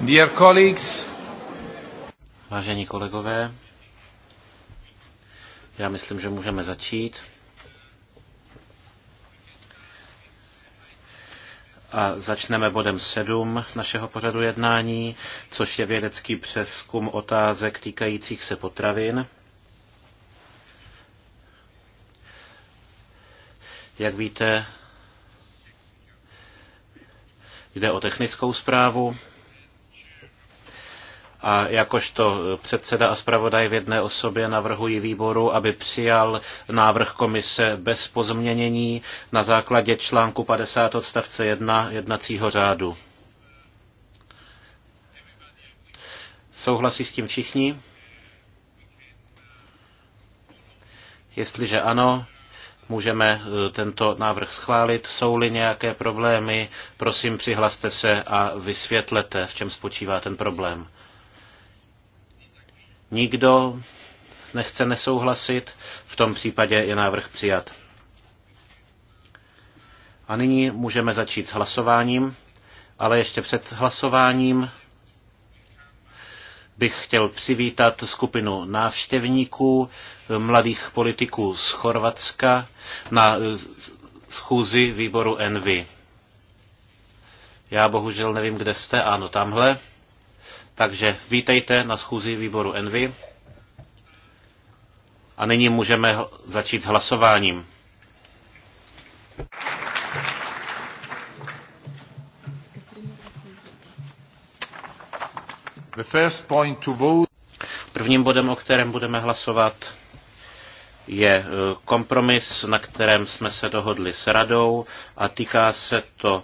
Dear colleagues, Vážení kolegové, já myslím, že můžeme začít. A začneme bodem 7 našeho pořadu jednání, což je vědecký přeskum otázek týkajících se potravin. Jak víte, Jde o technickou zprávu a jakožto předseda a zpravodaj v jedné osobě navrhuji výboru, aby přijal návrh komise bez pozměnění na základě článku 50 odstavce 1 jednacího řádu. Souhlasí s tím všichni? Jestliže ano, můžeme eh, tento návrh schválit. Jsou-li nějaké problémy, prosím přihlaste se a vysvětlete, v čem spočívá ten problém. Nikdo nechce nesouhlasit, v tom případě je návrh přijat. A nyní můžeme začít s hlasováním, ale ještě před hlasováním bych chtěl přivítat skupinu návštěvníků, eh, mladých politiků z Chorvatska na eh, schůzi výboru NV. Já bohužel nevím, kde jste. Ano, tamhle. Takže vítejte na schůzi výboru NV. A nyní můžeme začít s hlasováním. Prvním bodem, o kterém budeme hlasovat, je e, kompromis, na kterém jsme se dohodli s radou a týká se to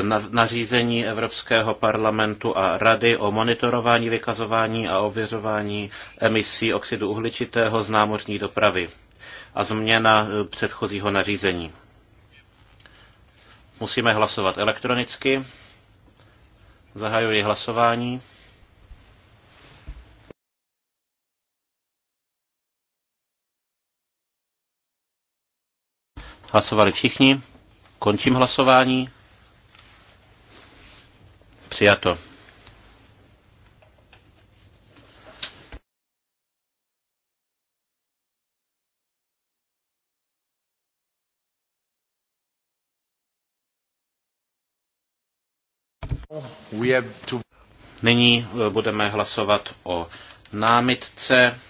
e, nařízení Evropského parlamentu a rady o monitorování, vykazování a ověřování emisí oxidu uhličitého z námořní dopravy a změna e, předchozího nařízení. Musíme hlasovat elektronicky. Zahajuji hlasování. Hlasovali všichni. Končím hlasování. Přijato. Nyní eh, budeme hlasovat o námitce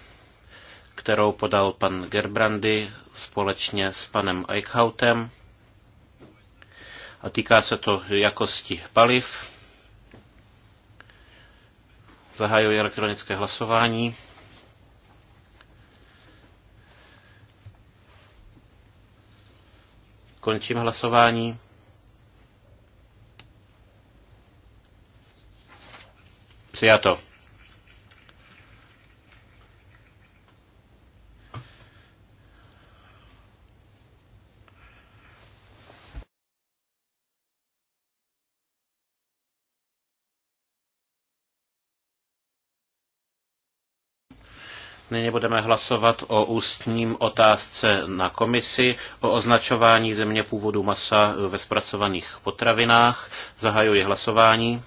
kterou podal pan Gerbrandy společně s panem Eichhautem. A týká se to jakosti paliv. Zahajuji elektronické hlasování. Končím hlasování. Přijato. Nyní budeme hlasovat o ústním otázce na komisi o označování země původu masa ve zpracovaných potravinách. Zahajuji hlasování.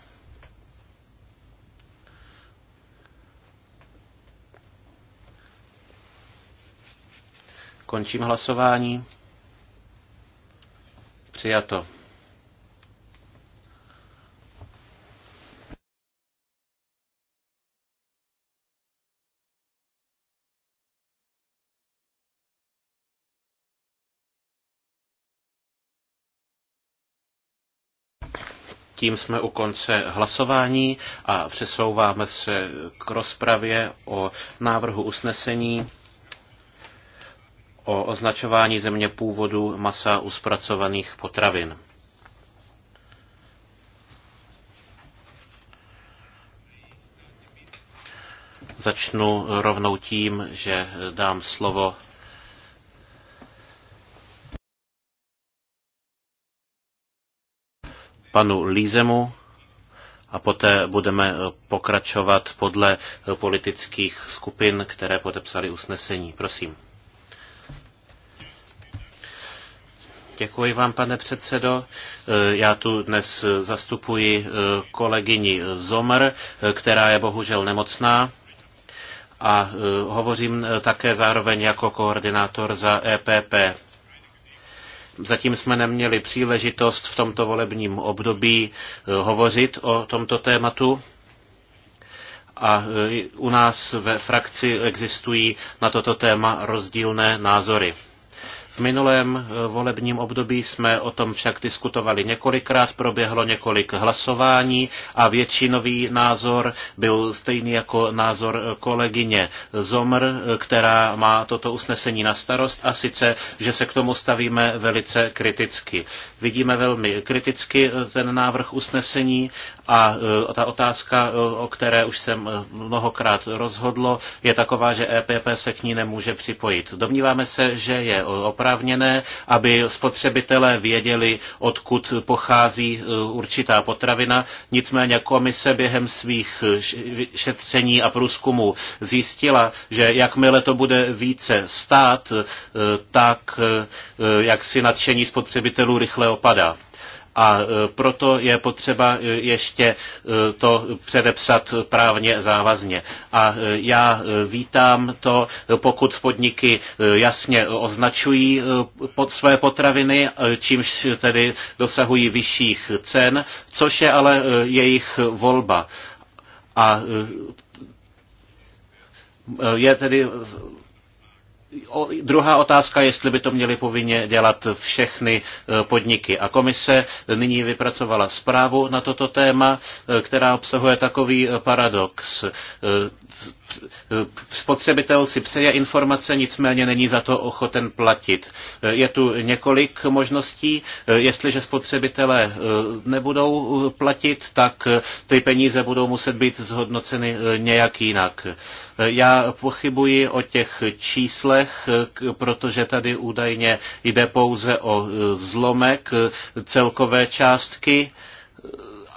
Končím hlasování. Přijato. Tím jsme u konce hlasování a přesouváme se k rozpravě o návrhu usnesení o označování země původu masa u zpracovaných potravin. Začnu rovnou tím, že dám slovo panu Lízemu a poté budeme pokračovat podle politických skupin, které podepsali usnesení. Prosím. Děkuji vám, pane předsedo. Já tu dnes zastupuji kolegyni Zomr, která je bohužel nemocná a hovořím také zároveň jako koordinátor za EPP. Zatím jsme neměli příležitost v tomto volebním období eh, hovořit o tomto tématu. A eh, u nás ve frakci existují na toto téma rozdílné názory. V minulém eh, volebním období jsme o tom však diskutovali několikrát, proběhlo několik hlasování a většinový názor byl stejný jako názor eh, kolegyně Zomr, eh, která má toto usnesení na starost a sice, že se k tomu stavíme velice kriticky. Vidíme velmi kriticky ten návrh usnesení a e, ta otázka, e, o které už jsem mnohokrát rozhodlo, je taková, že EPP se k ní nemůže připojit. Domníváme se, že je oprávněné, aby spotřebitelé věděli, odkud pochází e, určitá potravina. Nicméně komise během svých šetření a průzkumů zjistila, že jakmile to bude více stát, tak jak si nadšení spotřebitelů rychle opadá a e, proto je potřeba e, ještě e, to předepsat právně závazně. A já vítám to, pokud podniky jasně označují pod své potraviny, čímž tedy dosahují vyšších cen, což je ale jejich volba. A je tedy Druhá otázka, jestli by to měly povinně dělat všechny e, podniky. A komise nyní vypracovala zprávu na toto téma, e, která obsahuje takový e, paradox Eh, spotřebitel si přeje informace, nicméně není za to ochoten platit. Eh, je tu několik možností. Eh, jestliže spotřebitelé nebudou platit, tak ty peníze budou muset být zhodnoceny nějak jinak. Já pochybuji o těch číslech, protože tady údajně jde pouze o zlomek celkové částky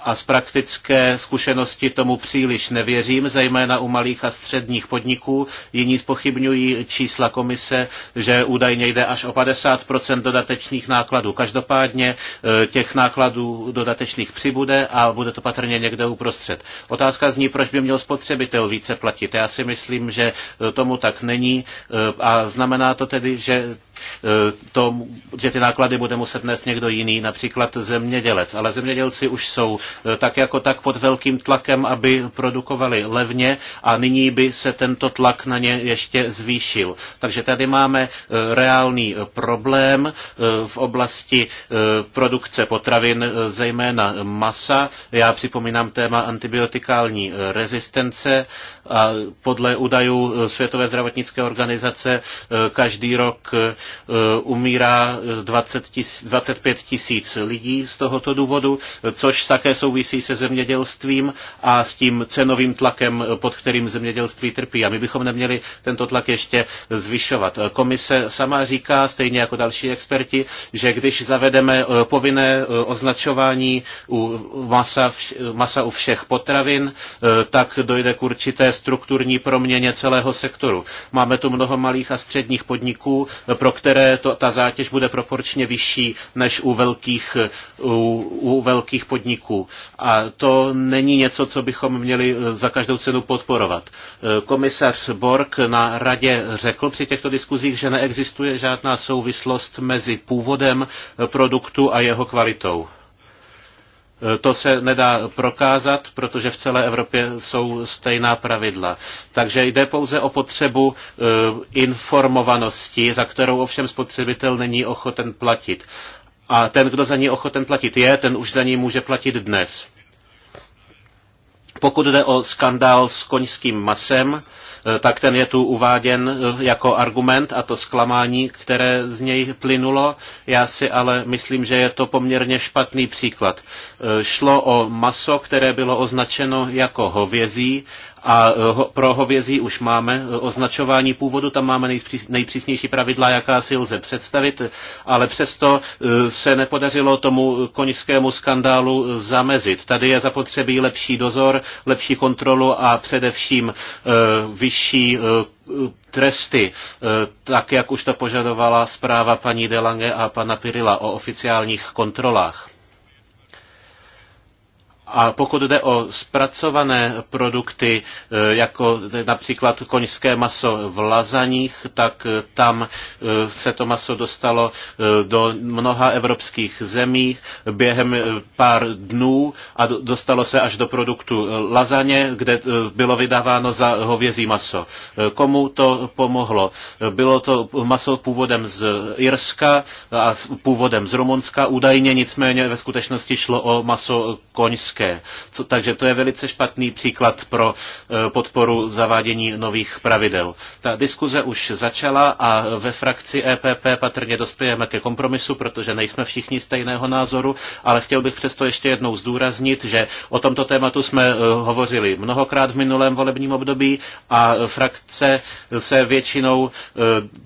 a z praktické zkušenosti tomu příliš nevěřím, zejména u malých a středních podniků. Jiní spochybňují čísla komise, že údajně jde až o 50% dodatečných nákladů. Každopádně e, těch nákladů dodatečných přibude a bude to patrně někde uprostřed. Otázka zní, proč by měl spotřebitel více platit. Já si myslím, že e, tomu tak není e, a znamená to tedy, že E, to, že ty náklady bude muset nést někdo jiný, například zemědělec. Ale zemědělci už jsou e, tak jako tak pod velkým tlakem, aby produkovali levně a nyní by se tento tlak na ně ještě zvýšil. Takže tady máme e, reálný problém v oblasti produkce potravin, zejména masa. Já připomínám téma antibiotikální rezistence a podle údajů Světové zdravotnické organizace každý rok Eh, umírá 20 eh, tis, 25 tisíc lidí z tohoto důvodu, což také souvisí se zemědělstvím a s tím cenovým tlakem, eh, pod kterým zemědělství trpí. A my bychom neměli tento tlak ještě zvyšovat. Komise sama říká, stejně jako další experti, že když zavedeme povinné označování u masa, masa u všech potravin, tak dojde k určité strukturní proměně celého sektoru. Máme tu mnoho malých a středních podniků, pro které to, ta zátěž bude proporčně vyšší než u velkých, u, u velkých podniků. A to není něco, co bychom měli eh, za každou cenu podporovat. Eh, komisař Borg na radě řekl při těchto diskuzích, že neexistuje žádná souvislost mezi původem eh, produktu a jeho kvalitou. Eh, to se nedá prokázat, protože v celé Evropě jsou stejná pravidla. Takže jde pouze o potřebu eh, informovanosti, za kterou ovšem spotřebitel není ochoten platit. A ten, kdo za ní ochoten platit je, ten už za ní může platit dnes. Pokud jde o skandál s koňským masem, eh, tak ten je tu uváděn eh, jako argument a to zklamání, které z něj plynulo. Já si ale myslím, že je to poměrně špatný příklad. Eh, šlo o maso, které bylo označeno jako hovězí a eh, pro hovězí už máme eh, označování původu, tam máme nejpřísnější pravidla, jaká si lze představit, ale přesto eh, se nepodařilo tomu koňskému skandálu zamezit. Tady je zapotřebí lepší dozor, lepší kontrolu a především vyšší tresty, tak jak už to požadovala zpráva paní Delange a pana Pirila o oficiálních kontrolách. A pokud jde o zpracované produkty, e, jako například koňské maso v lazaních, tak e, tam e, se to maso dostalo do mnoha evropských zemí během pár dnů a dostalo se až do produktu lazaně, kde bylo vydáváno za hovězí maso. Komu to pomohlo? Bylo to maso původem z Irska a původem z Rumunska údajně, nicméně ve skutečnosti šlo o maso koňské nízké. Co, takže to je velice špatný příklad pro eh, podporu zavádění nových pravidel. Ta diskuze už začala a ve frakci EPP patrně dospějeme ke kompromisu, protože nejsme všichni stejného názoru, ale chtěl bych přesto ještě jednou zdůraznit, že o tomto tématu jsme eh, hovořili mnohokrát v minulém volebním období a frakce se většinou eh,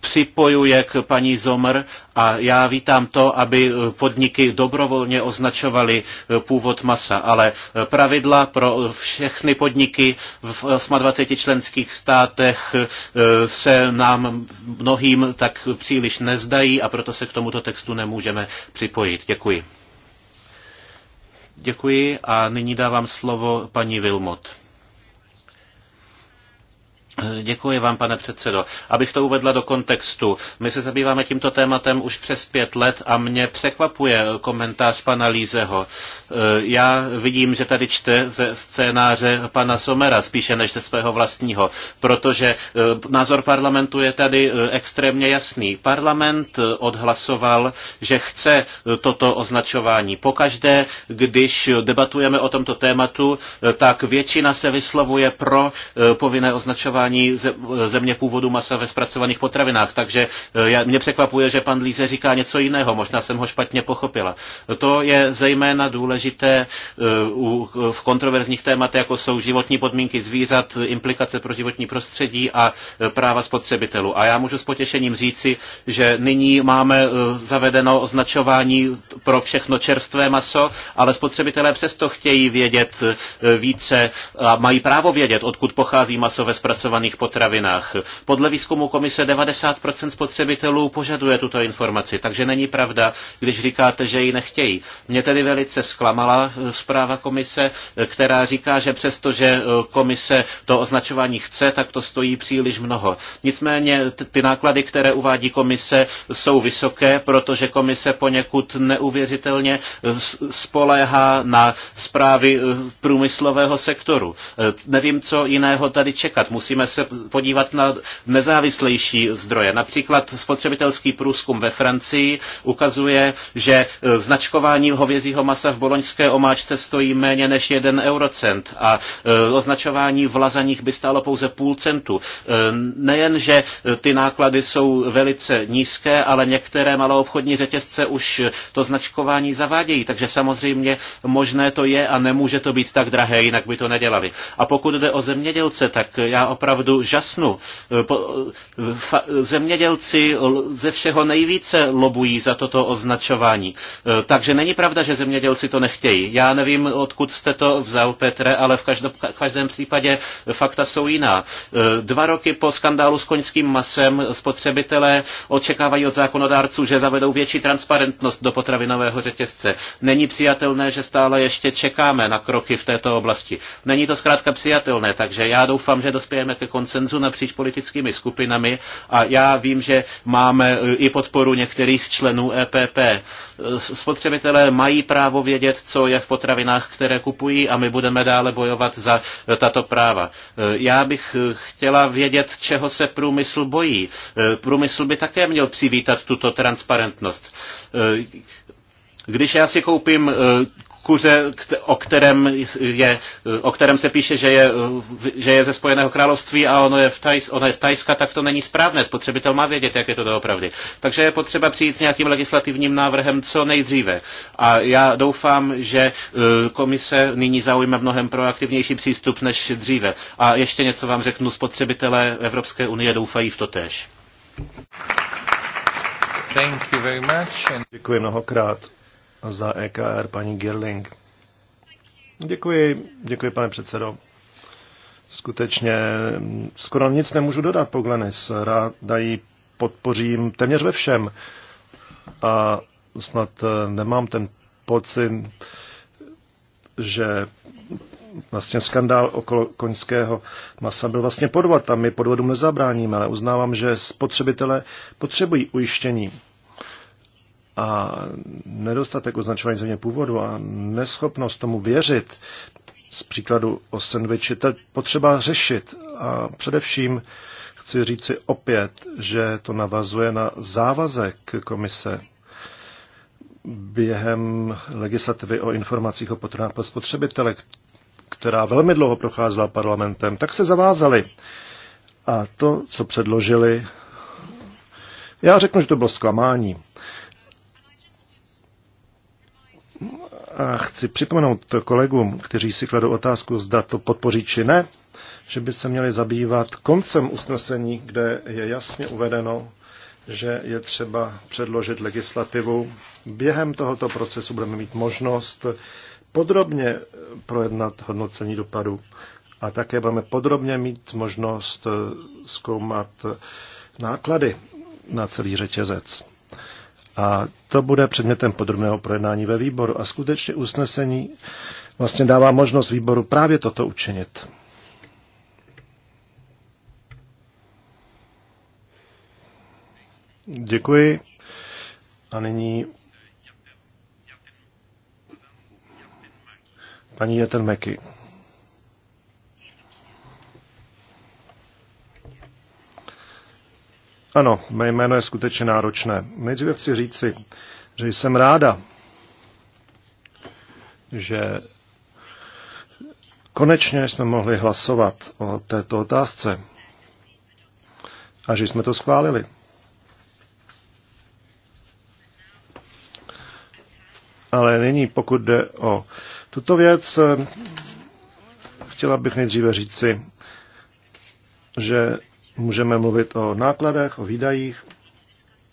připojuje k paní Zomr a já vítám to, aby podniky dobrovolně označovaly eh, původ masa, ale eh, pravidla pro všechny podniky v 28 eh, členských státech se nám mnohým tak příliš nezdají a proto se k tomuto textu nemůžeme připojit. Děkuji. Děkuji a nyní dávám slovo paní Vilmot. Děkuji vám, pane předsedo. Abych to uvedla do kontextu, my se zabýváme tímto tématem už přes pět let a mě překvapuje komentář pana Lízeho. Eh, já vidím, že tady čte ze scénáře pana Somera spíše než ze svého vlastního, protože eh, názor parlamentu je tady eh, extrémně jasný. Parlament odhlasoval, že chce toto označování. Pokaždé, když debatujeme o tomto tématu, tak většina se vyslovuje pro povinné označování označování země původu masa ve zpracovaných potravinách. Takže eh, mě překvapuje, že pan Líze říká něco jiného. Možná jsem ho špatně pochopila. To je zejména důležité eh, v kontroverzních tématech, jako jsou životní podmínky zvířat, implikace pro životní prostředí a eh, práva spotřebitelů. A já můžu s potěšením říci, že nyní máme zavedeno označování pro všechno čerstvé maso, ale spotřebitelé přesto chtějí vědět více a mají právo vědět, odkud pochází maso ve zpracování zpracovaných potravinách. Podle výzkumu komise 90% spotřebitelů požaduje tuto informaci, takže není pravda, když říkáte, že ji nechtějí. Mě tedy velice zklamala eh, zpráva komise, eh, která říká, že přestože eh, komise to označování chce, tak to stojí příliš mnoho. Nicméně ty náklady, které uvádí komise, jsou vysoké, protože komise poněkud neuvěřitelně spoléhá na zprávy průmyslového sektoru. Nevím, co jiného tady čekat. Musíme pojďme se podívat na nezávislejší zdroje. Například spotřebitelský průzkum ve Francii ukazuje, že e, značkování hovězího masa v boloňské omáčce stojí méně než 1 eurocent a e, označování v lazaních by stálo pouze půl centu. E, nejen, že ty náklady jsou velice nízké, ale některé maloobchodní řetězce už to značkování zavádějí, takže samozřejmě možné to je a nemůže to být tak drahé, jinak by to nedělali. A pokud jde o zemědělce, tak já opravdu opravdu žasnu. Eh, eh, zemědělci ze všeho nejvíce lobují za toto označování. Eh, takže není pravda, že zemědělci to nechtějí. Já nevím, odkud jste to vzal, Petre, ale v každém, v každém případě fakta jsou jiná. Dva roky po skandálu s koňským masem spotřebitelé očekávají od zákonodárců, že zavedou větší transparentnost do potravinového řetězce. Není přijatelné, že stále ještě čekáme na kroky v této oblasti. Není to zkrátka přijatelné, takže já doufám, že dospějeme k ke koncenzu napříč politickými skupinami a já vím, že máme eh, i podporu některých členů EPP. Eh, spotřebitelé mají právo vědět, co je v potravinách, které kupují a my budeme dále bojovat za eh, tato práva. Já bych chtěla vědět, čeho se průmysl bojí. Průmysl by také měl přivítat tuto transparentnost. Když já si koupím kuře, o kterém, je, o kterém se píše, že je, že je ze Spojeného království a ono je, v Thais, ono je z Tajska, tak to není správné. Spotřebitel má vědět, jak je to doopravdy. Takže je potřeba přijít s nějakým legislativním návrhem co nejdříve. A já doufám, že e, komise nyní zaujme mnohem proaktivnější přístup než dříve. A ještě něco vám řeknu, spotřebitelé Evropské unie doufají v to tež. Thank you very much. Děkuji mnohokrát za EKR paní Girling. Děkuji, děkuji pane předsedo. Skutečně mm, skoro nic nemůžu dodat po Glenis. Ráda ji podpořím téměř ve všem. A snad eh, nemám ten pocit, že vlastně skandál okolo koňského masa byl vlastně podvod. Tam my podvodům nezabráníme, ale uznávám, že spotřebitelé potřebují ujištění a nedostatek označování země původu a neschopnost tomu věřit z příkladu o sendviči, to potřeba řešit. A především chci říci opět, že to navazuje na závazek komise během legislativy o informacích o potravinách pro spotřebitele, která velmi dlouho procházela parlamentem, tak se zavázali. A to, co předložili, já řeknu, že to bylo zklamání a chci připomenout kolegům, kteří si kladou otázku, zda to podpoří či ne, že by se měli zabývat koncem usnesení, kde je jasně uvedeno, že je třeba předložit legislativu. Během tohoto procesu budeme mít možnost podrobně projednat hodnocení dopadu a také budeme podrobně mít možnost eh, zkoumat náklady na celý řetězec. A to bude předmětem podrobného projednání ve výboru. A skutečně usnesení vlastně dává možnost výboru právě toto učinit. Děkuji. A nyní paní Meky. Ano, mé jméno je skutečně náročné. Nejdříve chci říci, že jsem ráda, že konečně jsme mohli hlasovat o této otázce a že jsme to schválili. Ale nyní, pokud jde o tuto věc, chtěla bych nejdříve říci, že Můžeme mluvit o nákladech, o výdajích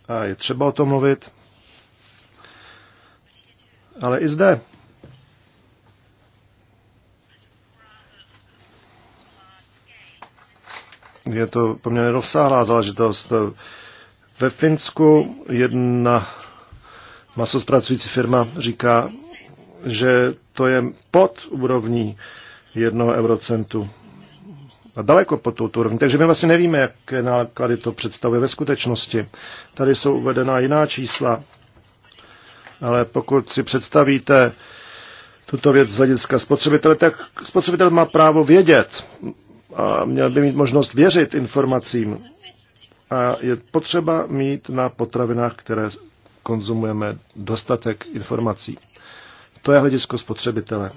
a je třeba o tom mluvit. Ale i zde je to poměrně rozsáhlá záležitost. Ve Finsku jedna masospracující firma říká, že to je pod úrovní jednoho eurocentu a daleko pod touto úrovní. Takže my vlastně nevíme, jaké náklady to představuje ve skutečnosti. Tady jsou uvedena jiná čísla, ale pokud si představíte tuto věc z hlediska spotřebitele, tak spotřebitel má právo vědět a měl by mít možnost věřit informacím. A je potřeba mít na potravinách, které konzumujeme, dostatek informací. To je hledisko spotřebitele.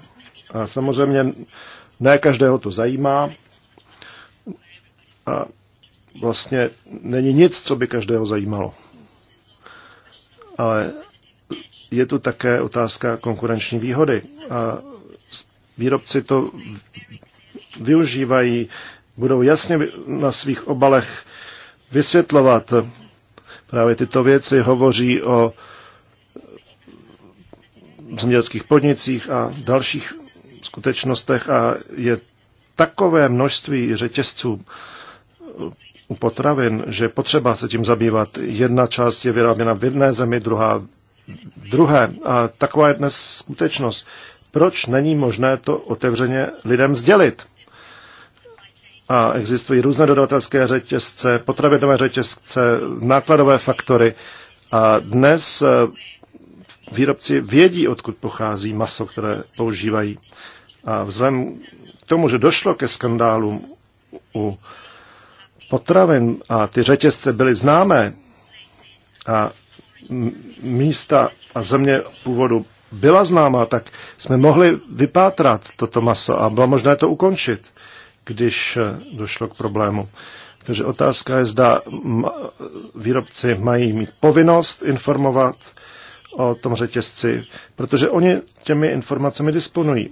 A samozřejmě ne každého to zajímá a vlastně není nic, co by každého zajímalo. Ale je tu také otázka konkurenční výhody. A výrobci to využívají, budou jasně na svých obalech vysvětlovat právě tyto věci, hovoří o zemědělských podnicích a dalších skutečnostech a je takové množství řetězců, u potravin, že potřeba se tím zabývat. Jedna část je vyráběna v jedné zemi, druhá druhé. A taková je dnes skutečnost. Proč není možné to otevřeně lidem sdělit? A existují různé dodavatelské řetězce, potravinové řetězce, nákladové faktory. A dnes eh, výrobci vědí, odkud pochází maso, které používají. A vzhledem k tomu, že došlo ke skandálům u potravin a ty řetězce byly známé a místa a země původu byla známá, tak jsme mohli vypátrat toto maso a bylo možné to ukončit, když eh, došlo k problému. Takže otázka je, zda výrobci mají mít povinnost informovat o tom řetězci, protože oni těmi informacemi disponují.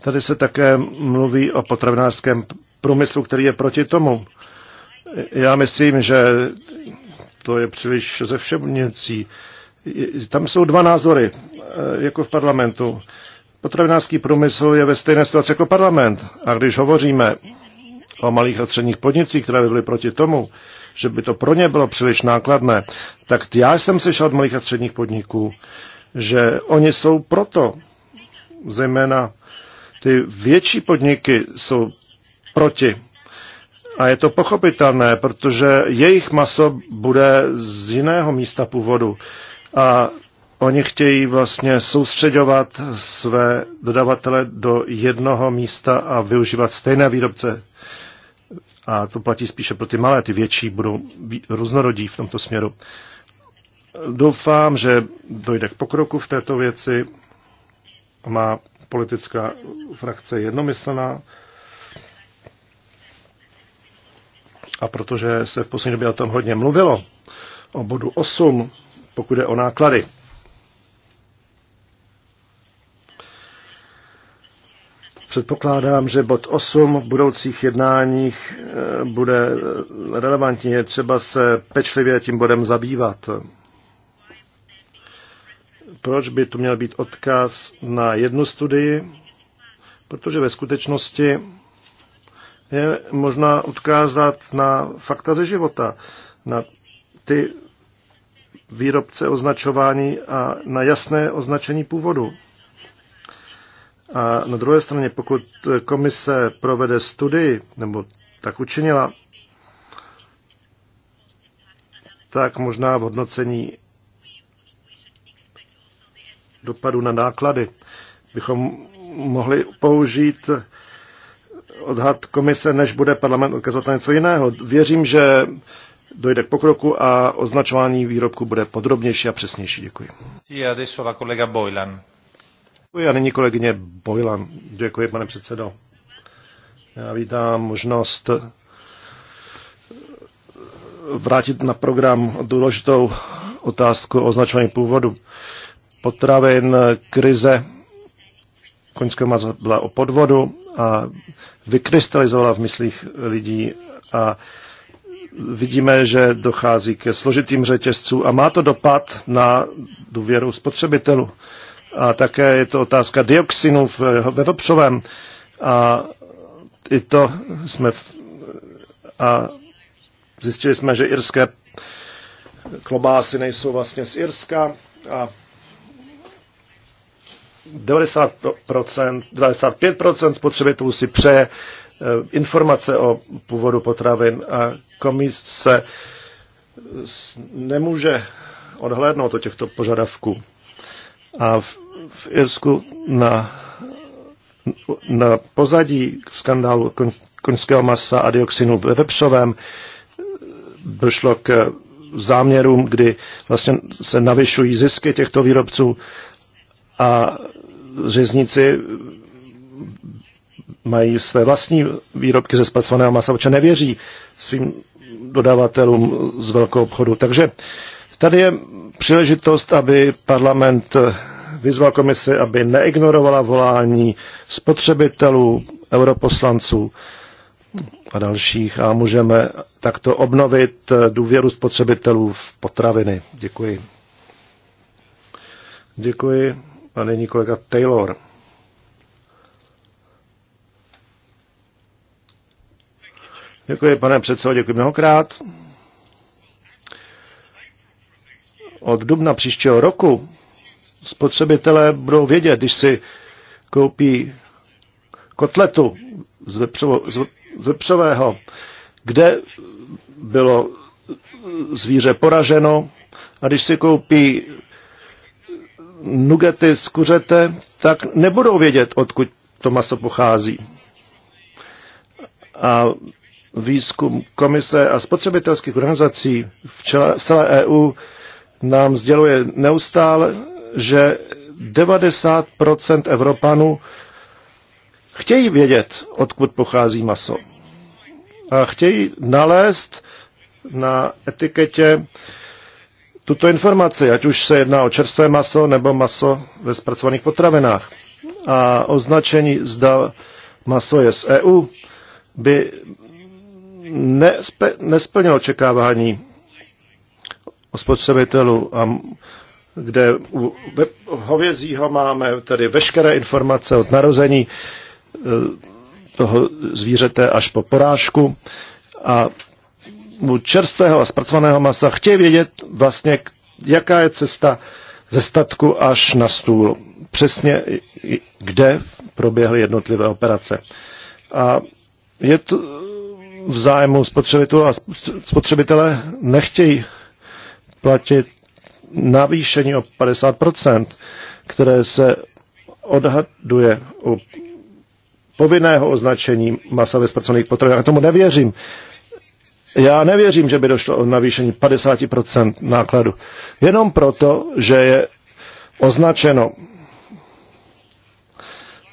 Tady se také mluví o potravinářském průmyslu, který je proti tomu. Já myslím, že to je příliš ze všemněcí. Tam jsou dva názory, eh, jako v parlamentu. Potravinářský průmysl je ve stejné situaci jako parlament. A když hovoříme o malých a středních podnicích, které by byly proti tomu, že by to pro ně bylo příliš nákladné, tak já jsem slyšel od malých a středních podniků, že oni jsou proto, zejména ty větší podniky jsou proti. A je to pochopitelné, protože jejich maso bude z jiného místa původu. A oni chtějí vlastně soustředovat své dodavatele do jednoho místa a využívat stejné výrobce. A to platí spíše pro ty malé, ty větší budou různorodí v tomto směru. Doufám, že dojde k pokroku v této věci. Má politická frakce jednomyslná A protože se v poslední době o tom hodně mluvilo, o bodu 8, pokud je o náklady. Předpokládám, že bod 8 v budoucích jednáních eh, bude eh, relevantní. Je třeba se pečlivě tím bodem zabývat. Proč by tu měl být odkaz na jednu studii? Protože ve skutečnosti je možná odkázat na fakta ze života, na ty výrobce označování a na jasné označení původu. A na druhé straně, pokud komise provede studii, nebo tak učinila, tak možná v hodnocení dopadu na náklady bychom mohli použít odhad komise, než bude parlament odkazovat na něco jiného. Věřím, že dojde k pokroku a označování výrobku bude podrobnější a přesnější. Děkuji. kolega Boylan. Děkuji a nyní kolegyně Boylan. Děkuji, pane předsedo. Já vítám možnost vrátit na program důležitou otázku o označování původu potravin, krize koňského maso byla o podvodu a vykrystalizovala v myslích lidí a vidíme, že dochází ke složitým řetězcům a má to dopad na důvěru spotřebitelů. A také je to otázka dioxinů ve vepřovém. A i to jsme v, a zjistili jsme, že irské klobásy nejsou vlastně z Irska a 90%, 95% spotřebitelů si přeje eh, informace o původu potravin a komise nemůže odhlédnout od těchto požadavků. A v, v Irsku na, na pozadí skandálu koňského masa a dioxinu ve vepřovém eh, došlo k záměrům, kdy vlastně se navyšují zisky těchto výrobců a řeznici mají své vlastní výrobky ze zpracovaného masa, protože nevěří svým dodavatelům z velkého obchodu. Takže tady je příležitost, aby parlament vyzval komisi, aby neignorovala volání spotřebitelů, europoslanců a dalších a můžeme takto obnovit důvěru spotřebitelů v potraviny. Děkuji. Děkuji. A není kolega Taylor. Děkuji, pane předsedo, děkuji mnohokrát. Od dubna příštího roku spotřebitelé budou vědět, když si koupí kotletu z, vepřovo, z vepřového, kde bylo zvíře poraženo a když si koupí nugety z kuřete, tak nebudou vědět, odkud to maso pochází. A výzkum komise a spotřebitelských organizací v, čele, v celé EU nám sděluje neustále, že 90% Evropanů chtějí vědět, odkud pochází maso. A chtějí nalézt na etiketě tuto informaci, ať už se jedná o čerstvé maso nebo maso ve zpracovaných potravinách. A označení zda maso je z EU by nespe, nesplnilo očekávání spotřebitelů, a kde u hovězího máme tedy veškeré informace od narození e, toho zvířete až po porážku a u čerstvého a zpracovaného masa chtějí vědět vlastně, jaká je cesta ze statku až na stůl. Přesně kde proběhly jednotlivé operace. A je to v zájmu spotřebitelů a spotřebitelé nechtějí platit navýšení o 50%, které se odhaduje u povinného označení masa ve zpracovaných potravinách. Tomu nevěřím. Já nevěřím, že by došlo o navýšení 50% nákladu. Jenom proto, že je označeno.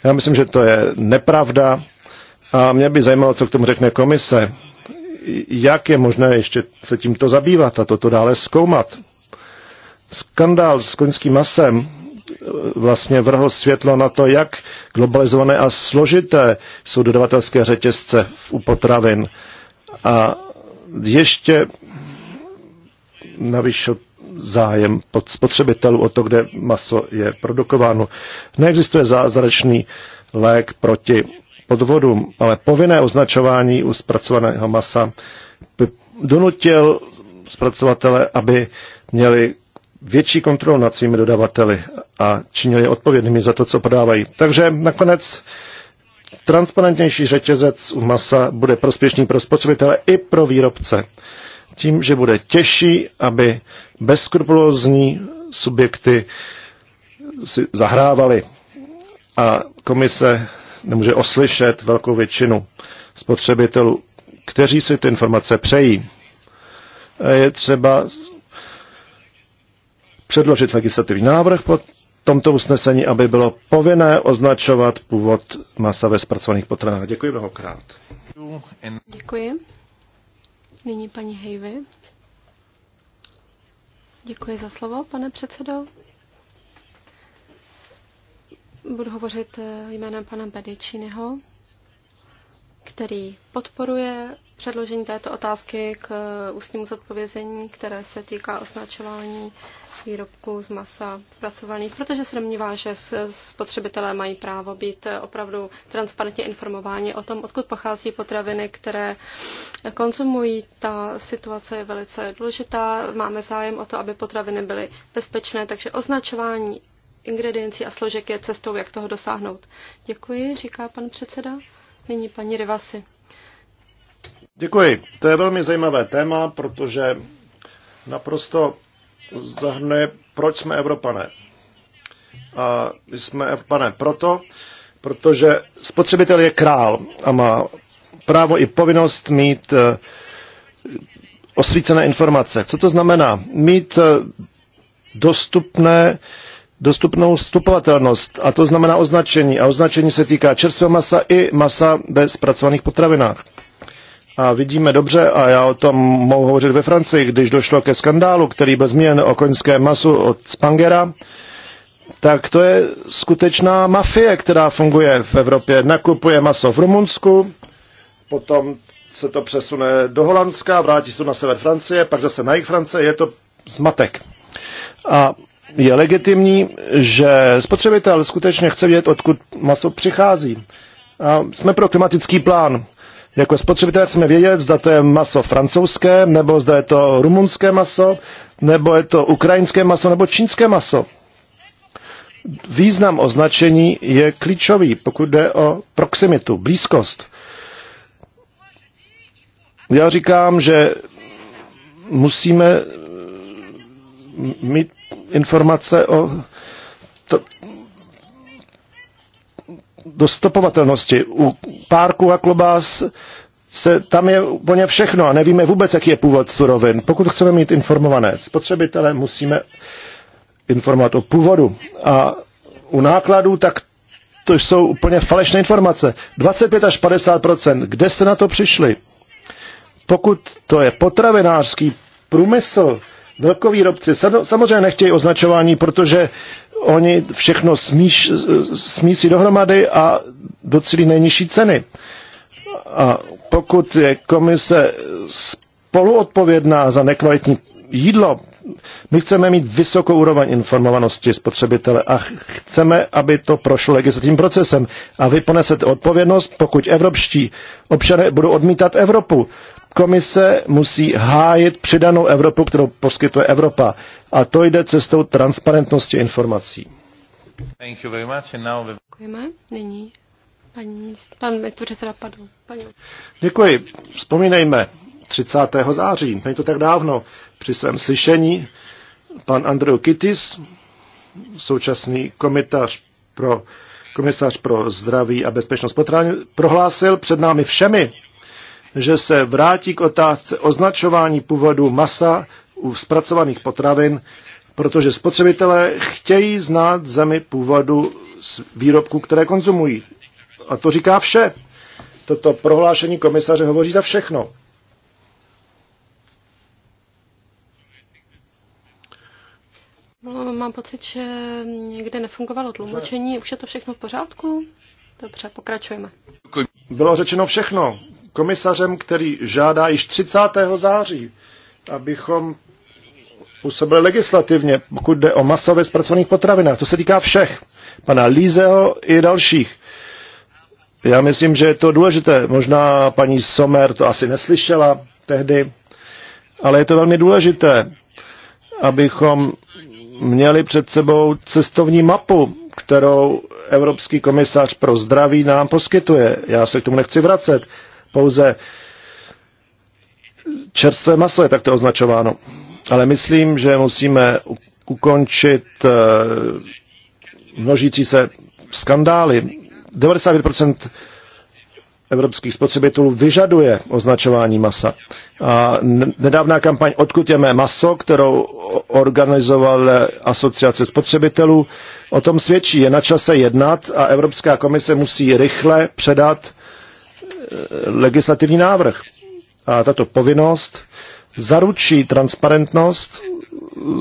Já myslím, že to je nepravda a mě by zajímalo, co k tomu řekne komise. Jak je možné ještě se tímto zabývat a toto dále zkoumat? Skandál s koňským masem eh, vlastně vrhl světlo na to, jak globalizované a složité jsou dodavatelské řetězce u potravin. A ještě navyšil zájem pod spotřebitelů o to, kde maso je produkováno. Neexistuje zázračný lék proti podvodům, ale povinné označování u zpracovaného masa by donutil zpracovatele, aby měli větší kontrolu nad svými dodavateli a činili odpovědnými za to, co podávají. Takže nakonec transparentnější řetězec u masa bude prospěšný pro spotřebitele i pro výrobce. Tím, že bude těžší, aby bezskrupulózní subjekty si zahrávali a komise nemůže oslyšet velkou většinu spotřebitelů, kteří si ty informace přejí. Je třeba předložit legislativní návrh pod tomto usnesení, aby bylo povinné označovat původ masa ve zpracovaných potravinách. Děkuji mnohokrát. Děkuji. Nyní paní Hejvy. Děkuji za slovo, pane předsedo. Budu hovořit jménem pana Bedičinyho, který podporuje předložení této otázky k ústnímu zodpovězení, které se týká označování výrobků z masa zpracovaných, protože se domnívá, že spotřebitelé mají právo být opravdu transparentně informováni o tom, odkud pochází potraviny, které konzumují. Ta situace je velice důležitá. Máme zájem o to, aby potraviny byly bezpečné, takže označování ingrediencí a složek je cestou, jak toho dosáhnout. Děkuji, říká pan předseda. Nyní paní Rivasi. Děkuji. To je velmi zajímavé téma, protože naprosto zahrnuje, proč jsme Evropané. A my jsme Evropané proto, protože spotřebitel je král a má právo i povinnost mít eh, osvícené informace. Co to znamená? Mít eh, dostupné, dostupnou vstupovatelnost a to znamená označení. A označení se týká čerstvého masa i masa ve zpracovaných potravinách. A vidíme dobře, a já o tom mohu hovořit ve Francii, když došlo ke skandálu, který byl změn o koňské masu od Spangera, tak to je skutečná mafie, která funguje v Evropě. Nakupuje maso v Rumunsku, potom se to přesune do Holandska, vrátí se na sever Francie, pak zase na jih Francie, je to zmatek. A je legitimní, že spotřebitel skutečně chce vědět, odkud maso přichází. A jsme pro klimatický plán. Jako spotřebitel chceme vědět, zda to je maso francouzské, nebo zda je to rumunské maso, nebo je to ukrajinské maso, nebo čínské maso. Význam označení je klíčový, pokud jde o proximitu, blízkost. Já říkám, že musíme mít informace o to do stopovatelnosti. U párku a klobás se, tam je úplně všechno a nevíme vůbec, jaký je původ surovin. Pokud chceme mít informované spotřebitele, musíme informovat o původu. A u nákladů, tak to jsou úplně falešné informace. 25 až 50 Kde jste na to přišli? Pokud to je potravinářský průmysl, Velkovýrobci samozřejmě nechtějí označování, protože oni všechno smíš, smísí dohromady a docílí nejnižší ceny. A pokud je komise spoluodpovědná za nekvalitní jídlo, my chceme mít vysokou úroveň informovanosti spotřebitele a chceme, aby to prošlo legislativním procesem. A vy ponesete odpovědnost, pokud evropští občané budou odmítat Evropu. Komise musí hájit přidanou Evropu, kterou poskytuje Evropa. A to jde cestou transparentnosti informací. Thank you very much. And now... Děkujeme. Nyní paní, pan předseda padl. Paní. Děkuji. Vzpomínejme 30. září, není to tak dávno, při svém slyšení pan Andrew Kittis, současný komitář pro, komisař pro zdraví a bezpečnost potravin, prohlásil před námi všemi, že se vrátí k otázce označování původu masa u zpracovaných potravin, protože spotřebitelé chtějí znát zemi původu výrobků, které konzumují. A to říká vše. Toto prohlášení komisaře hovoří za všechno. No, mám pocit, že někde nefungovalo tlumočení. Už je to všechno v pořádku? Dobře, pokračujeme. Bylo řečeno všechno komisařem, který žádá již 30. září, abychom působili legislativně, pokud jde o masově zpracovaných potravinách. To se týká všech, pana Lízeho i dalších. Já myslím, že je to důležité. Možná paní Somer to asi neslyšela tehdy, ale je to velmi důležité, abychom měli před sebou cestovní mapu, kterou Evropský komisař pro zdraví nám poskytuje. Já se k tomu nechci vracet, pouze čerstvé maso je takto označováno. Ale myslím, že musíme ukončit eh, množící se skandály. 95% evropských spotřebitelů vyžaduje označování masa. A nedávná kampaň Odkud je mé maso, kterou organizoval asociace spotřebitelů, o tom svědčí. Je na čase jednat a Evropská komise musí rychle předat legislativní návrh. A tato povinnost zaručí transparentnost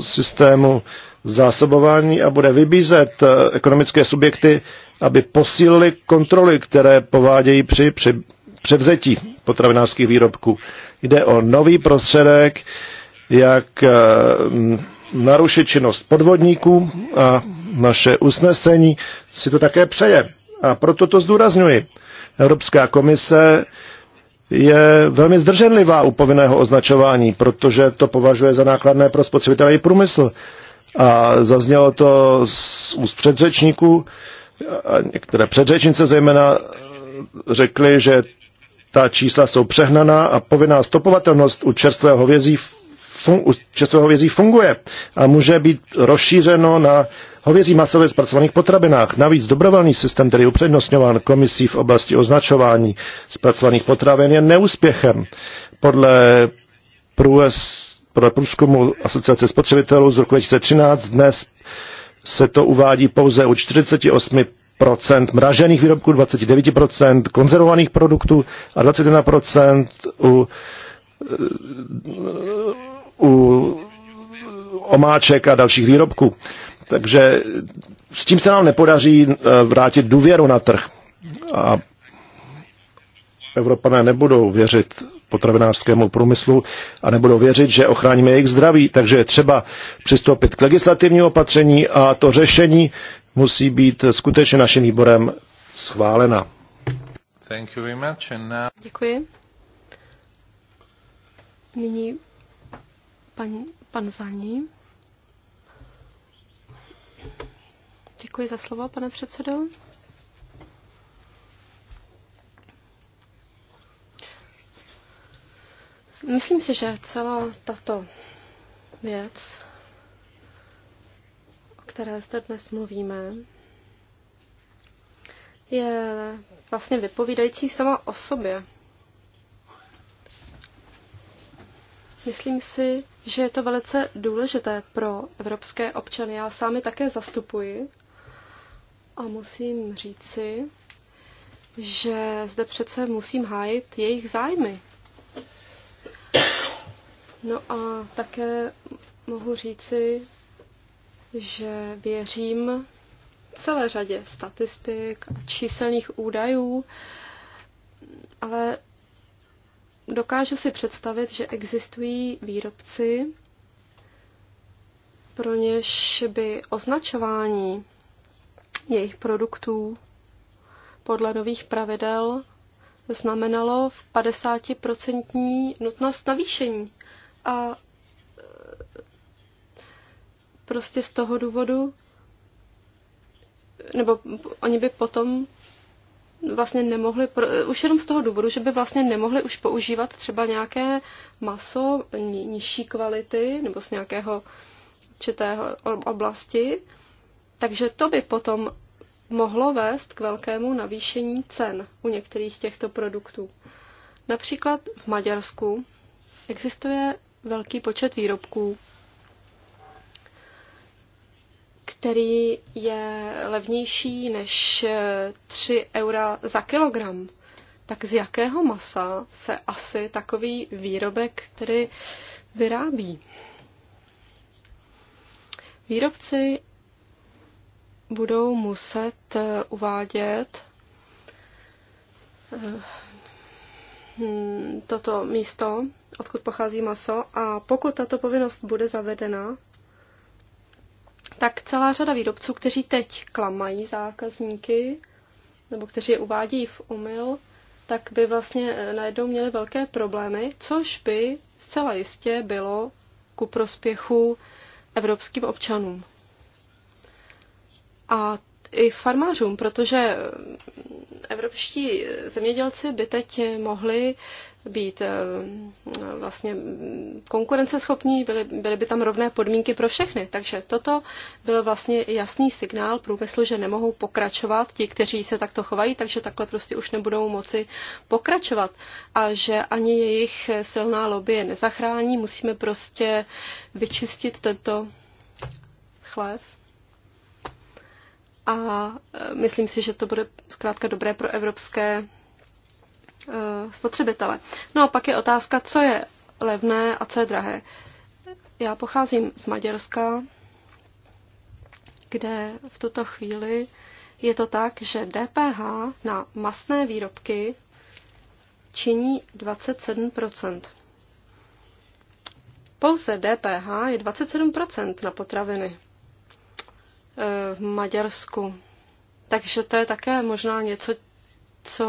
systému zásobování a bude vybízet eh, ekonomické subjekty, aby posílili kontroly, které povádějí při převzetí potravinářských výrobků. Jde o nový prostředek, jak eh, narušit činnost podvodníků a naše usnesení si to také přeje. A proto to zdůrazňuji. Evropská komise je velmi zdrženlivá u povinného označování, protože to považuje za nákladné pro spotřebitele i průmysl. A zaznělo to z úst předřečníků, a některé předřečnice zejména řekly, že ta čísla jsou přehnaná a povinná stopovatelnost u čerstvého hovězí v u čerstvého hovězí funguje a může být rozšířeno na hovězí masově zpracovaných potravinách. Navíc dobrovolný systém, který je upřednostňován komisí v oblasti označování zpracovaných potravin, je neúspěchem. Podle, průz, podle průzkumu Asociace spotřebitelů z roku 2013 dnes se to uvádí pouze u 48 procent mražených výrobků, 29% konzervovaných produktů a 21% u u omáček a dalších výrobků. Takže s tím se nám nepodaří eh, vrátit důvěru na trh. A Evropané nebudou věřit potravinářskému průmyslu a nebudou věřit, že ochráníme jejich zdraví. Takže je třeba přistoupit k legislativní opatření a to řešení musí být skutečně naším výborem schválena. Děkuji. Nyní Pan, pan Zaní. Děkuji za slovo, pane předsedo. Myslím si, že celá tato věc, o které zde dnes mluvíme, je vlastně vypovídající sama o sobě. Myslím si, že je to velice důležité pro evropské občany. Já sámi také zastupuji a musím říci, že zde přece musím hájit jejich zájmy. No a také mohu říci, že věřím celé řadě statistik a číselných údajů, ale dokážu si představit, že existují výrobci, pro něž by označování jejich produktů podle nových pravidel znamenalo v 50% nutnost navýšení. A e, prostě z toho důvodu, nebo oni by potom vlastně nemohli, eh, už jenom z toho důvodu, že by vlastně nemohli už používat třeba nějaké maso nižší kvality nebo z nějakého četého oblasti, takže to by potom mohlo vést k velkému navýšení cen u některých těchto produktů. Například v Maďarsku existuje velký počet výrobků, který je levnější než 3 eh, eura za kilogram, tak z jakého masa se asi takový výrobek tedy vyrábí? Výrobci budou muset eh, uvádět eh, hmm, toto místo, odkud pochází maso, a pokud tato povinnost bude zavedena, tak celá řada výrobců, kteří teď klamají zákazníky, nebo kteří je uvádí v omyl, tak by vlastně eh, najednou měli velké problémy, což by zcela jistě bylo ku prospěchu evropským občanům. A i farmářům, protože mm, evropští eh, zemědělci by teď mohli být eh, vlastně konkurenceschopní, byly, byly by tam rovné podmínky pro všechny. Takže toto byl vlastně jasný signál průmyslu, že nemohou pokračovat ti, kteří se takto chovají, takže takhle prostě už nebudou moci pokračovat. A že ani jejich silná lobby je nezachrání, musíme prostě vyčistit tento chlév. A eh, myslím si, že to bude zkrátka dobré pro evropské Eh, spotřebitele. No a pak je otázka, co je levné a co je drahé. Já pocházím z Maďarska, kde v tuto chvíli je to tak, že DPH na masné výrobky činí 27 Pouze DPH je 27 na potraviny eh, v Maďarsku. Takže to je také možná něco, co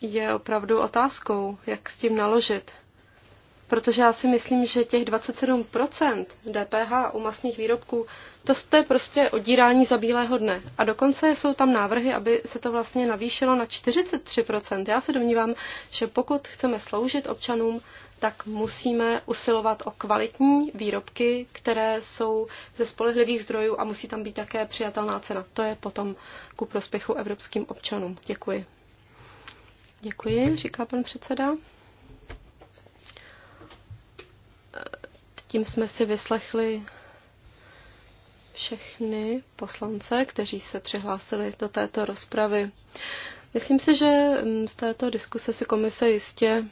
je opravdu otázkou, jak s tím naložit. Protože já si myslím, že těch 27% DPH u masných výrobků, to, to je prostě odírání za bílého dne. A dokonce jsou tam návrhy, aby se to vlastně navýšilo na 43%. Já se domnívám, že pokud chceme sloužit občanům, tak musíme usilovat o kvalitní výrobky, které jsou ze spolehlivých zdrojů a musí tam být také přijatelná cena. To je potom ku prospěchu evropským občanům. Děkuji. Děkuji, říká pan předseda. Tím jsme si vyslechli všechny poslance, kteří se přihlásili do této rozpravy. Myslím si, že mm, z této diskuse si komise jistě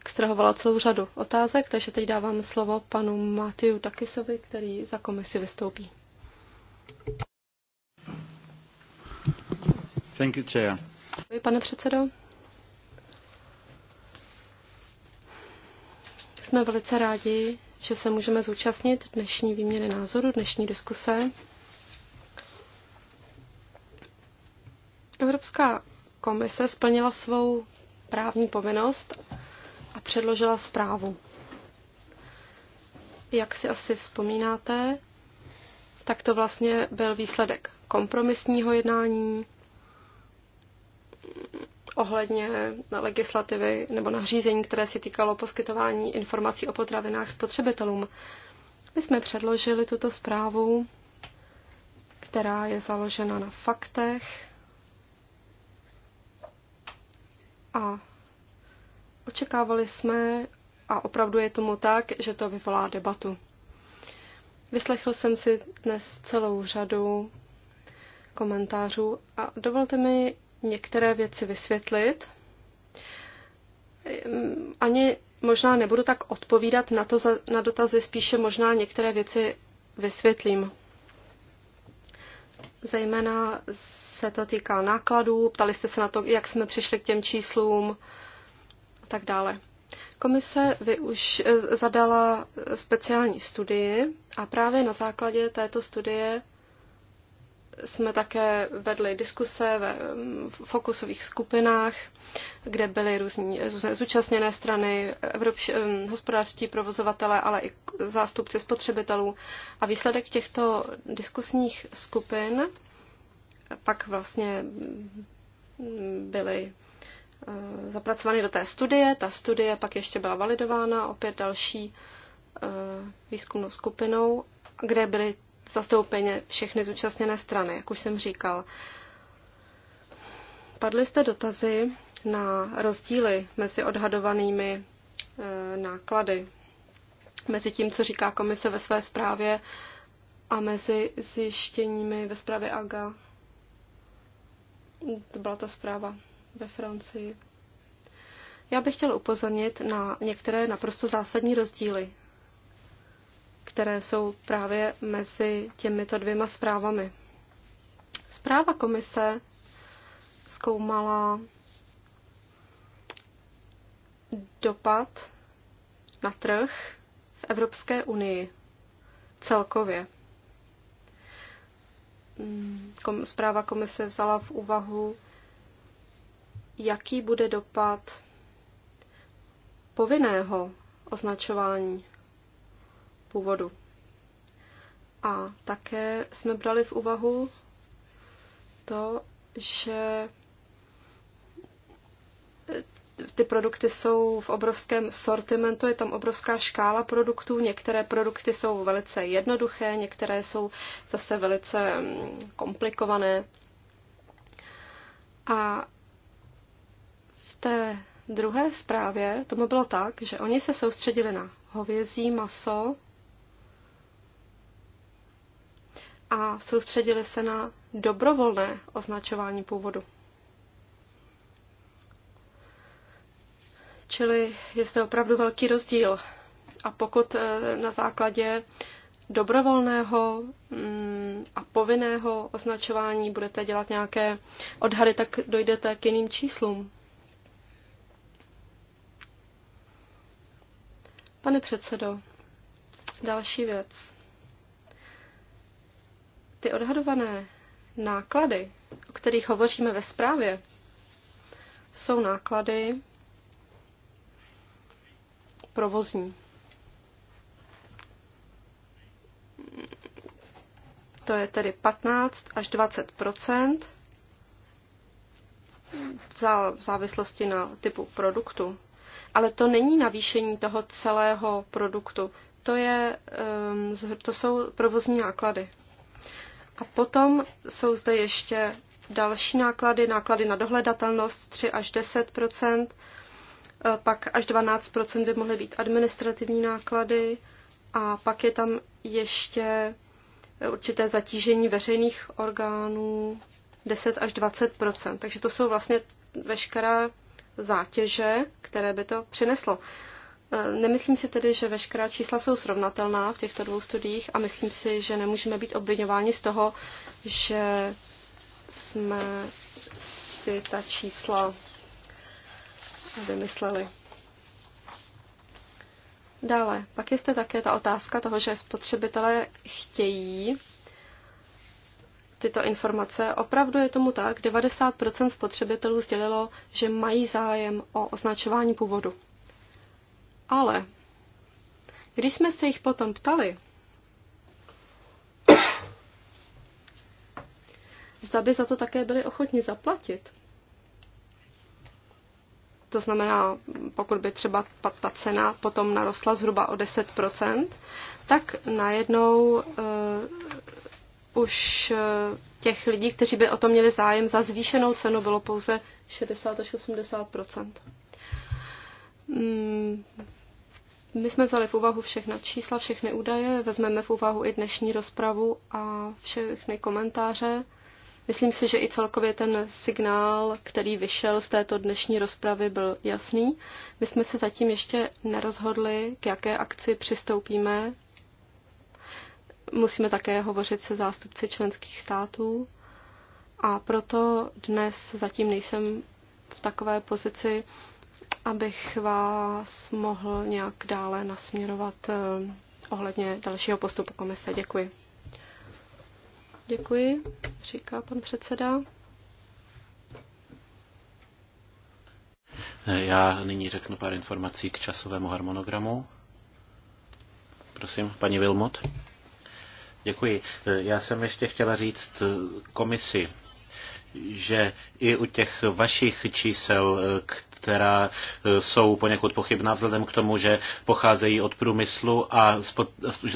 extrahovala celou řadu otázek, takže teď dávám slovo panu Matiu Takisovi, který za komisi vystoupí. Thank you, chair. Děkuji, pane předsedo. Jsme velice rádi, že se můžeme zúčastnit dnešní výměny názoru, dnešní diskuse. Evropská komise splnila svou právní povinnost a předložila zprávu. Jak si asi vzpomínáte, tak to vlastně byl výsledek kompromisního jednání ohledně legislativy nebo nařízení, které se týkalo poskytování informací o potravinách spotřebitelům. My jsme předložili tuto zprávu, která je založena na faktech a očekávali jsme, a opravdu je tomu tak, že to vyvolá debatu. Vyslechl jsem si dnes celou řadu komentářů a dovolte mi některé věci vysvětlit. Ehm, ani možná nebudu tak odpovídat na, to, na dotazy, spíše možná některé věci vysvětlím. Zejména se to týká nákladů, ptali jste se na to, jak jsme přišli k těm číslům a tak dále. Komise už eh, zadala speciální studii a právě na základě této studie jsme také vedli diskuse ve mm, fokusových skupinách, kde byly různí, různé zúčastněné strany, evropš, mm, hospodářští provozovatele, ale i zástupci spotřebitelů. A výsledek těchto diskusních skupin pak vlastně mm, byly eh, zapracovány do té studie. Ta studie pak ještě byla validována opět další eh, výzkumnou skupinou, kde byly zastoupeně všechny zúčastněné strany, jak už jsem říkal. Padly jste dotazy na rozdíly mezi odhadovanými e, náklady, mezi tím, co říká komise ve své zprávě a mezi zjištěními ve zprávě AGA. To byla ta zpráva ve Francii. Já bych chtěla upozornit na některé naprosto zásadní rozdíly které jsou právě mezi těmito dvěma zprávami. Zpráva komise zkoumala dopad na trh v Evropské unii celkově. zpráva komise vzala v úvahu, jaký bude dopad povinného označování původu. A také jsme brali v úvahu to, že ty produkty jsou v obrovském sortimentu, je tam obrovská škála produktů, některé produkty jsou velice jednoduché, některé jsou zase velice mm, komplikované. A v té druhé zprávě tomu bylo tak, že oni se soustředili na hovězí maso, a soustředili se na dobrovolné označování původu. Čili je zde opravdu velký rozdíl. A pokud eh, na základě dobrovolného mm, a povinného označování budete dělat nějaké odhady, tak dojdete k jiným číslům. Pane předsedo, další věc ty odhadované náklady, o kterých hovoříme ve zprávě, jsou náklady provozní. To je tedy 15 až 20 v závislosti na typu produktu. Ale to není navýšení toho celého produktu. To, je, ehm, to jsou provozní náklady. A potom jsou zde ještě další náklady, náklady na dohledatelnost 3 až 10 eh, pak až 12 by mohly být administrativní náklady a pak je tam ještě eh, určité zatížení veřejných orgánů 10 až 20 Takže to jsou vlastně veškeré zátěže, které by to přineslo. Nemyslím si tedy, že veškerá čísla jsou srovnatelná v těchto dvou studiích a myslím si, že nemůžeme být obvinováni z toho, že jsme si ta čísla vymysleli. Dále, pak je zde také ta otázka toho, že spotřebitelé chtějí tyto informace. Opravdu je tomu tak, 90% spotřebitelů sdělilo, že mají zájem o označování původu. Ale když jsme se jich potom ptali, zda by za to také byli ochotni zaplatit, to znamená, pokud by třeba ta cena potom narostla zhruba o 10%, tak najednou uh, už uh, těch lidí, kteří by o to měli zájem, za zvýšenou cenu bylo pouze 60 až 80%. Mm, my jsme vzali v úvahu všechna čísla, všechny údaje, vezmeme v úvahu i dnešní rozpravu a všechny komentáře. Myslím si, že i celkově ten signál, který vyšel z této dnešní rozpravy, byl jasný. My jsme se zatím ještě nerozhodli, k jaké akci přistoupíme. Musíme také hovořit se zástupci členských států a proto dnes zatím nejsem v takové pozici, abych vás mohl nějak dále nasměrovat eh, ohledně dalšího postupu komise. Děkuji. Děkuji, říká pan předseda. Eh, já nyní řeknu pár informací k časovému harmonogramu. Prosím, paní Vilmot. Děkuji. Eh, já jsem ještě chtěla říct komisi, že i u těch vašich čísel, eh, která eh, jsou poněkud pochybná vzhledem k tomu, že pocházejí od průmyslu a,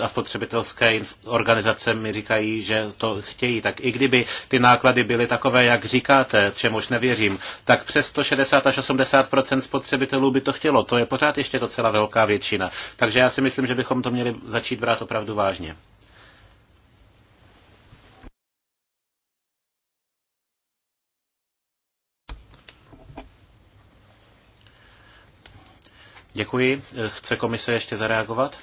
spotřebitelské organizace mi říkají, že to chtějí. Tak i kdyby ty náklady byly takové, jak říkáte, čemuž nevěřím, tak přes 160 až 80 spotřebitelů by to chtělo. To je pořád ještě docela velká většina. Takže já si myslím, že bychom to měli začít brát opravdu vážně. Děkuji. Chce komise ještě zareagovat?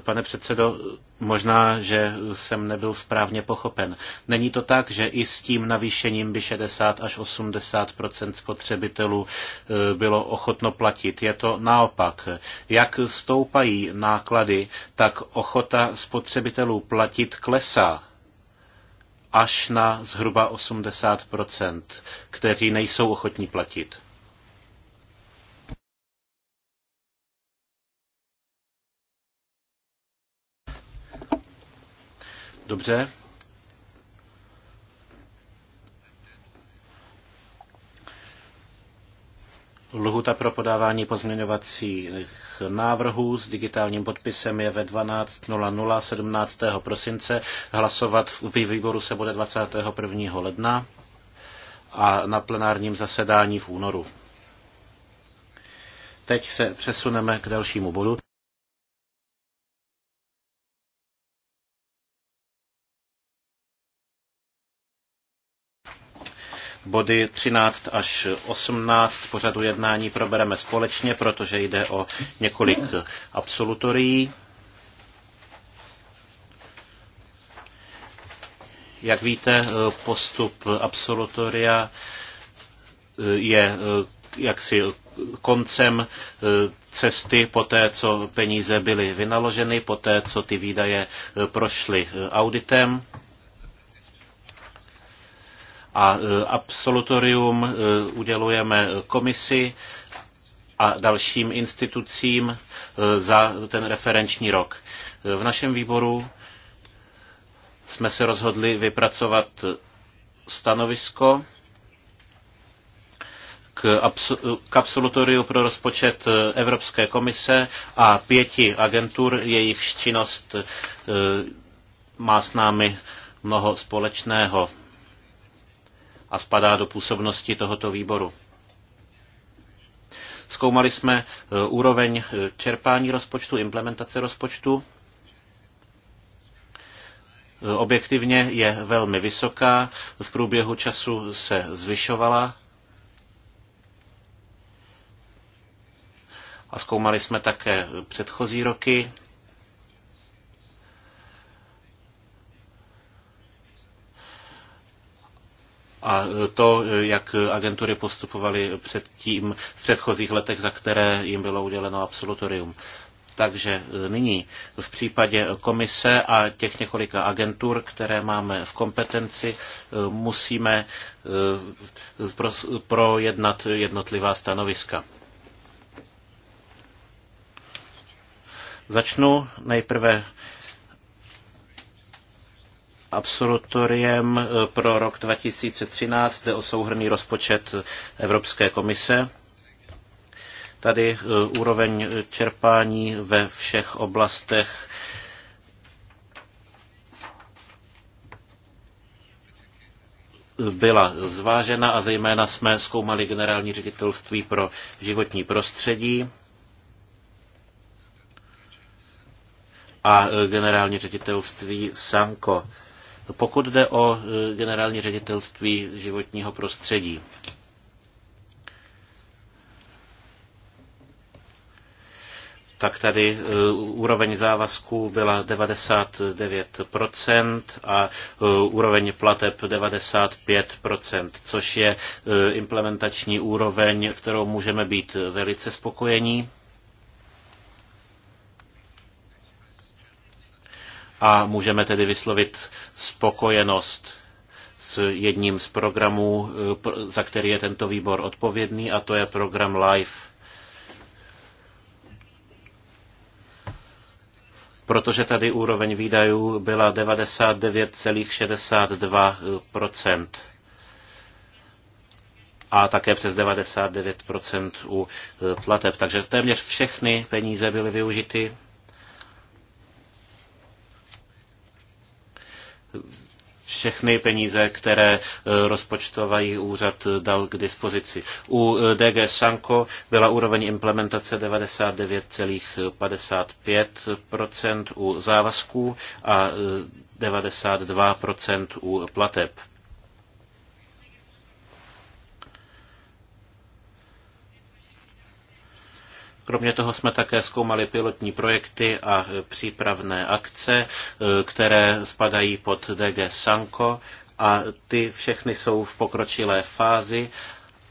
Pane předsedo, možná, že jsem nebyl správně pochopen. Není to tak, že i s tím navýšením by 60 až 80 spotřebitelů eh, bylo ochotno platit. Je to naopak. Jak stoupají náklady, tak ochota spotřebitelů platit klesá až na zhruba 80 kteří nejsou ochotní platit. Dobře. Lhuta pro podávání pozměňovacích návrhů s digitálním podpisem je ve 12.00 17. prosince. Hlasovat v výboru se bude 21. ledna a na plenárním zasedání v únoru. Teď se přesuneme k dalšímu bodu. Body 13 až 18 pořadu jednání probereme společně, protože jde o několik absolutorií. Jak víte, postup absolutoria je eh, jaksi koncem eh, cesty po té, co peníze byly vynaloženy, po té, co ty výdaje eh, prošly auditem a e, absolutorium e, udělujeme komisi a dalším institucím e, za ten referenční rok. V našem výboru jsme se rozhodli vypracovat stanovisko k, k absolutoriu pro rozpočet Evropské komise a pěti agentur, jejich činnost má s námi mnoho společného a spadá do působnosti tohoto výboru. Zkoumali jsme e, úroveň e, čerpání rozpočtu, implementace rozpočtu. E, objektivně je velmi vysoká, v průběhu času se zvyšovala. A zkoumali jsme také předchozí roky a to, jak agentury postupovaly předtím v předchozích letech, za které jim bylo uděleno absolutorium. Takže nyní v případě komise a těch několika agentur, které máme v kompetenci, musíme eh, projednat jednotlivá stanoviska. Začnu nejprve absolutoriem eh, pro rok 2013, jde o souhrný rozpočet eh, Evropské komise. Tady eh, úroveň čerpání ve všech oblastech byla zvážena a zejména jsme zkoumali generální ředitelství pro životní prostředí a generální ředitelství Sanko. Pokud jde o e, generální ředitelství životního prostředí, tak tady e, úroveň závazků byla 99% a e, úroveň plateb 95%, což je implementační úroveň, kterou můžeme být velice spokojení. a můžeme tedy vyslovit spokojenost s jedním z programů, eh, za který je tento výbor odpovědný, a to je program LIFE. protože tady úroveň výdajů byla 99,62% a také přes 99% u eh, plateb. Takže téměř všechny peníze byly využity všechny peníze, které eh, rozpočtovají úřad dal k dispozici. U eh, DG Sanko byla úroveň implementace 99,55 u závazků a 92 eh, u plateb. Kromě toho jsme také zkoumali pilotní projekty a přípravné akce, e, které spadají pod DG Sanko a ty všechny jsou v pokročilé fázi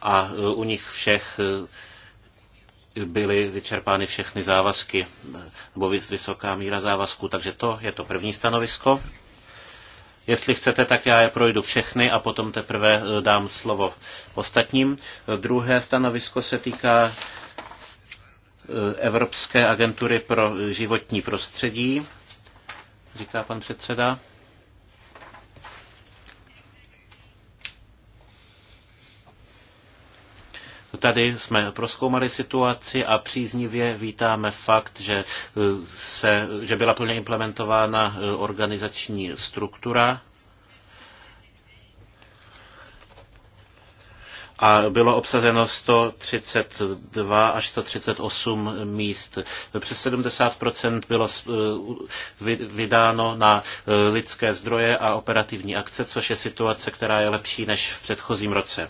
a e, u nich všech e, byly vyčerpány všechny závazky, nebo vysoká míra závazků. Takže to je to první stanovisko. Jestli chcete, tak já je projdu všechny a potom teprve dám slovo ostatním. Druhé stanovisko se týká Eh, Evropské agentury pro životní prostředí, říká pan předseda. Tady jsme proskoumali situaci a příznivě vítáme fakt, že, eh, se, že byla plně implementována eh, organizační struktura a bylo obsazeno 132 až 138 míst. Přes 70% bylo eh, vydáno na eh, lidské zdroje a operativní akce, což je situace, která je lepší než v předchozím roce.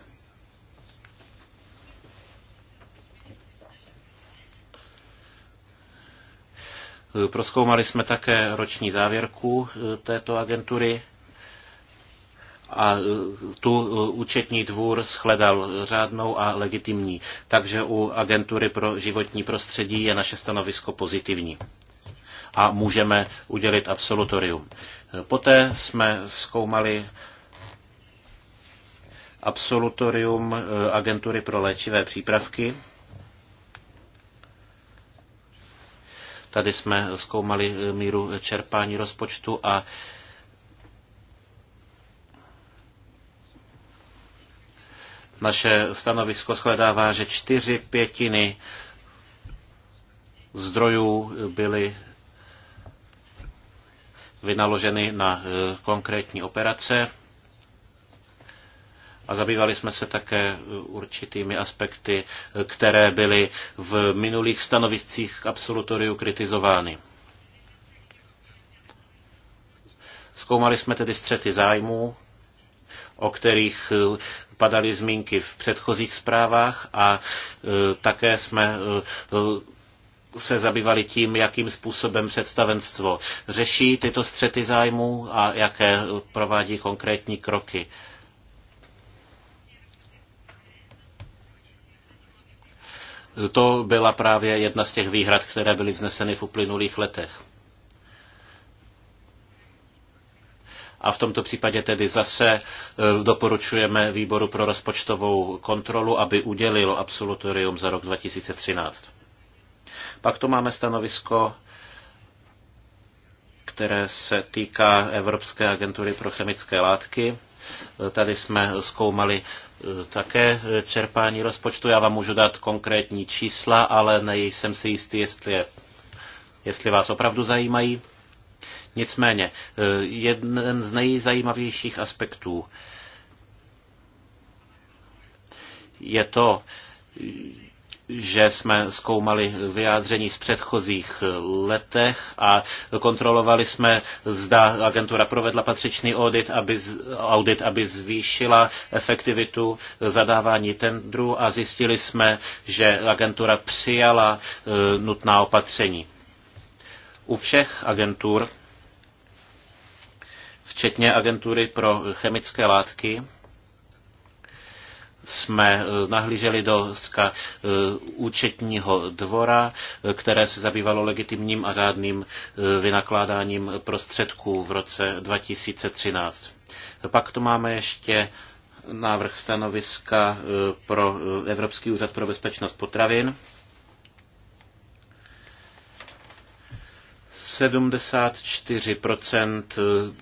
Eh, proskoumali jsme také roční závěrku této agentury a e, tu e, účetní dvůr shledal řádnou a legitimní. Takže u agentury pro životní prostředí je naše stanovisko pozitivní a můžeme udělit absolutorium. E, poté jsme zkoumali absolutorium agentury pro léčivé přípravky. Tady jsme zkoumali míru čerpání rozpočtu a Naše stanovisko shledává, že čtyři pětiny zdrojů byly vynaloženy na e, konkrétní operace a zabývali jsme se také e, určitými aspekty, e, které byly v minulých stanoviscích k absolutoriu kritizovány. Zkoumali jsme tedy střety zájmů o kterých eh, padaly zmínky v předchozích zprávách a eh, také jsme eh, se zabývali tím, jakým způsobem představenstvo řeší tyto střety zájmů a jaké provádí konkrétní kroky. To byla právě jedna z těch výhrad, které byly vzneseny v uplynulých letech. a v tomto případě tedy zase e, doporučujeme výboru pro rozpočtovou kontrolu, aby udělil absolutorium za rok 2013. Pak tu máme stanovisko které se týká Evropské agentury pro chemické látky. E, tady jsme zkoumali e, také čerpání rozpočtu. Já vám můžu dát konkrétní čísla, ale nejsem si jistý, jestli, je, jestli vás opravdu zajímají. Nicméně, eh, jeden z nejzajímavějších aspektů je to, že jsme zkoumali vyjádření z předchozích letech a kontrolovali jsme, zda agentura provedla patřičný audit, aby, audit, aby zvýšila efektivitu zadávání tendru a zjistili jsme, že agentura přijala eh, nutná opatření. U všech agentur včetně agentury pro chemické látky, jsme eh, nahlíželi do ska eh, účetního dvora, eh, které se zabývalo legitimním a řádným vynakládáním prostředků v roce 2013. Pak tu máme ještě návrh stanoviska pro Evropský úřad pro bezpečnost potravin. 74% eh,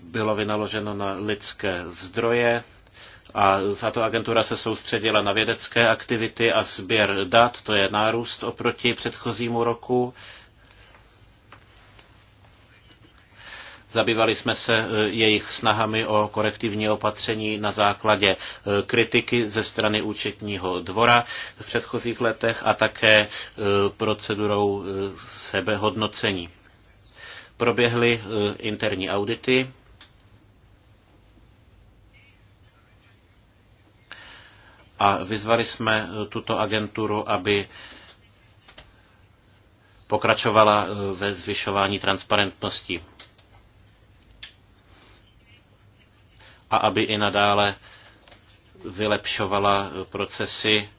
bylo vynaloženo na lidské zdroje a tato agentura se soustředila na vědecké aktivity a sběr dat, to je nárůst oproti předchozímu roku. Zabývali jsme se eh, jejich snahami o korektivní opatření na základě eh, kritiky ze strany účetního dvora v předchozích letech a také procedurou sebehodnocení. Proběhly eh, interní audity. A vyzvali jsme eh, tuto agenturu, aby pokračovala eh, ve zvyšování transparentnosti a aby i nadále vylepšovala procesy,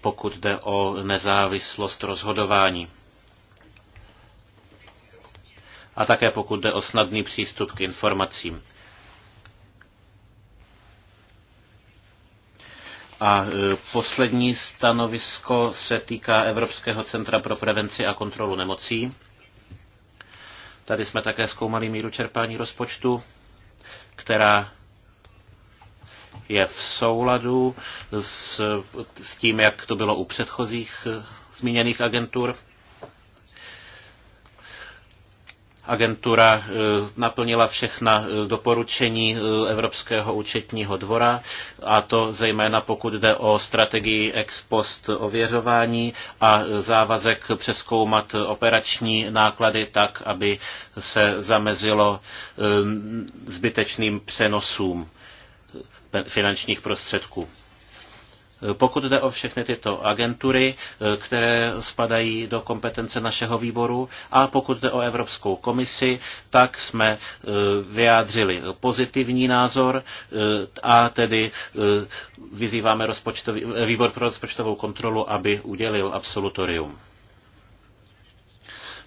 pokud jde o nezávislost rozhodování a také pokud jde o snadný přístup k informacím. A e, poslední stanovisko se týká Evropského centra pro prevenci a kontrolu nemocí. Tady jsme také zkoumali míru čerpání rozpočtu, která je v souladu s, s tím, jak to bylo u předchozích e, zmíněných agentur. agentura eh, naplnila všechna eh, doporučení eh, Evropského účetního dvora, a to zejména pokud jde o strategii ex post ověřování a závazek přeskoumat operační náklady tak, aby se zamezilo zbytečným přenosům finančních prostředků. Pokud jde o všechny tyto agentury, eh, které spadají do kompetence našeho výboru, a pokud jde o Evropskou komisi, tak jsme eh, vyjádřili pozitivní názor eh, a tedy vyzýváme výbor pro rozpočtovou kontrolu, aby udělil absolutorium.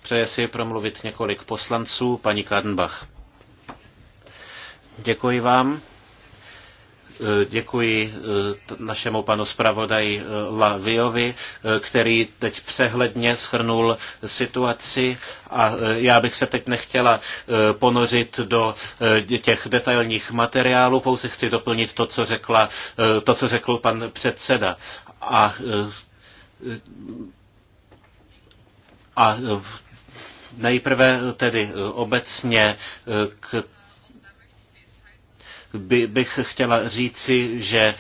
Přeje si promluvit několik poslanců, paní Kadenbach. Děkuji vám. Děkuji eh, našemu panu zpravodaji eh, Laviovi, eh, který teď přehledně schrnul situaci a já bych se teď nechtěla ponořit do těch detailních materiálů, pouze chci doplnit to, co, řekla, to, co řekl pan předseda. A, a Nejprve tedy obecně k by, bych chtěla říci, že eh,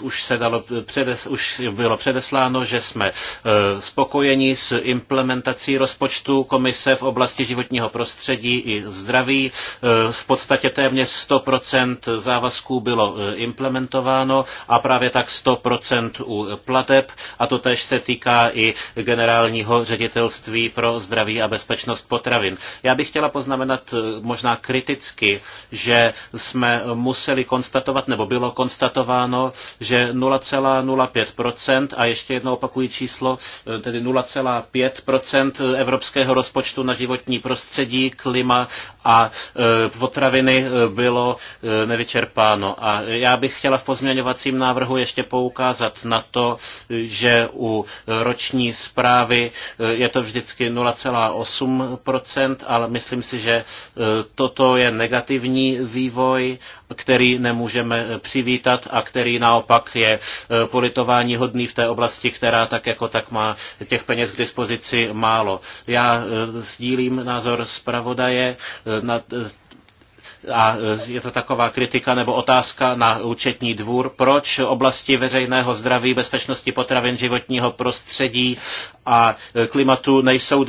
už, se dalo předes, už bylo předesláno, že jsme eh, spokojeni s implementací rozpočtu komise v oblasti životního prostředí i zdraví. Eh, v podstatě téměř 100% závazků bylo implementováno a právě tak 100% u plateb a to tež se týká i generálního ředitelství pro zdraví a bezpečnost potravin. Já bych chtěla poznamenat možná kriticky, že jsme museli konstatovat, nebo bylo konstatováno, že 0,05% a ještě jedno opakují číslo, eh, tedy 0,5% evropského rozpočtu na životní prostředí, klima a eh, potraviny eh, bylo nevyčerpáno. A já bych chtěla v pozměňovacím návrhu ještě poukázat na to, že u roční zprávy je to vždycky 0,8%, ale myslím si, že toto je negativní vývoj který nemůžeme eh, přivítat a který naopak je eh, politování hodný v té oblasti, která tak jako tak má těch peněz k dispozici málo. Já eh, sdílím názor zpravodaje na a e, je to taková kritika nebo otázka na účetní dvůr, proč oblasti veřejného zdraví, bezpečnosti potravin, životního prostředí a e, klimatu nejsou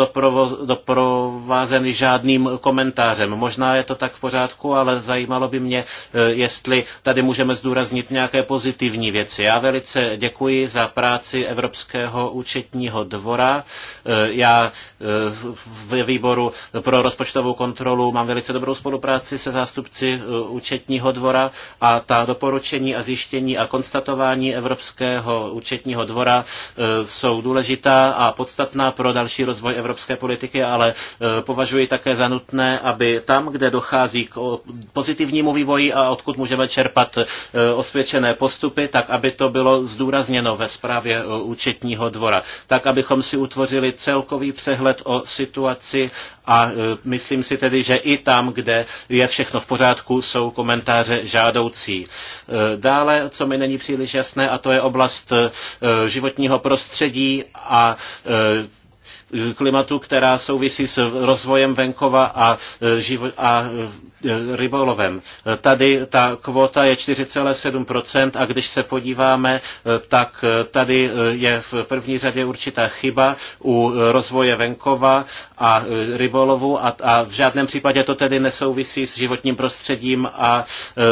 doprovázeny žádným komentářem. Možná je to tak v pořádku, ale zajímalo by mě, e, jestli tady můžeme zdůraznit nějaké pozitivní věci. Já velice děkuji za práci Evropského účetního dvora. Já v výboru pro rozpočtovou kontrolu mám velice dobrou spolupráci se zástupci eh, účetního dvora a ta doporučení a zjištění a konstatování Evropského účetního dvora eh, jsou důležitá a podstatná pro další rozvoj evropské politiky, ale eh, považuji také za nutné, aby tam, kde dochází k pozitivnímu vývoji a odkud můžeme čerpat osvědčené postupy, tak aby to bylo zdůrazněno ve zprávě účetního dvora, tak abychom si utvořili celkový přehled o situaci a e, myslím si tedy, že i tam, kde je všechno v pořádku, jsou komentáře žádoucí. E, dále, co mi není příliš jasné, a to je oblast e, životního prostředí a klimatu, která souvisí s rozvojem venkova a, živo- a Eh, rybolovem. Eh, tady ta kvota je 4,7% a když se podíváme, eh, tak tady je v první řadě určitá chyba u rozvoje venkova a rybolovu a, a v žádném případě to tedy nesouvisí s životním prostředím a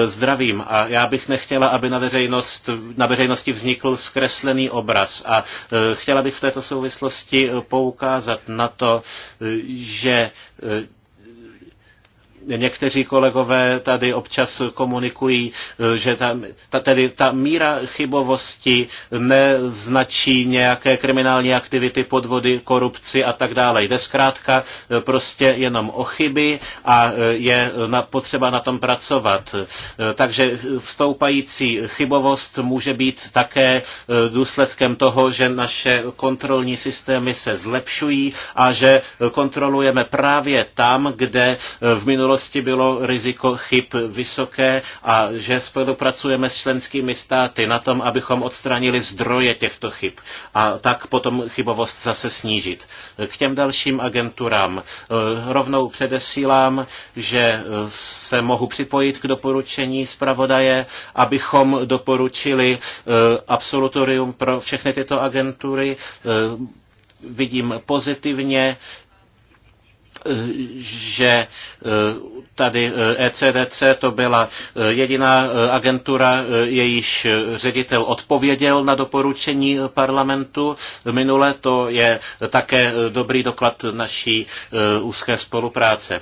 zdravím. A já bych nechtěla, aby na, veřejnost, na veřejnosti vznikl zkreslený obraz. A chtěla bych v této souvislosti poukázat na to, že Někteří kolegové tady občas komunikují, eh, že ta, ta, tedy ta míra chybovosti neznačí nějaké kriminální aktivity, podvody, korupci a tak dále. Jde zkrátka eh, prostě jenom o chyby a eh, je na, potřeba na tom pracovat. Takže stoupající chybovost může být také důsledkem toho, že naše kontrolní systémy se zlepšují a že kontrolujeme právě tam, kde v minulosti minulosti bylo riziko chyb vysoké a že spolupracujeme s členskými státy na tom, abychom odstranili zdroje těchto chyb a tak potom chybovost zase snížit. K těm dalším agenturám eh, rovnou předesílám, že eh, se mohu připojit k doporučení zpravodaje, abychom doporučili eh, absolutorium pro všechny tyto agentury vidím pozitivně že eh, tady ECDC eh, e to byla eh, jediná agentura, jejíž ředitel odpověděl na doporučení parlamentu minule. To je také dobrý doklad naší úzké spolupráce.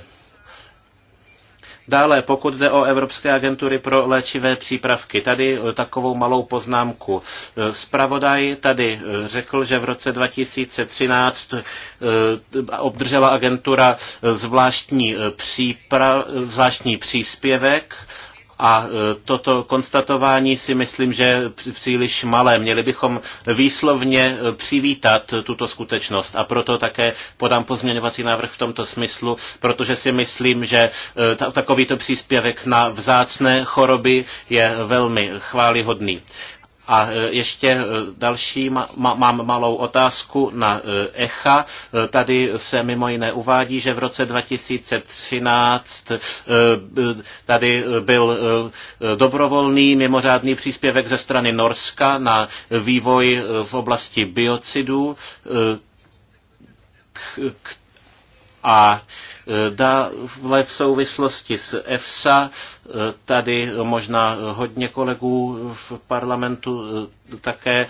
Dále, pokud jde o Evropské agentury pro léčivé přípravky, tady eh, takovou malou poznámku. Spravodaj eh, tady eh, řekl, že v roce 2013 obdržela agentura zvláštní, přípra, zvláštní příspěvek a e, toto konstatování si myslím, že příliš malé. Měli bychom výslovně e, přivítat tuto skutečnost a proto také podám pozměňovací návrh v tomto smyslu, protože si myslím, že e, takovýto příspěvek na vzácné choroby je velmi chválihodný. A e, ještě e, další mám malou otázku na e, ECHA. Tady se mimo jiné uvádí, že v roce 2013 tady byl dobrovolný mimořádný příspěvek ze strany Norska na vývoj v oblasti biocidů a Dále v souvislosti s EFSA, eh, tady možná hodně kolegů v parlamentu eh, také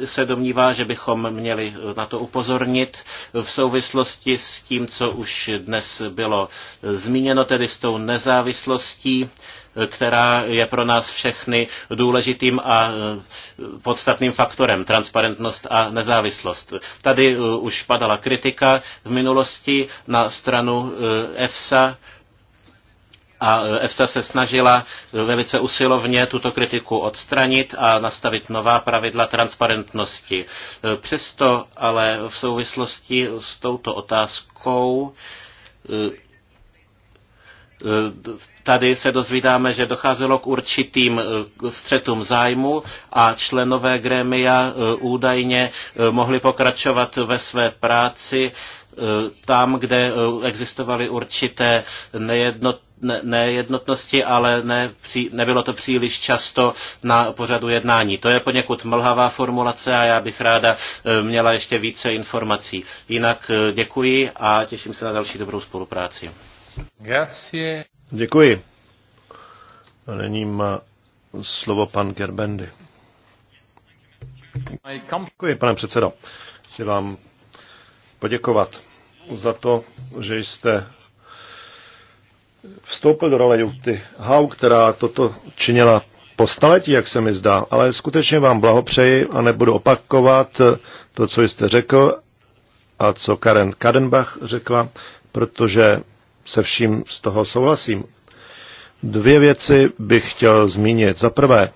eh, se domnívá, že bychom měli na to upozornit v souvislosti s tím, co už dnes bylo zmíněno, tedy s tou nezávislostí která je pro nás všechny důležitým a e, podstatným faktorem, transparentnost a nezávislost. Tady e, už padala kritika v minulosti na stranu e, EFSA, a EFSA se snažila velice usilovně tuto kritiku odstranit a nastavit nová pravidla transparentnosti. Přesto ale v souvislosti s touto otázkou Tady se dozvídáme, že docházelo k určitým eh, střetům zájmu a členové grémia eh, údajně eh, mohli pokračovat ve své práci tam, kde existovaly určité nejednot, ne, nejednotnosti, ale ne, při, nebylo to příliš často na pořadu jednání. To je poněkud mlhavá formulace a já bych ráda měla ještě více informací. Jinak děkuji a těším se na další dobrou spolupráci. Grazie. Děkuji. A nyní má slovo pan Gerbendy. Děkuji, pane předsedo. Chci vám poděkovat za to, že jste vstoupil do role Jukty Hau, která toto činila po staletí, jak se mi zdá, ale skutečně vám blahopřeji a nebudu opakovat to, co jste řekl a co Karen Kadenbach řekla, protože se vším z toho souhlasím. Dvě věci bych chtěl zmínit. Za prvé,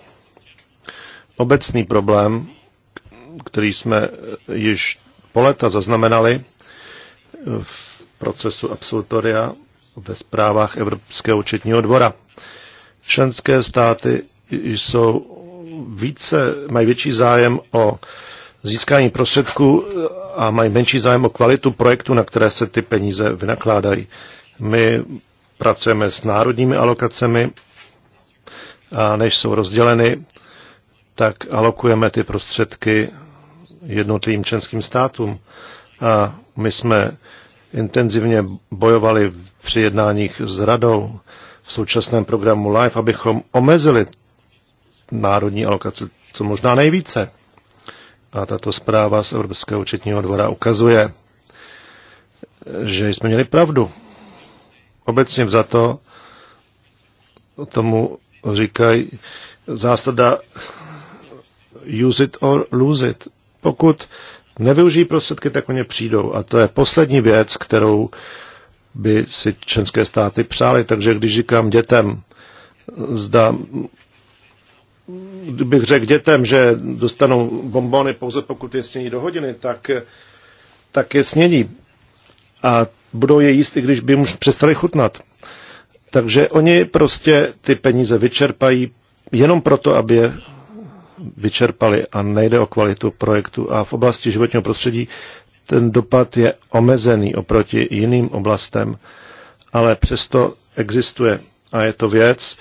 obecný problém, který jsme eh, již po leta zaznamenali v procesu absolutoria ve zprávách Evropského účetního dvora. Členské státy jsou více, mají větší zájem o získání prostředků a mají menší zájem o kvalitu projektu, na které se ty peníze vynakládají. My pracujeme s národními alokacemi a než jsou rozděleny, tak alokujeme ty prostředky jednotlivým členským státům. A my jsme intenzivně bojovali při jednáních s radou v současném programu LIFE, abychom omezili národní alokace co možná nejvíce. A tato zpráva z Evropského účetního dvora ukazuje, že jsme měli pravdu Obecně to, tomu říkají zásada use it or lose it. Pokud nevyužijí prostředky, tak o ně přijdou. A to je poslední věc, kterou by si členské státy přáli. Takže když říkám dětem, zda kdybych řekl dětem, že dostanou bombony pouze pokud je snění do hodiny, tak, tak je snění a budou je jíst, i když by jim už přestali chutnat. Takže oni prostě ty peníze vyčerpají jenom proto, aby je vyčerpali a nejde o kvalitu projektu. A v oblasti životního prostředí ten dopad je omezený oproti jiným oblastem, ale přesto existuje a je to věc,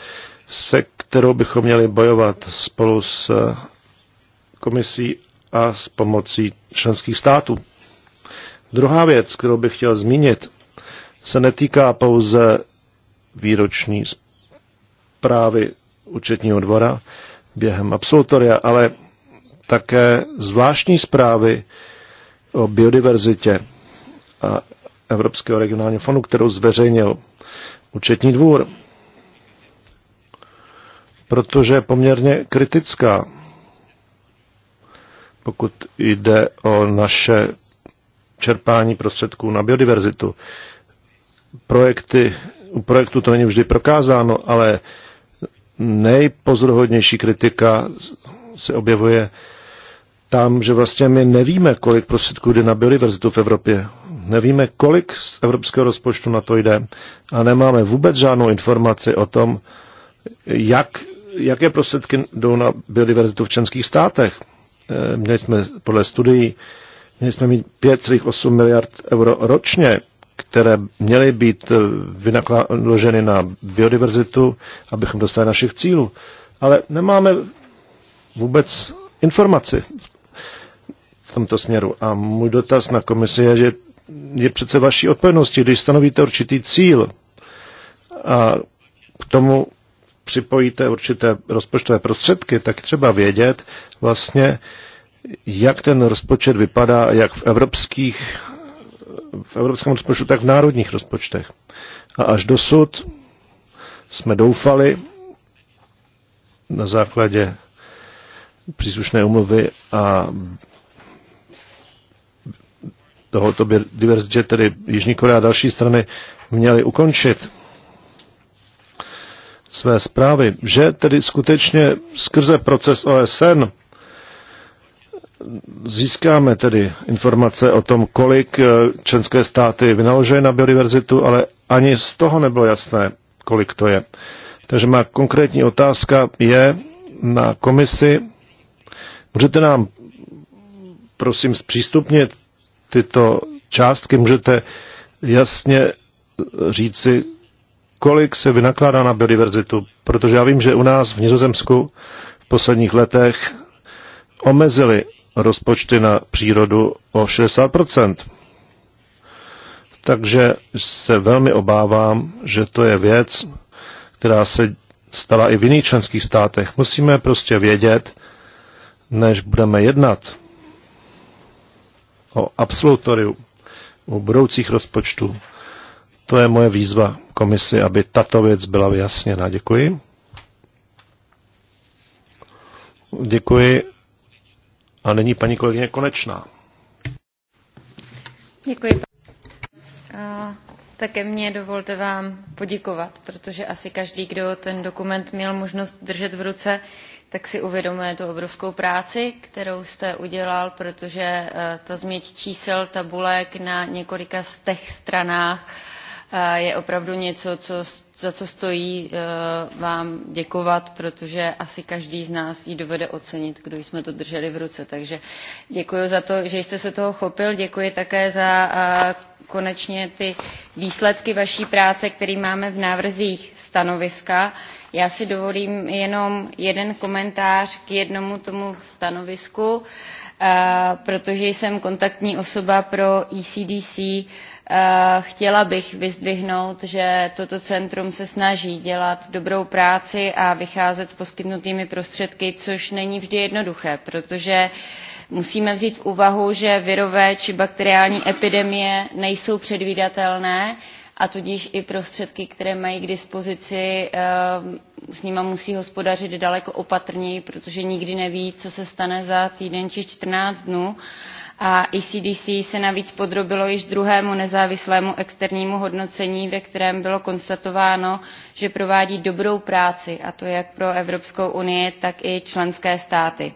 se kterou bychom měli bojovat spolu s komisí a s pomocí členských států. Druhá věc, kterou bych chtěl zmínit, se netýká pouze výroční zprávy účetního dvora během absolutoria, ale také zvláštní zprávy o biodiverzitě a Evropského regionálního fondu, kterou zveřejnil účetní dvůr. Protože je poměrně kritická, pokud jde o naše čerpání prostředků na biodiverzitu. Projekty, u projektu to není vždy prokázáno, ale nejpozoruhodnější kritika se objevuje tam, že vlastně my nevíme, kolik prostředků jde na biodiverzitu v Evropě. Nevíme, kolik z evropského rozpočtu na to jde a nemáme vůbec žádnou informaci o tom, jak, jaké prostředky jdou na biodiverzitu v členských státech. E, měli jsme podle studií Měli jsme mít 5,8 miliard euro ročně, které měly být eh, vynakloženy na biodiverzitu, abychom dostali našich cílů. Ale nemáme vůbec informaci v tomto směru. A můj dotaz na komisi je, že je přece vaší odpovědnosti, když stanovíte určitý cíl a k tomu připojíte určité rozpočtové prostředky, tak třeba vědět vlastně, jak ten rozpočet vypadá, jak v evropských v evropském rozpočtu, tak v národních rozpočtech. A až dosud jsme doufali na základě příslušné umluvy a tohoto diverzitě, tedy Jižní Korea a další strany, měly ukončit své zprávy, že tedy skutečně skrze proces OSN Získáme tedy informace o tom, kolik eh, členské státy vynaložily na biodiverzitu, ale ani z toho nebylo jasné, kolik to je. Takže má konkrétní otázka je na komisi. Můžete nám, prosím, zpřístupnit tyto částky? Můžete jasně eh, říci, kolik se vynakládá na biodiverzitu? Protože já vím, že u nás v Nizozemsku v posledních letech omezili rozpočty na přírodu o 60%. Takže se velmi obávám, že to je věc, která se stala i v jiných členských státech. Musíme prostě vědět, než budeme jednat o absolutoriu, o budoucích rozpočtů. To je moje výzva komisi, aby tato věc byla vyjasněna. Děkuji. Děkuji a není paní kolegyně Konečná. Děkuji. A také mě dovolte vám poděkovat, protože asi každý, kdo ten dokument měl možnost držet v ruce, tak si uvědomuje tu obrovskou práci, kterou jste udělal, protože eh, ta změť čísel tabulek na několika z těch stranách Eh, je opravdu něco, co, za co stojí eh, vám děkovat, protože asi každý z nás ji dovede ocenit, kdo jsme to drželi v ruce. Takže děkuji za to, že jste se toho chopil, děkuji také za eh, konečně ty výsledky vaší práce, které máme v návrzích stanoviska. Já si dovolím jenom jeden komentář k jednomu tomu stanovisku, eh, protože jsem kontaktní osoba pro ECDC, eh, chtěla bych vyzdvihnout, že toto centrum se snaží dělat dobrou práci a vycházet s poskytnutými prostředky, což není vždy jednoduché, protože musíme vzít v úvahu že virové či bakteriální epidemie nejsou předvídatelné a tudíž i prostředky které mají k dispozici eh, s nimi musí hospodařit daleko opatrněji protože nikdy neví co se stane za týden či čtrnáct dnů a ecdc se navíc podrobilo již druhému nezávislému externímu hodnocení ve kterém bylo konstatováno že provádí dobrou práci a to jak pro evropskou unii tak i členské státy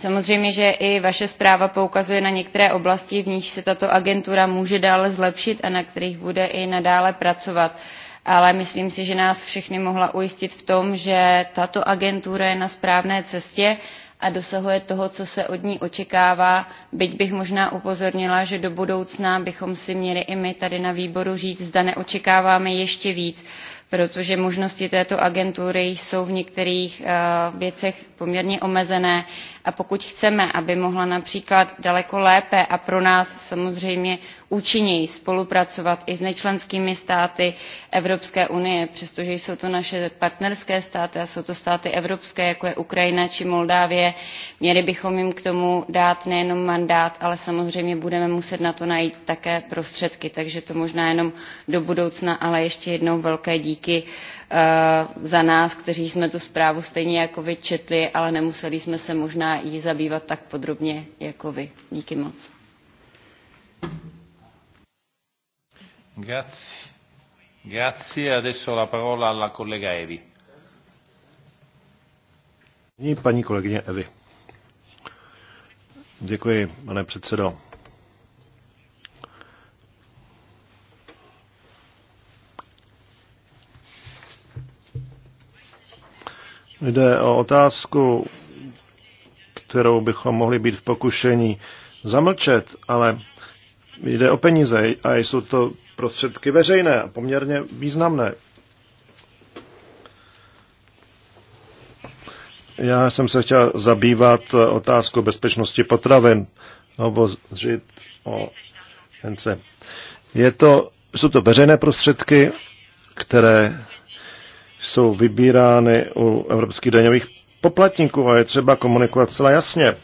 Samozřejmě, že i vaše zpráva poukazuje na některé oblasti, v níž se tato agentura může dále zlepšit a na kterých bude i nadále pracovat ale myslím si, že nás všechny mohla ujistit v tom, že tato agentura je na správné cestě a dosahuje toho, co se od ní očekává, byť bych možná upozornila, že do budoucna bychom si měli i my tady na výboru říct, zda neočekáváme ještě víc, protože možnosti této agentury jsou v některých eh, věcech poměrně omezené a pokud chceme aby mohla například daleko lépe a pro nás samozřejmě účinněji spolupracovat i s nečlenskými státy evropské unie přestože jsou to naše partnerské státy a jsou to státy evropské jako je ukrajina či moldávie měli bychom jim k tomu dát nejenom mandát ale samozřejmě budeme muset na to najít také prostředky takže to možná jenom do budoucna ale ještě jednou velké díky Eh, za nás, kteří jsme tu zprávu stejně jako vy četli, ale nemuseli jsme se možná jí zabývat tak podrobně jako vy. Díky moc. Grazie. Grazie. Adesso la parola alla collega Evi. Paní kolegyně Evi. Děkuji, pane předsedo. Jde o otázku, kterou bychom mohli být v pokušení zamlčet, ale jde o peníze a jsou to prostředky veřejné a poměrně významné. Já jsem se chtěl zabývat otázkou bezpečnosti potravin, hovořit o NC. Je to, jsou to veřejné prostředky, které jsou vybírány u evropských daňových poplatníků a je třeba komunikovat celá jasně.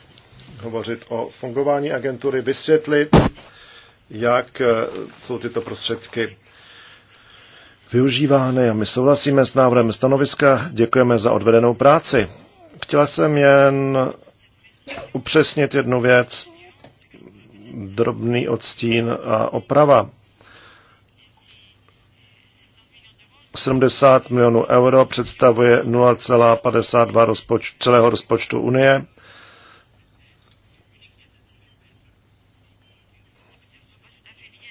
Hovořit o fungování agentury, vysvětlit, jak eh, jsou tyto prostředky využívány a my souhlasíme s návrhem stanoviska, děkujeme za odvedenou práci. Chtěla jsem jen upřesnit jednu věc, drobný odstín a oprava. 70 milionů euro představuje 0,52 rozpoč- celého rozpočtu Unie.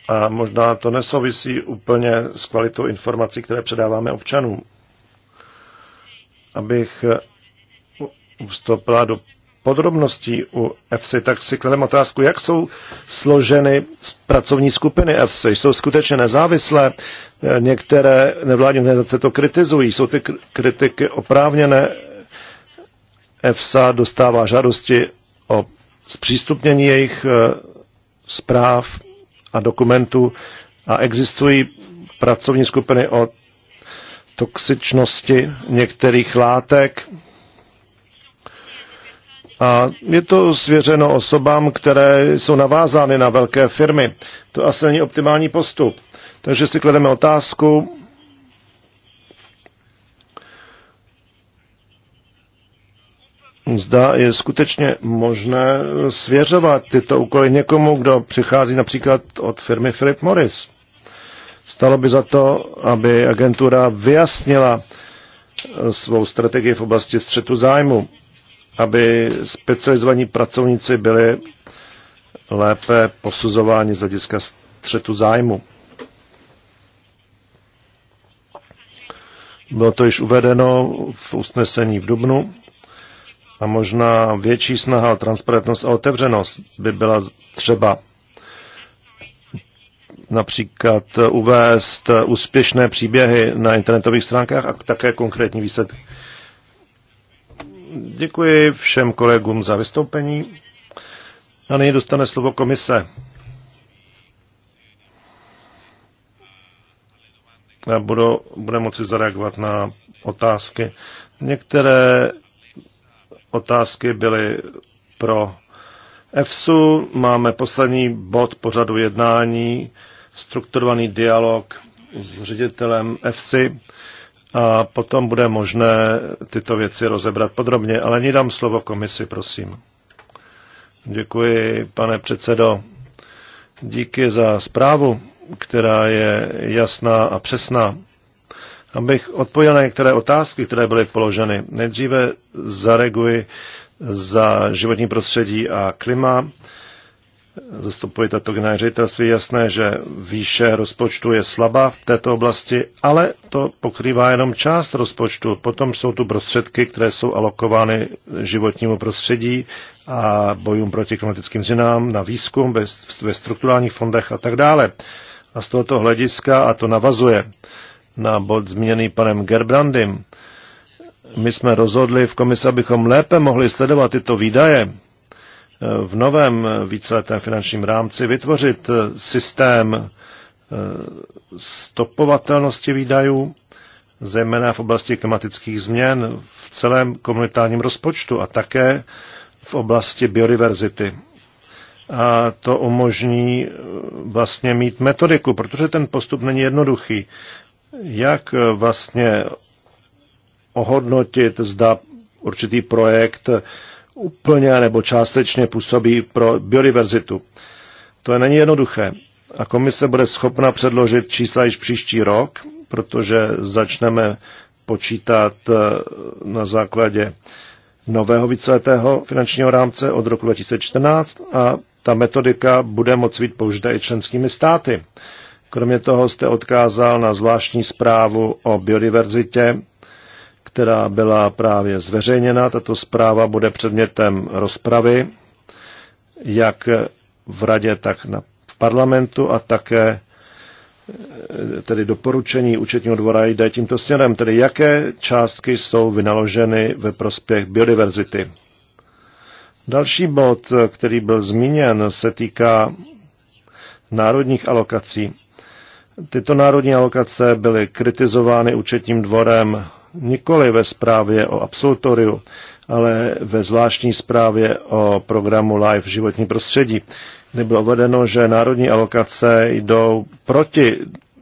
A možná to nesouvisí úplně s kvalitou informací, které předáváme občanům. Abych vstoupila do podrobností u EFSI, tak si klademe otázku, jak jsou složeny pracovní skupiny EFSI. Jsou skutečně nezávislé, eh, některé nevládní organizace to kritizují, jsou ty kritiky oprávněné. EFSA dostává žádosti o zpřístupnění jejich eh, zpráv a dokumentů a existují pracovní skupiny o toxičnosti některých látek, a je to svěřeno osobám, které jsou navázány na velké firmy. To asi není optimální postup. Takže si klademe otázku, zda je skutečně možné svěřovat tyto úkoly někomu, kdo přichází například od firmy Philip Morris. Stalo by za to, aby agentura vyjasnila svou strategii v oblasti střetu zájmu aby specializovaní pracovníci byli lépe posuzováni z hlediska střetu zájmu. Bylo to již uvedeno v usnesení v Dubnu a možná větší snaha o transparentnost a otevřenost by byla třeba například uvést úspěšné příběhy na internetových stránkách a také konkrétní výsledky. Děkuji všem kolegům za vystoupení. A nyní dostane slovo komise. A budu, bude moci zareagovat na otázky. Některé otázky byly pro EFSU. Máme poslední bod pořadu jednání, strukturovaný dialog s ředitelem EFSI a potom bude možné tyto věci rozebrat podrobně. Ale ní dám slovo komisi, prosím. Děkuji, pane předsedo. Díky za zprávu, která je jasná a přesná. Abych odpověděl na některé otázky, které byly položeny. Nejdříve zareaguji za životní prostředí a klima zastupuje tato generální je jasné, že výše rozpočtu je slabá v této oblasti, ale to pokrývá jenom část rozpočtu. Potom jsou tu prostředky, které jsou alokovány životnímu prostředí a bojům proti klimatickým změnám, na výzkum ve, ve strukturálních fondech a tak dále. A z tohoto hlediska, a to navazuje na bod zmíněný panem Gerbrandym, my jsme rozhodli v komisi, abychom lépe mohli sledovat tyto výdaje v novém víceletém finančním rámci vytvořit eh, systém eh, stopovatelnosti výdajů, zejména v oblasti klimatických změn, v celém komunitárním rozpočtu a také v oblasti biodiverzity. A to umožní eh, vlastně mít metodiku, protože ten postup není jednoduchý. Jak vlastně ohodnotit, zda určitý projekt úplně nebo částečně působí pro biodiverzitu. To je není jednoduché. A komise bude schopna předložit čísla již příští rok, protože začneme počítat eh, na základě nového víceletého finančního rámce od roku 2014 a ta metodika bude moci být použita i členskými státy. Kromě toho jste odkázal na zvláštní zprávu o biodiverzitě která byla právě zveřejněna. Tato zpráva bude předmětem rozpravy, jak v radě, tak na, v parlamentu a také e, tedy doporučení účetního dvora jde tímto směrem, tedy jaké částky jsou vynaloženy ve prospěch biodiverzity. Další bod, který byl zmíněn, se týká národních alokací. Tyto národní alokace byly kritizovány účetním dvorem nikoli ve zprávě o absolutoriu, ale ve zvláštní zprávě o programu Life životní prostředí, kde bylo uvedeno, že národní alokace jdou proti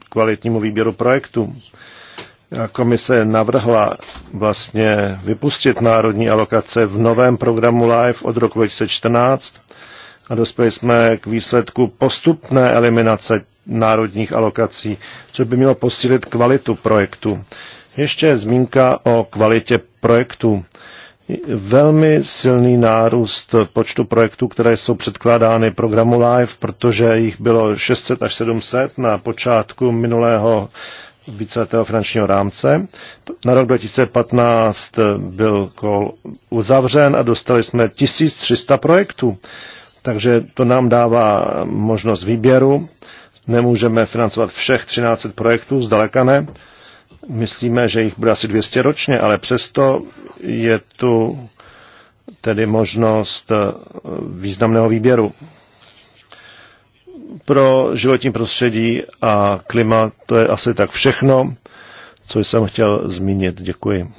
kvalitnímu výběru projektů. komise navrhla vlastně vypustit národní alokace v novém programu Life od roku 2014 a dospěli jsme k výsledku postupné eliminace národních alokací, což by mělo posílit kvalitu projektu. Ještě zmínka o kvalitě projektů. Velmi silný nárůst počtu projektů, které jsou předkládány programu LIFE, protože jich bylo 600 až 700 na počátku minulého víceletého finančního rámce. Na rok 2015 byl kol uzavřen a dostali jsme 1300 projektů. Takže to nám dává možnost výběru. Nemůžeme financovat všech 13 projektů, zdaleka ne. Myslíme, že jich bude asi 200 ročně, ale přesto je tu tedy možnost eh, významného výběru. Pro životní prostředí a klima to je asi tak všechno, co jsem chtěl zmínit. Děkuji.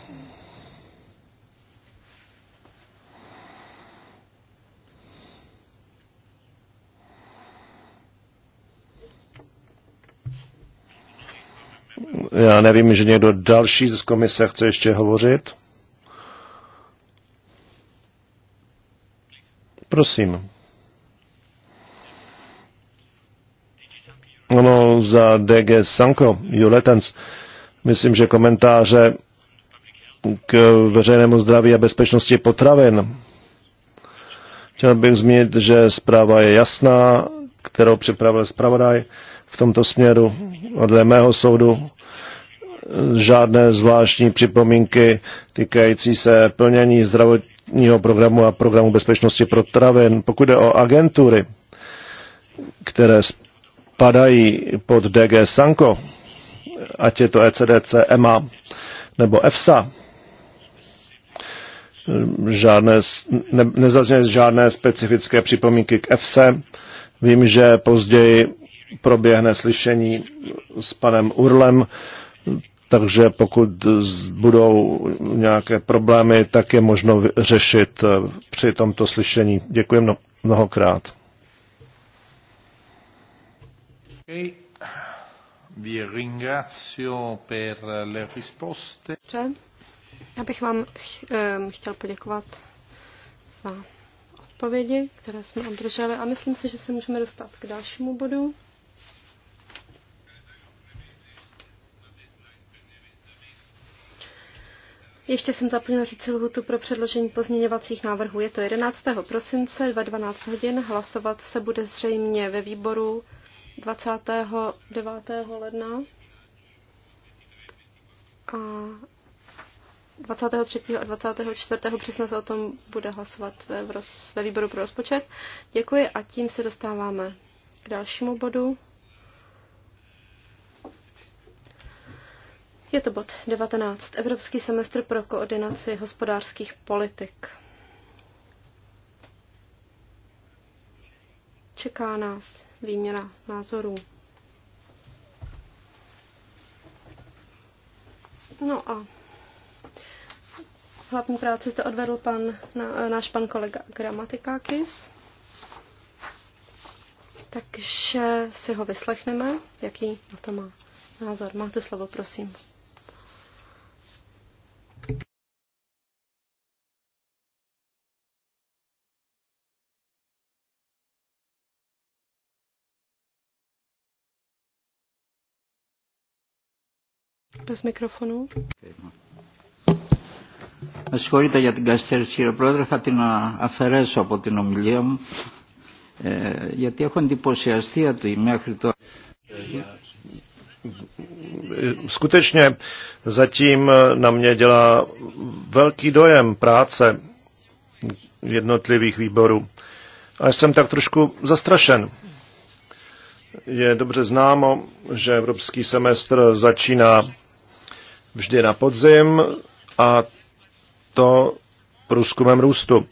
Já nevím, že někdo další z komise chce ještě hovořit. Prosím. Ono za DG Sanko, Juletens. Myslím, že komentáře k veřejnému zdraví a bezpečnosti potravin. Chtěl bych zmínit, že zpráva je jasná, kterou připravil zpravodaj v tomto směru. A dle mého soudu žádné zvláštní připomínky týkající se plnění zdravotního programu a programu bezpečnosti pro travin. Pokud jde o agentury, které spadají pod DG Sanko, ať je to ECDC, EMA nebo EFSA, žádné, ne, nezazněly žádné specifické připomínky k EFSE. E. Vím, že později proběhne slyšení s panem Urlem, takže pokud budou nějaké problémy, tak je možno řešit eh, při tomto slyšení. Děkuji mnohokrát. Vi ringrazio per le risposte. Já bych vám ehm, chtěl poděkovat za odpovědi, které jsme obdrželi a myslím si, že se můžeme dostat k dalšímu bodu. Ještě jsem zaplnila říci lhutu pro předložení pozměňovacích návrhů. Je to 11. prosince 12 hodin. Hlasovat se bude zřejmě ve výboru 29. ledna a 23. a 24. března se o tom bude hlasovat ve, ve výboru pro rozpočet. Děkuji a tím se dostáváme k dalšímu bodu. Je to bod 19. Evropský semestr pro koordinaci hospodářských politik. Čeká nás výměna názorů. No a hlavní práci to odvedl pan, náš pan kolega Gramatikákis. Takže si ho vyslechneme, jaký na to má názor. Máte slovo, prosím. bez mikrofonu. Με συγχωρείτε για την καθυστέρηση κύριε Πρόεδρε, θα την αφαιρέσω από την ομιλία μου ε, γιατί έχω εντυπωσιαστεί μέχρι τώρα. Skutečně zatím na mě dělá velký dojem práce jednotlivých výborů. A jsem tak trošku zastrašen. Je dobře známo, že evropský semestr začíná vždy na podzim a to průzkumem růstu.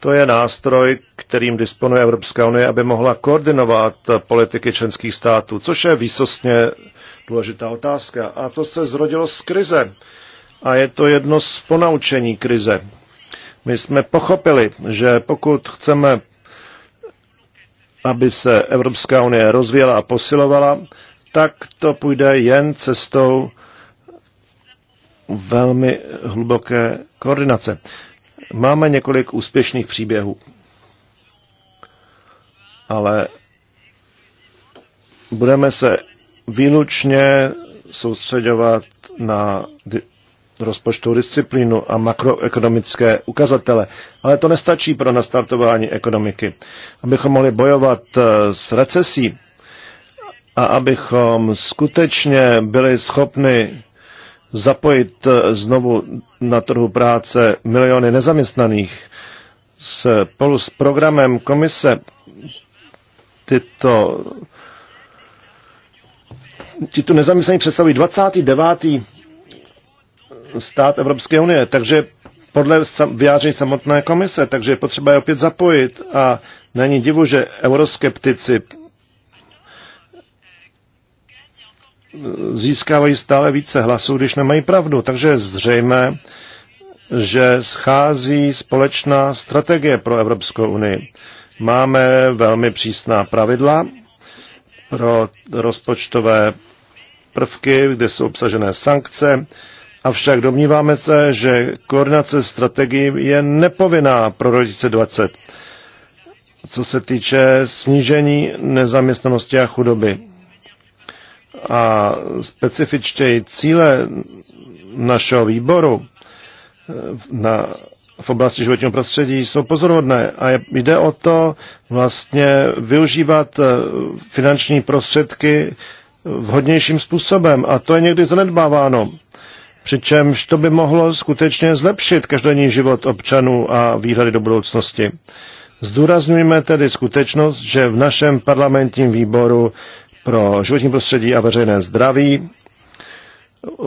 To je nástroj, kterým disponuje Evropská unie, aby mohla koordinovat politiky členských států, což je výsostně důležitá otázka. A to se zrodilo z krize. A je to jedno z ponaučení krize. My jsme pochopili, že pokud chceme, aby se Evropská unie rozvíjela a posilovala, tak to půjde jen cestou velmi hluboké koordinace. Máme několik úspěšných příběhů, ale budeme se výlučně soustředovat na rozpočtovou disciplínu a makroekonomické ukazatele. Ale to nestačí pro nastartování ekonomiky. Abychom mohli bojovat eh, s recesí a abychom skutečně byli schopni zapojit eh, znovu na trhu práce miliony nezaměstnaných. Spolu s programem komise tyto tyto nezaměstnaní představují 29. stát Evropské unie, takže podle vyjádření samotné komise, takže je potřeba je opět zapojit a není divu, že euroskeptici získávají stále více hlasů, když nemají pravdu. Takže je zřejmé, že schází společná strategie pro Evropskou unii. Máme velmi přísná pravidla pro rozpočtové prvky, kde jsou obsažené sankce, avšak domníváme se, že koordinace strategií je nepovinná pro 2020, co se týče snížení nezaměstnanosti a chudoby a specifičtěji cíle našeho výboru eh, na, v oblasti životního prostředí jsou pozorodné a je, jde o to vlastně využívat eh, finanční prostředky vhodnějším způsobem a to je někdy zanedbáváno. Přičemž to by mohlo skutečně zlepšit každodenní život občanů a výhledy do budoucnosti. Zdůrazňujeme tedy skutečnost, že v našem parlamentním výboru pro životní prostředí a veřejné zdraví.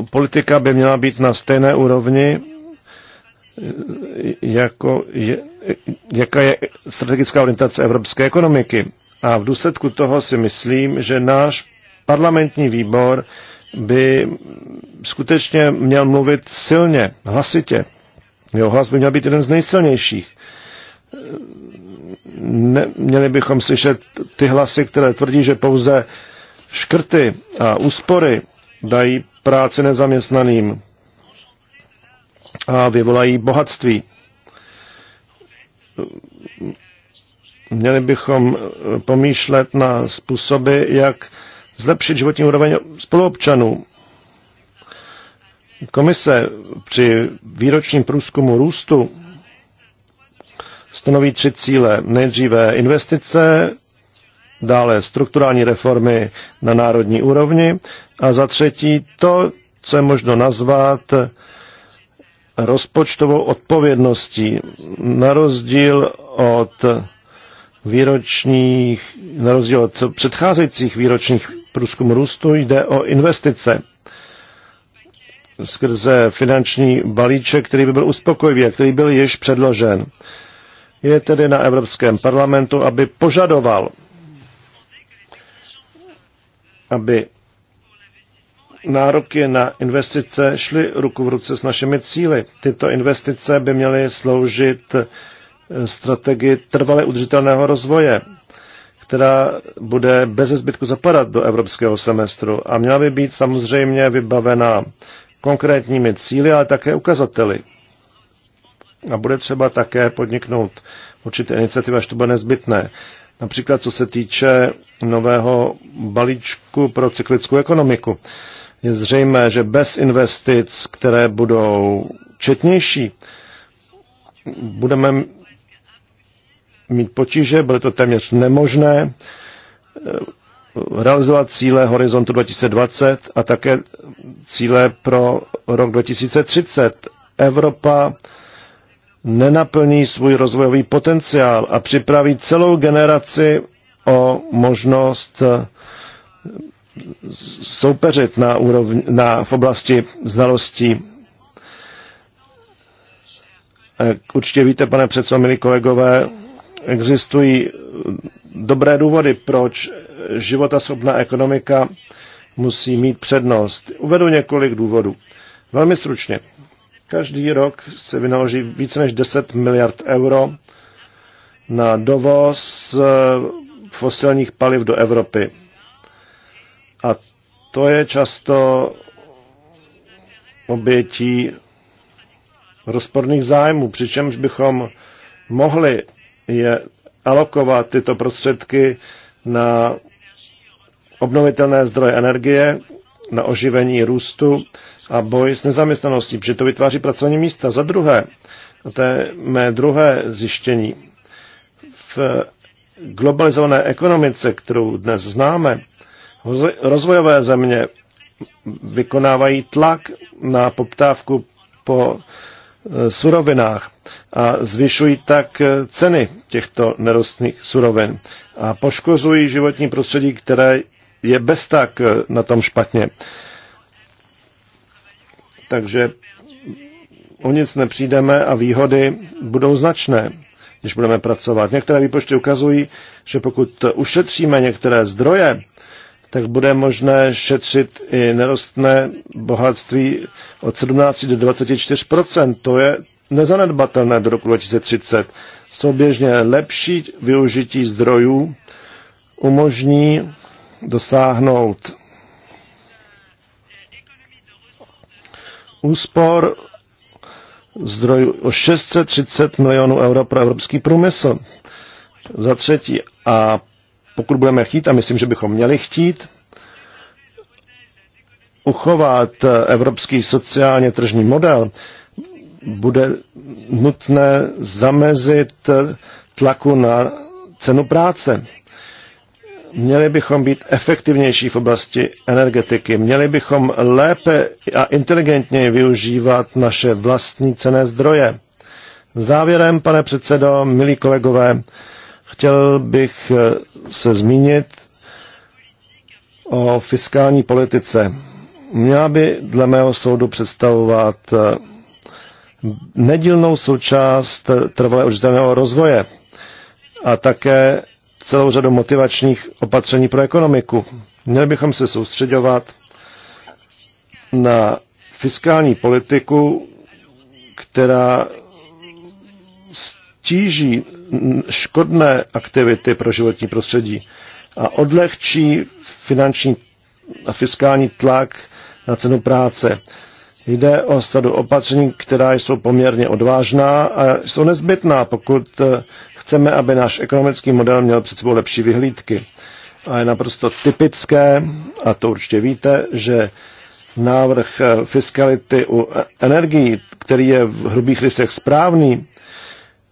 Politika by měla být na stejné úrovni, jako je, jaká je strategická orientace evropské ekonomiky. A v důsledku toho si myslím, že náš parlamentní výbor by skutečně měl mluvit silně, hlasitě. Jeho hlas by měl být jeden z nejsilnějších ne, měli bychom slyšet ty hlasy, které tvrdí, že pouze škrty a úspory dají práci nezaměstnaným a vyvolají bohatství. Měli bychom pomýšlet na způsoby, jak zlepšit životní úroveň spoluobčanů. Komise při výročním průzkumu růstu stanoví tři cíle. Nejdříve investice, dále strukturální reformy na národní úrovni a za třetí to, co je možno nazvat rozpočtovou odpovědností, na rozdíl od výročních, na rozdíl od předcházejících výročních průzkumů růstu, jde o investice skrze finanční balíček, který by byl uspokojivý a který byl již předložen. Je tedy na Evropském parlamentu, aby požadoval, aby nároky na investice šly ruku v ruce s našimi cíly. Tyto investice by měly sloužit eh, strategii trvale udržitelného rozvoje, která bude bez zbytku zapadat do evropského semestru a měla by být samozřejmě vybavená konkrétními cíly, ale také ukazateli a bude třeba také podniknout určité iniciativy, až to bude nezbytné. Například co se týče nového balíčku pro cyklickou ekonomiku. Je zřejmé, že bez investic, které budou četnější, budeme mít potíže, bude to téměř nemožné eh, realizovat cíle horizontu 2020 a také cíle pro rok 2030. Evropa nenaplní svůj rozvojový potenciál a připraví celou generaci o možnost eh, soupeřit na úrovni, na, v oblasti znalostí. Eh, určitě víte, pane předsedo, milí kolegové, existují dobré důvody, proč životaschopná ekonomika musí mít přednost. Uvedu několik důvodů. Velmi stručně. Každý rok se vynaloží více než 10 miliard euro na dovoz eh, fosilních paliv do Evropy. A to je často obětí rozporných zájmů, přičemž bychom mohli je alokovat tyto prostředky na obnovitelné zdroje energie, na oživení růstu a boj s nezaměstnaností, protože to vytváří pracovní místa. Za druhé, a to je mé druhé zjištění, v globalizované ekonomice, kterou dnes známe, rozvojové země vykonávají tlak na poptávku po e, surovinách a zvyšují tak ceny těchto nerostných surovin a poškozují životní prostředí, které je bez tak e, na tom špatně. Takže o nic nepřijdeme a výhody budou značné, když budeme pracovat. Některé výpočty ukazují, že pokud ušetříme některé zdroje, tak bude možné šetřit i nerostné bohatství od 17 do 24 To je nezanedbatelné do roku 2030. Souběžně lepší využití zdrojů umožní dosáhnout úspor zdrojů o 630 milionů euro pro evropský průmysl. Za třetí, a pokud budeme chtít, a myslím, že bychom měli chtít, uchovat evropský sociálně tržní model, bude nutné zamezit tlaku na cenu práce. Měli bychom být efektivnější v oblasti energetiky. Měli bychom lépe a inteligentněji využívat naše vlastní cené zdroje. Závěrem, pane předsedo, milí kolegové, chtěl bych eh, se zmínit o fiskální politice. Měla by dle mého soudu představovat eh, nedílnou součást eh, trvalého udržitelného rozvoje a také celou řadu motivačních opatření pro ekonomiku. Měli bychom se soustředovat na fiskální politiku, která stíží škodné aktivity pro životní prostředí a odlehčí finanční a fiskální tlak na cenu práce. Jde o sadu opatření, která jsou poměrně odvážná a jsou nezbytná, pokud Chceme, aby náš ekonomický model měl před sebou lepší vyhlídky. A je naprosto typické, a to určitě víte, že návrh eh, fiskality u eh, energií, který je v hrubých listech správný,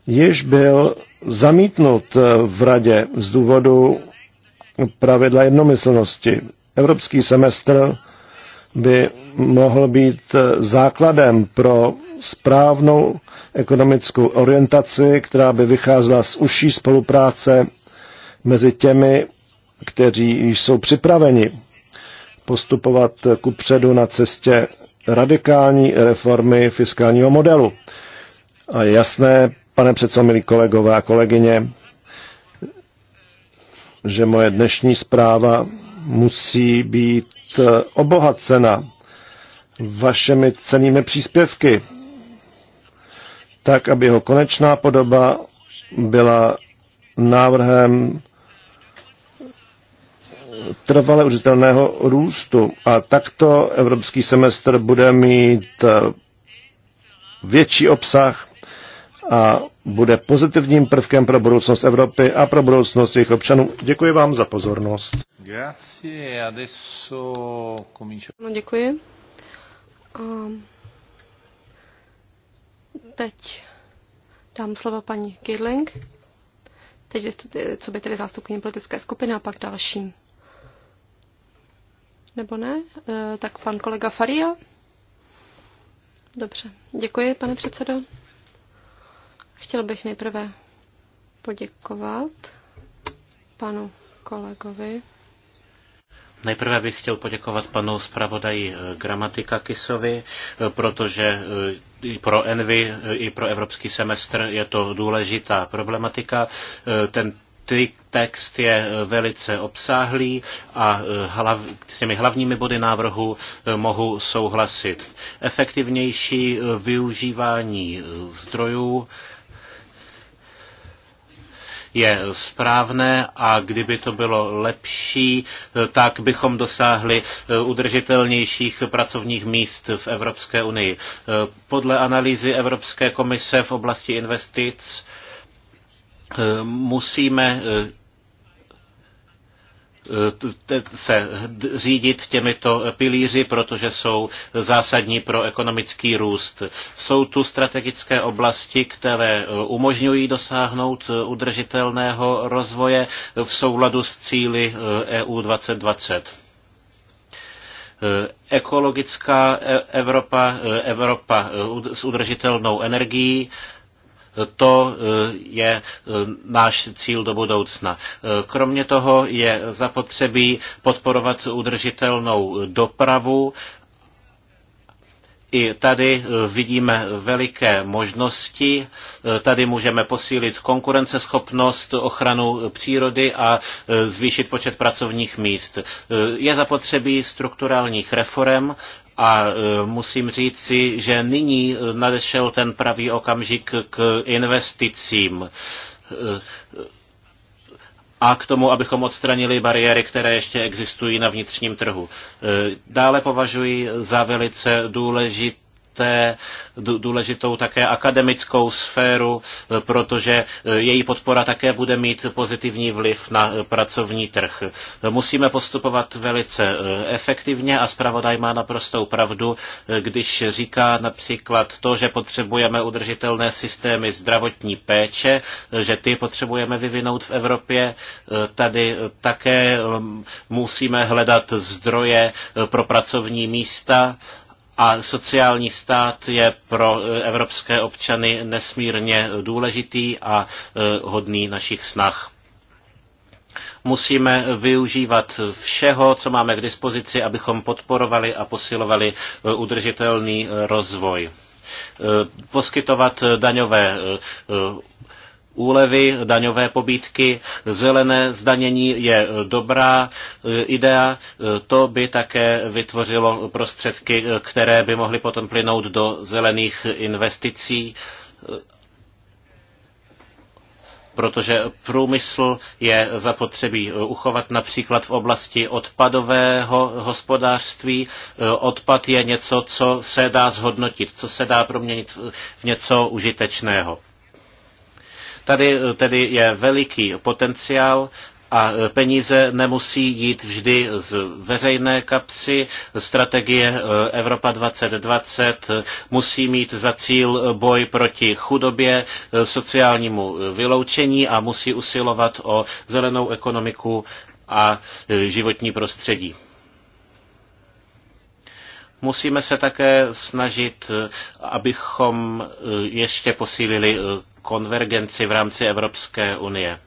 již byl zamítnut eh, v radě z důvodu pravidla jednomyslnosti. Evropský semestr by mohl být základem pro správnou ekonomickou orientaci, která by vycházela z užší spolupráce mezi těmi, kteří jsou připraveni postupovat ku předu na cestě radikální reformy fiskálního modelu. A je jasné, pane předsedo, milí kolegové a kolegyně, že moje dnešní zpráva musí být obohacena vašemi cenými příspěvky tak aby jeho konečná podoba byla návrhem trvale užitelného růstu. A takto evropský semestr bude mít eh, větší obsah a bude pozitivním prvkem pro budoucnost Evropy a pro budoucnost jejich občanů. Děkuji vám za pozornost. No, děkuji. Um... Teď dám slovo paní Kirling. Teď co by tedy zástupkyně politické skupiny a pak dalším. Nebo ne? E, tak pan kolega Faria. Dobře, děkuji, pane předsedo. Chtěl bych nejprve poděkovat panu kolegovi Nejprve bych chtěl poděkovat panu zpravodaji eh, Gramatika Kisovi, eh, protože eh, i pro Envy, i pro evropský semestr je to důležitá problematika. Ten text je velice obsáhlý a hlav, s těmi hlavními body návrhu mohu souhlasit. Efektivnější využívání zdrojů, je správné a kdyby to bylo lepší, eh, tak bychom dosáhli eh, udržitelnějších pracovních míst v Evropské unii. Eh, podle analýzy Evropské komise v oblasti investic musíme se řídit těmito pilíři, protože jsou zásadní pro ekonomický růst. Jsou tu strategické oblasti, které e, umožňují dosáhnout e, udržitelného rozvoje v souladu s cíly EU e 2020 ekologická Evropa, Evropa s udržitelnou energií, to eh, je eh, náš cíl do budoucna. Eh, kromě toho je zapotřebí podporovat udržitelnou dopravu, i tady vidíme veliké možnosti. Tady můžeme posílit konkurenceschopnost, ochranu přírody a zvýšit počet pracovních míst. Je zapotřebí strukturálních reform a e, musím říci, že nyní e, nadešel ten pravý okamžik k investicím e, a k tomu, abychom odstranili bariéry, které ještě existují na vnitřním trhu. Dále považuji za velice důležité té důležitou také akademickou sféru, eh, protože eh, její podpora také bude mít pozitivní vliv na eh, pracovní trh. Musíme postupovat velice efektivně a zpravodaj má naprostou pravdu, když říká například to, že potřebujeme udržitelné systémy zdravotní péče, že ty potřebujeme vyvinout v Evropě. Tady také musíme hledat zdroje pro pracovní místa, a sociální stát je pro eh, evropské občany nesmírně eh, důležitý a eh, hodný našich snah musíme využívat všeho, co máme k dispozici, abychom podporovali a posilovali udržitelný rozvoj. Poskytovat daňové úlevy, daňové pobídky, zelené zdanění je dobrá e, idea. E, to by také vytvořilo prostředky, e, které by mohly potom plynout do zelených investicí protože průmysl je zapotřebí uchovat například v oblasti odpadového hospodářství. Odpad je něco, co se dá zhodnotit, co se dá proměnit v něco užitečného. Tady eh, tedy je veliký potenciál a eh, peníze nemusí jít vždy z veřejné kapsy. Strategie eh, Evropa 2020 musí mít za cíl boj proti chudobě, sociálnímu vyloučení a musí usilovat o zelenou ekonomiku a životní prostředí. Musíme se také snažit, abychom ještě posílili konvergenci v rámci Evropské unie.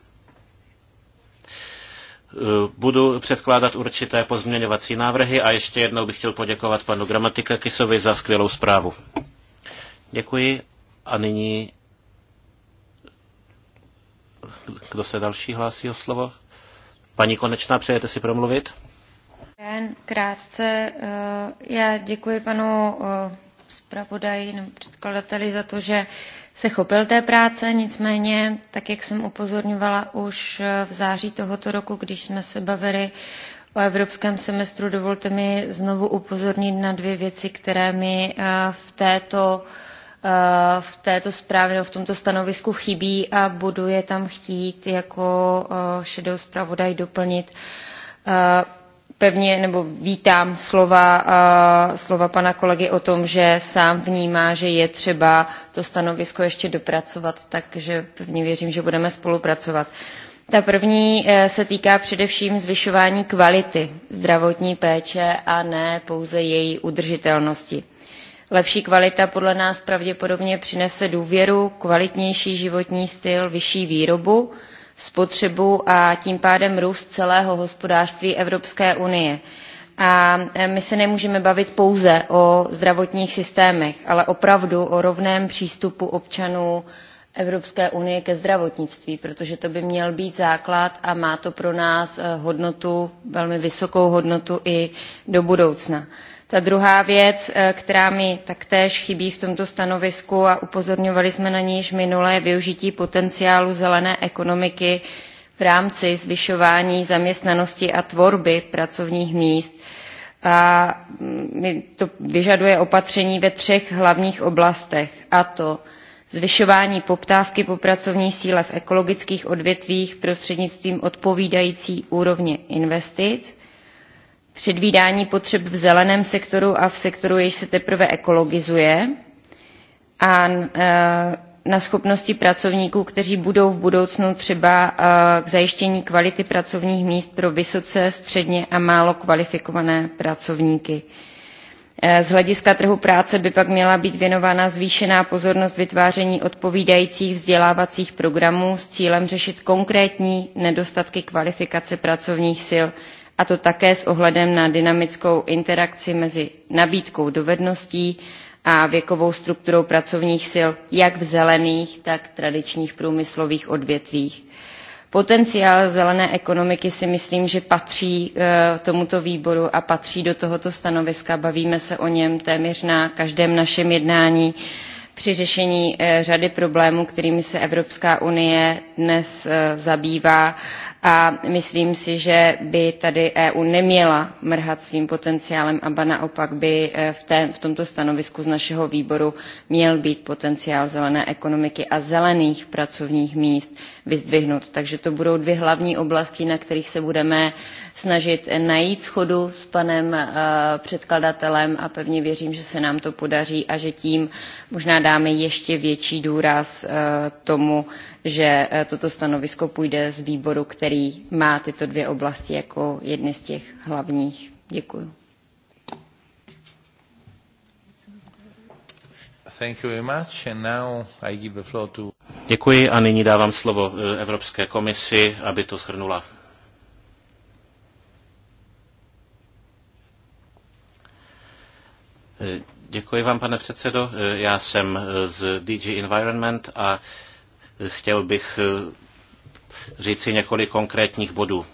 Budu předkládat určité pozměňovací návrhy a ještě jednou bych chtěl poděkovat panu Gramatika Kisovi za skvělou zprávu. Děkuji a nyní kdo se další hlásí o slovo? Paní Konečná, přejete si promluvit? Jen krátce, eh, já děkuji panu eh, zpravodaji nebo předkladateli za to, že se chopil té práce, nicméně, tak jak jsem upozorňovala už eh, v září tohoto roku, když jsme se bavili o evropském semestru, dovolte mi znovu upozornit na dvě věci, které mi eh, v této eh, v této zprávě v tomto stanovisku chybí a budu je tam chtít jako šedou zpravodaj doplnit pevně nebo vítám slova, slova pana kolegy o tom, že sám vnímá, že je třeba to stanovisko ještě dopracovat, takže pevně věřím, že budeme spolupracovat. Ta první e, se týká především zvyšování kvality zdravotní péče a ne pouze její udržitelnosti. Lepší kvalita podle nás pravděpodobně přinese důvěru, kvalitnější životní styl, vyšší výrobu, spotřebu a tím pádem růst celého hospodářství Evropské unie. A e, my se nemůžeme bavit pouze o zdravotních systémech, ale opravdu o rovném přístupu občanů Evropské unie ke zdravotnictví, protože to by měl být základ a má to pro nás e, hodnotu, velmi vysokou hodnotu i do budoucna. Ta druhá věc, eh, která mi taktéž chybí v tomto stanovisku a upozorňovali jsme na ni již minule, je využití potenciálu zelené ekonomiky v rámci zvyšování zaměstnanosti a tvorby pracovních míst. A mm, to vyžaduje opatření ve třech hlavních oblastech, a to zvyšování poptávky po pracovní síle v ekologických odvětvích prostřednictvím odpovídající úrovně investic, předvídání potřeb v zeleném sektoru a v sektoru, jež se teprve ekologizuje a e, na schopnosti pracovníků, kteří budou v budoucnu třeba e, k zajištění kvality pracovních míst pro vysoce, středně a málo kvalifikované pracovníky. E, z hlediska trhu práce by pak měla být věnována zvýšená pozornost vytváření odpovídajících vzdělávacích programů s cílem řešit konkrétní nedostatky kvalifikace pracovních sil a to také s ohledem na dynamickou interakci mezi nabídkou dovedností a věkovou strukturou pracovních sil jak v zelených, tak tradičních průmyslových odvětvích. Potenciál zelené ekonomiky si myslím, že patří eh, tomuto výboru a patří do tohoto stanoviska. Bavíme se o něm téměř na každém našem jednání při řešení eh, řady problémů, kterými se Evropská unie dnes eh, zabývá a myslím si, že by tady EU neměla mrhat svým potenciálem, a naopak by eh, v, té, v tomto stanovisku z našeho výboru měl být potenciál zelené ekonomiky a zelených pracovních míst vyzdvihnut. Takže to budou dvě hlavní oblasti, na kterých se budeme snažit najít schodu s panem eh, předkladatelem a pevně věřím, že se nám to podaří a že tím možná dáme ještě větší důraz eh, tomu, že eh, toto stanovisko půjde z výboru, který má tyto dvě oblasti jako jedny z těch hlavních. Děkuji. Děkuji a nyní dávám slovo Evropské komisi, aby to shrnula. Děkuji vám, pane předsedo. Já jsem z DG Environment a chtěl bych říci několik konkrétních bodů.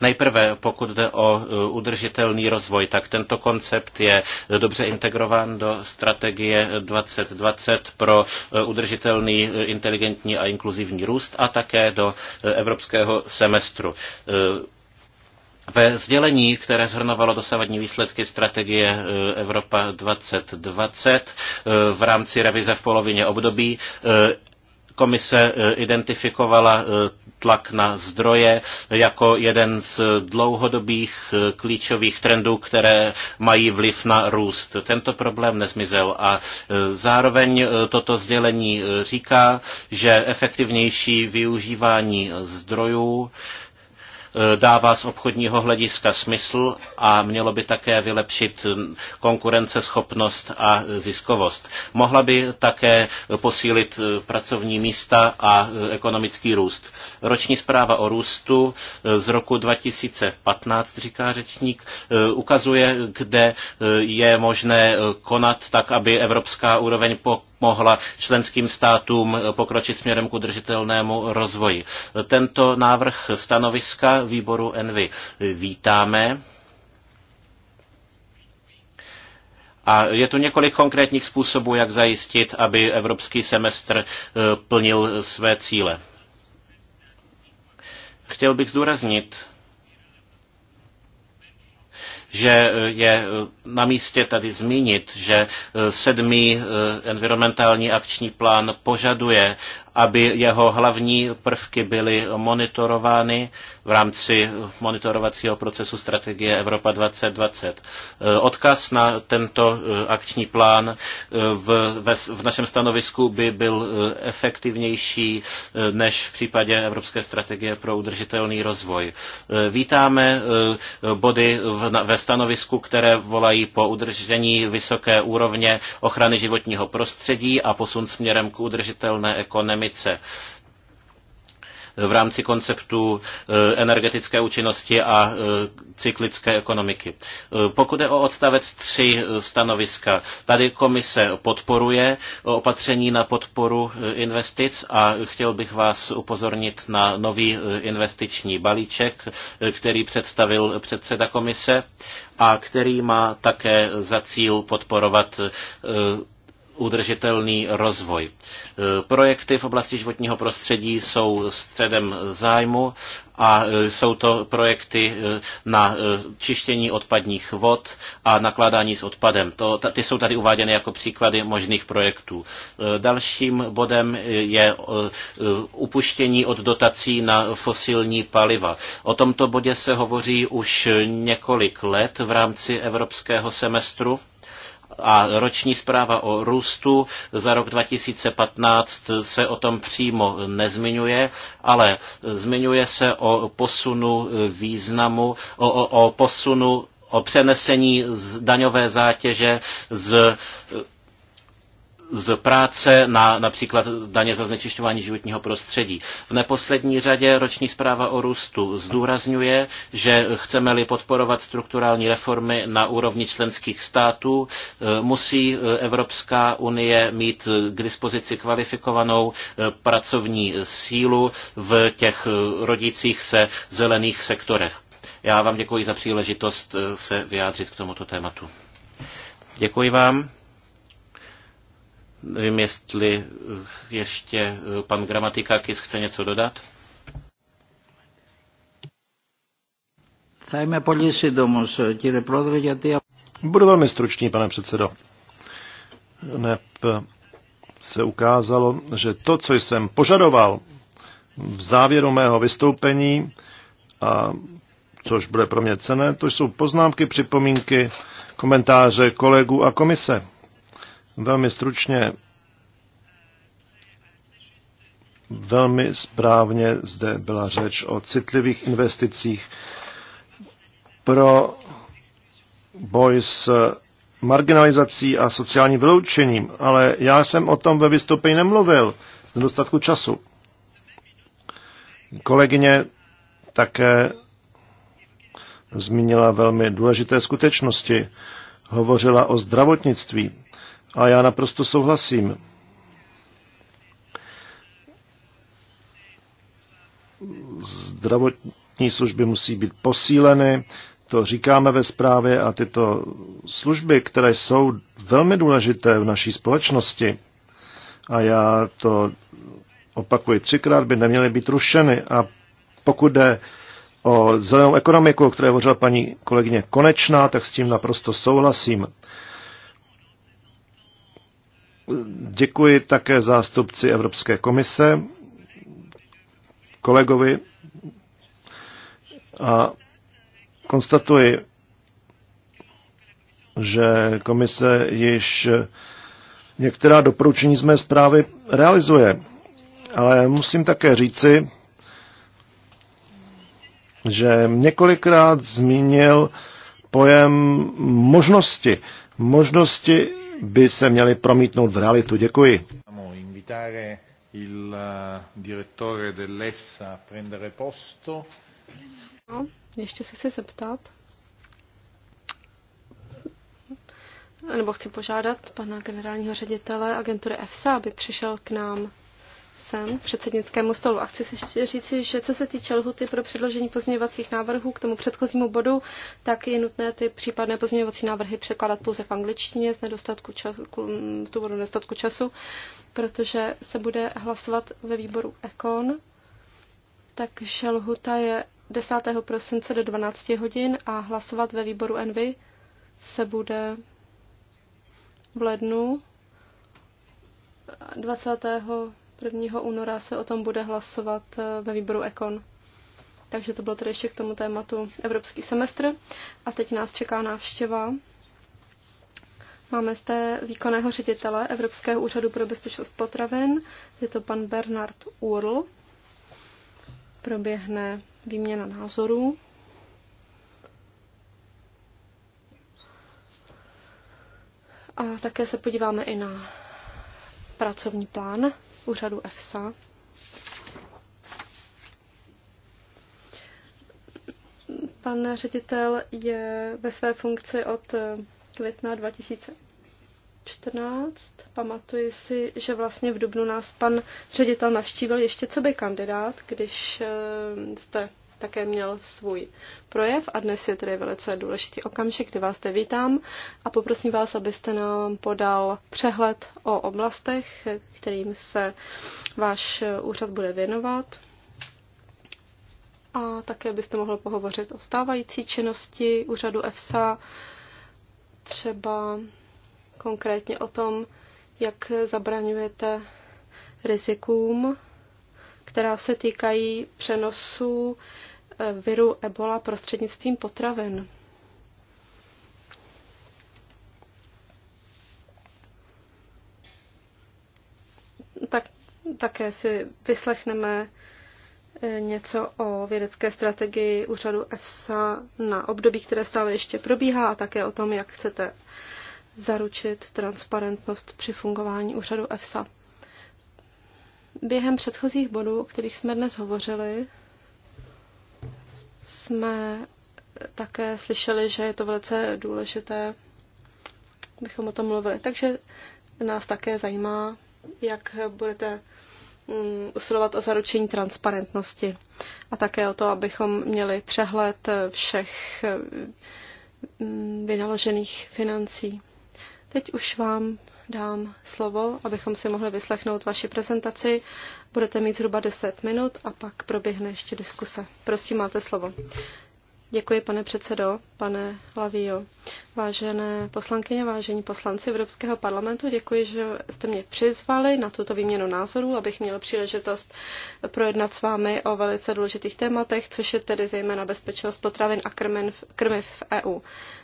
Nejprve, pokud jde o udržitelný rozvoj, tak tento koncept je dobře integrován do strategie 2020 pro udržitelný, inteligentní a inkluzivní růst a také do evropského semestru. Ve sdělení, které zhrnovalo dosavadní výsledky strategie e, Evropa 2020 e, v rámci revize v polovině období, e, komise identifikovala tlak na zdroje jako jeden z dlouhodobých klíčových trendů, které mají vliv na růst. Tento problém nezmizel a zároveň toto sdělení říká, že efektivnější využívání zdrojů E, dává z obchodního hlediska smysl a mělo by také vylepšit konkurenceschopnost a ziskovost. Mohla by také posílit e, pracovní místa a e, ekonomický růst. Roční zpráva o růstu z roku 2015, říká řečník, ukazuje, kde je možné konat tak, aby evropská úroveň po mohla členským státům pokročit směrem k udržitelnému rozvoji. Tento návrh stanoviska výboru Envy vítáme. A je tu několik konkrétních způsobů, jak zajistit, aby evropský semestr eh, plnil své cíle. Chtěl bych zdůraznit, že eh, je eh, na místě tady zmínit, že eh, sedmý environmentální akční plán požaduje, aby jeho hlavní prvky byly monitorovány v rámci monitorovacího procesu strategie Evropa 2020. Eh, odkaz na tento eh, akční plán eh, v, ve, v našem stanovisku by byl efektivnější než v případě Evropské strategie pro udržitelný rozvoj. Vítáme body v, ve stanovisku, které volají po udržení vysoké úrovně ochrany životního prostředí a posun směrem k udržitelné ekonomii ekonomice v rámci konceptu eh, energetické účinnosti a eh, cyklické ekonomiky. Eh, pokud je o odstavec 3 stanoviska, tady komise podporuje opatření na podporu investic a chtěl bych vás upozornit na nový investiční balíček, který představil předseda komise a který má také za cíl podporovat udržitelný rozvoj. E, projekty v oblasti životního prostředí jsou středem zájmu a e, jsou to projekty e, na čištění odpadních vod a nakládání s odpadem. To, ty jsou tady uváděny jako příklady možných projektů. Dalším bodem je upuštění od dotací na fosilní paliva. O tomto bodě se hovoří už několik let v rámci evropského semestru a roční zpráva o růstu za rok 2015 se o tom přímo nezmiňuje, ale zmiňuje se o posunu významu, o, o, o posunu o přenesení z daňové zátěže z z práce na například daně za znečišťování životního prostředí. V neposlední řadě roční zpráva o růstu zdůrazňuje, že chceme-li podporovat strukturální reformy na úrovni členských států, eh, musí eh, Evropská unie mít eh, k dispozici kvalifikovanou pracovní sílu v těch rodících se zelených sektorech. Já vám děkuji za příležitost se vyjádřit k tomuto tématu. Děkuji vám. Nevím, jestli eh, ještě eh, pan Gramatikakis chce něco dodat. Budu velmi stručný, pane předsedo. Neb eh, se ukázalo, že to, co jsem požadoval v závěru mého vystoupení, a což bude pro mě cené, to jsou poznámky, připomínky, komentáře kolegů a komise. Velmi stručně, velmi správně zde byla řeč o citlivých investicích pro boj s marginalizací a sociálním vyloučením, ale já jsem o tom ve vystoupení nemluvil z nedostatku času. Kolegyně také zmínila velmi důležité skutečnosti. Hovořila o zdravotnictví. A já naprosto souhlasím. Zdravotní služby musí být posíleny, to říkáme ve zprávě a tyto služby, které jsou velmi důležité v naší společnosti, a já to opakuji třikrát, by neměly být rušeny. A pokud jde o zelenou ekonomiku, o které hovořila paní kolegyně Konečná, tak s tím naprosto souhlasím. Děkuji také zástupci Evropské komise, kolegovi a konstatuji, že komise již některá doporučení z mé zprávy realizuje. Ale musím také říci, že několikrát zmínil pojem možnosti. Možnosti by se měly promítnout v realitu. Děkuji. Eh, no, ještě se chci zeptat, nebo chci požádat pana generálního ředitele agentury EFSA, aby přišel k nám sem k předsednickému stolu. A chci si ještě říci, že co se týče lhuty pro předložení pozměňovacích návrhů k tomu předchozímu bodu, tak je nutné ty případné pozměňovací návrhy překládat pouze v angličtině z nedostatku času, z důvodu nedostatku času, protože se bude hlasovat ve výboru Econ. Takže lhuta je 10. prosince do 12 hodin a hlasovat ve výboru Envy se bude v lednu 20. 1. února se o tom bude hlasovat eh, ve výboru Ekon. Takže to bylo tedy ještě k tomu tématu Evropský semestr. A teď nás čeká návštěva. Máme zde výkonného ředitele Evropského úřadu pro bezpečnost potravin. Je to pan Bernard Url. Proběhne výměna názorů. A také se podíváme i na pracovní plán úřadu EFSA. Pan ředitel je ve své funkci od května 2014. Pamatuji si, že vlastně v Dubnu nás pan ředitel navštívil ještě co by kandidát, když eh, jste také měl svůj projev a dnes je tedy velice důležitý okamžik, kdy vás zde vítám a poprosím vás, abyste nám podal přehled o oblastech, kterým se váš úřad bude věnovat a také byste mohl pohovořit o stávající činnosti úřadu EFSA, třeba konkrétně o tom, jak zabraňujete rizikům která se týkají přenosu eh, viru Ebola prostřednictvím potravin. Tak, také si vyslechneme eh, něco o vědecké strategii úřadu EFSA na období, které stále ještě probíhá a také o tom, jak chcete zaručit transparentnost při fungování úřadu EFSA. Během předchozích bodů, o kterých jsme dnes hovořili, jsme také slyšeli, že je to velice důležité, bychom o tom mluvili. Takže nás také zajímá, jak budete mm, usilovat o zaručení transparentnosti a také o to, abychom měli přehled všech mm, vynaložených financí. Teď už vám dám slovo, abychom si mohli vyslechnout vaši prezentaci. Budete mít zhruba 10 minut a pak proběhne ještě diskuse. Prosím, máte slovo. Děkuji, pane předsedo, pane Lavio. Vážené poslankyně, vážení poslanci Evropského parlamentu, děkuji, že jste mě přizvali na tuto výměnu názorů, abych měl příležitost projednat s vámi o velice důležitých tématech, což je tedy zejména bezpečnost potravin a krmiv v EU.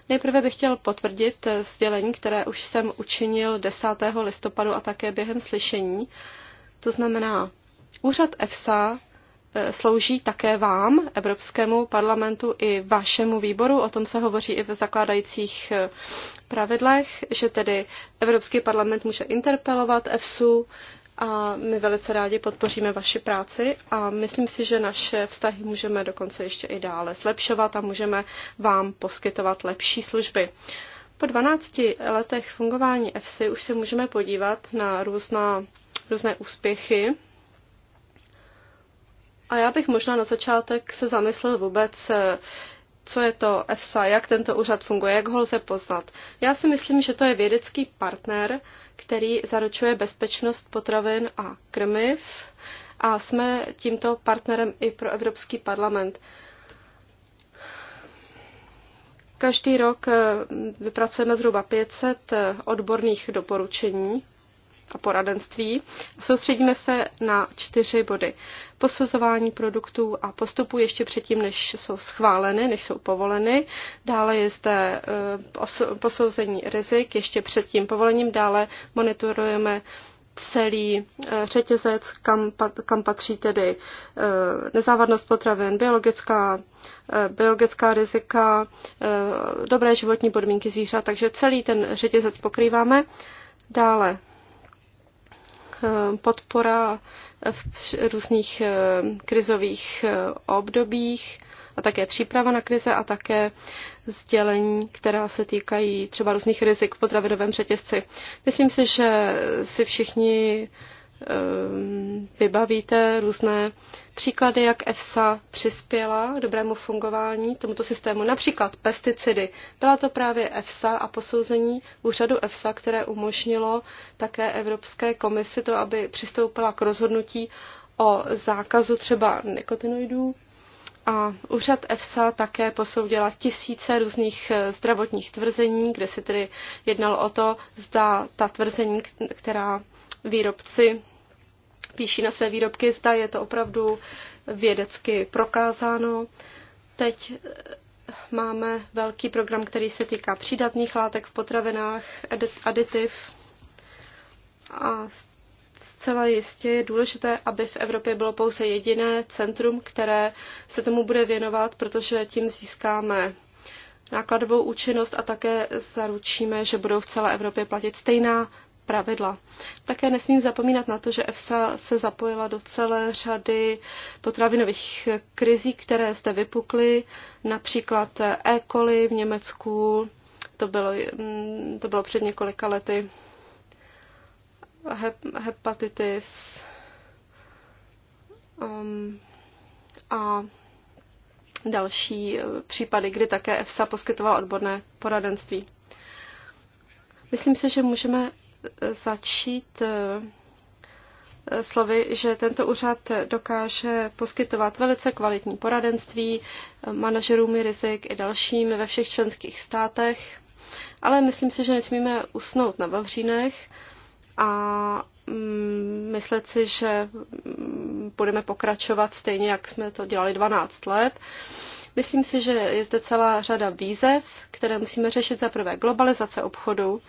Nejprve bych chtěl potvrdit sdělení, které už jsem učinil 10. listopadu a také během slyšení. To znamená, úřad EFSA E, slouží také vám, Evropskému parlamentu i vašemu výboru. O tom se hovoří i ve zakládajících e, pravidlech, že tedy Evropský parlament může interpelovat EFSU a my velice rádi podpoříme vaši práci a myslím si, že naše vztahy můžeme dokonce ještě i dále zlepšovat a můžeme vám poskytovat lepší služby. Po 12 letech fungování EFSI už se můžeme podívat na různá, různé úspěchy a já bych možná na začátek se zamyslel vůbec, eh, co je to EFSA, jak tento úřad funguje, jak ho lze poznat. Já si myslím, že to je vědecký partner, který zaručuje bezpečnost potravin a krmiv a jsme tímto partnerem i pro Evropský parlament. Každý rok eh, vypracujeme zhruba 500 eh, odborných doporučení a poradenství. Soustředíme se na čtyři body. Posuzování produktů a postupů ještě předtím, než jsou schváleny, než jsou povoleny. Dále je zde eh, posouzení rizik ještě před tím povolením. Dále monitorujeme celý eh, řetězec, kam, kam patří tedy eh, nezávadnost potravin, biologická, biologická rizika, dobré životní podmínky zvířat, takže celý ten řetězec pokrýváme. Dále Eh, podpora v různých eh, krizových eh, obdobích a také příprava na krize a také sdělení, která se týkají třeba různých rizik v potravinovém řetězci. Myslím si, že si všichni Eh, vybavíte různé příklady, jak EFSA přispěla k dobrému fungování tomuto systému. Například pesticidy. Byla to právě EFSA a posouzení úřadu EFSA, které umožnilo také Evropské komisi to, aby přistoupila k rozhodnutí o zákazu třeba nikotinoidů. A úřad EFSA také posoudila tisíce různých eh, zdravotních tvrzení, kde se tedy jednalo o to, zda ta tvrzení, která výrobci píší na své výrobky, zda je to opravdu vědecky prokázáno. Teď eh, máme velký program, který se týká přídatných látek v potravinách, aditiv. A zcela jistě je důležité, aby v Evropě bylo pouze jediné centrum, které se tomu bude věnovat, protože tím získáme nákladovou účinnost a také zaručíme, že budou v celé Evropě platit stejná pravidla. Také nesmím zapomínat na to, že EFSA se zapojila do celé řady potravinových krizí, které zde vypukly, například E. coli v Německu, to bylo, mm, to bylo před několika lety, Hep, hepatitis um, a další případy, kdy také EFSA poskytovala odborné poradenství. Myslím si, že můžeme začít eh, slovy, že tento úřad dokáže poskytovat velice kvalitní poradenství manažerům rizik i dalším ve všech členských státech, ale myslím si, že nesmíme usnout na Vavřínech a mm, myslet si, že mm, budeme pokračovat stejně, jak jsme to dělali 12 let. Myslím si, že je zde celá řada výzev, které musíme řešit za prvé globalizace obchodu,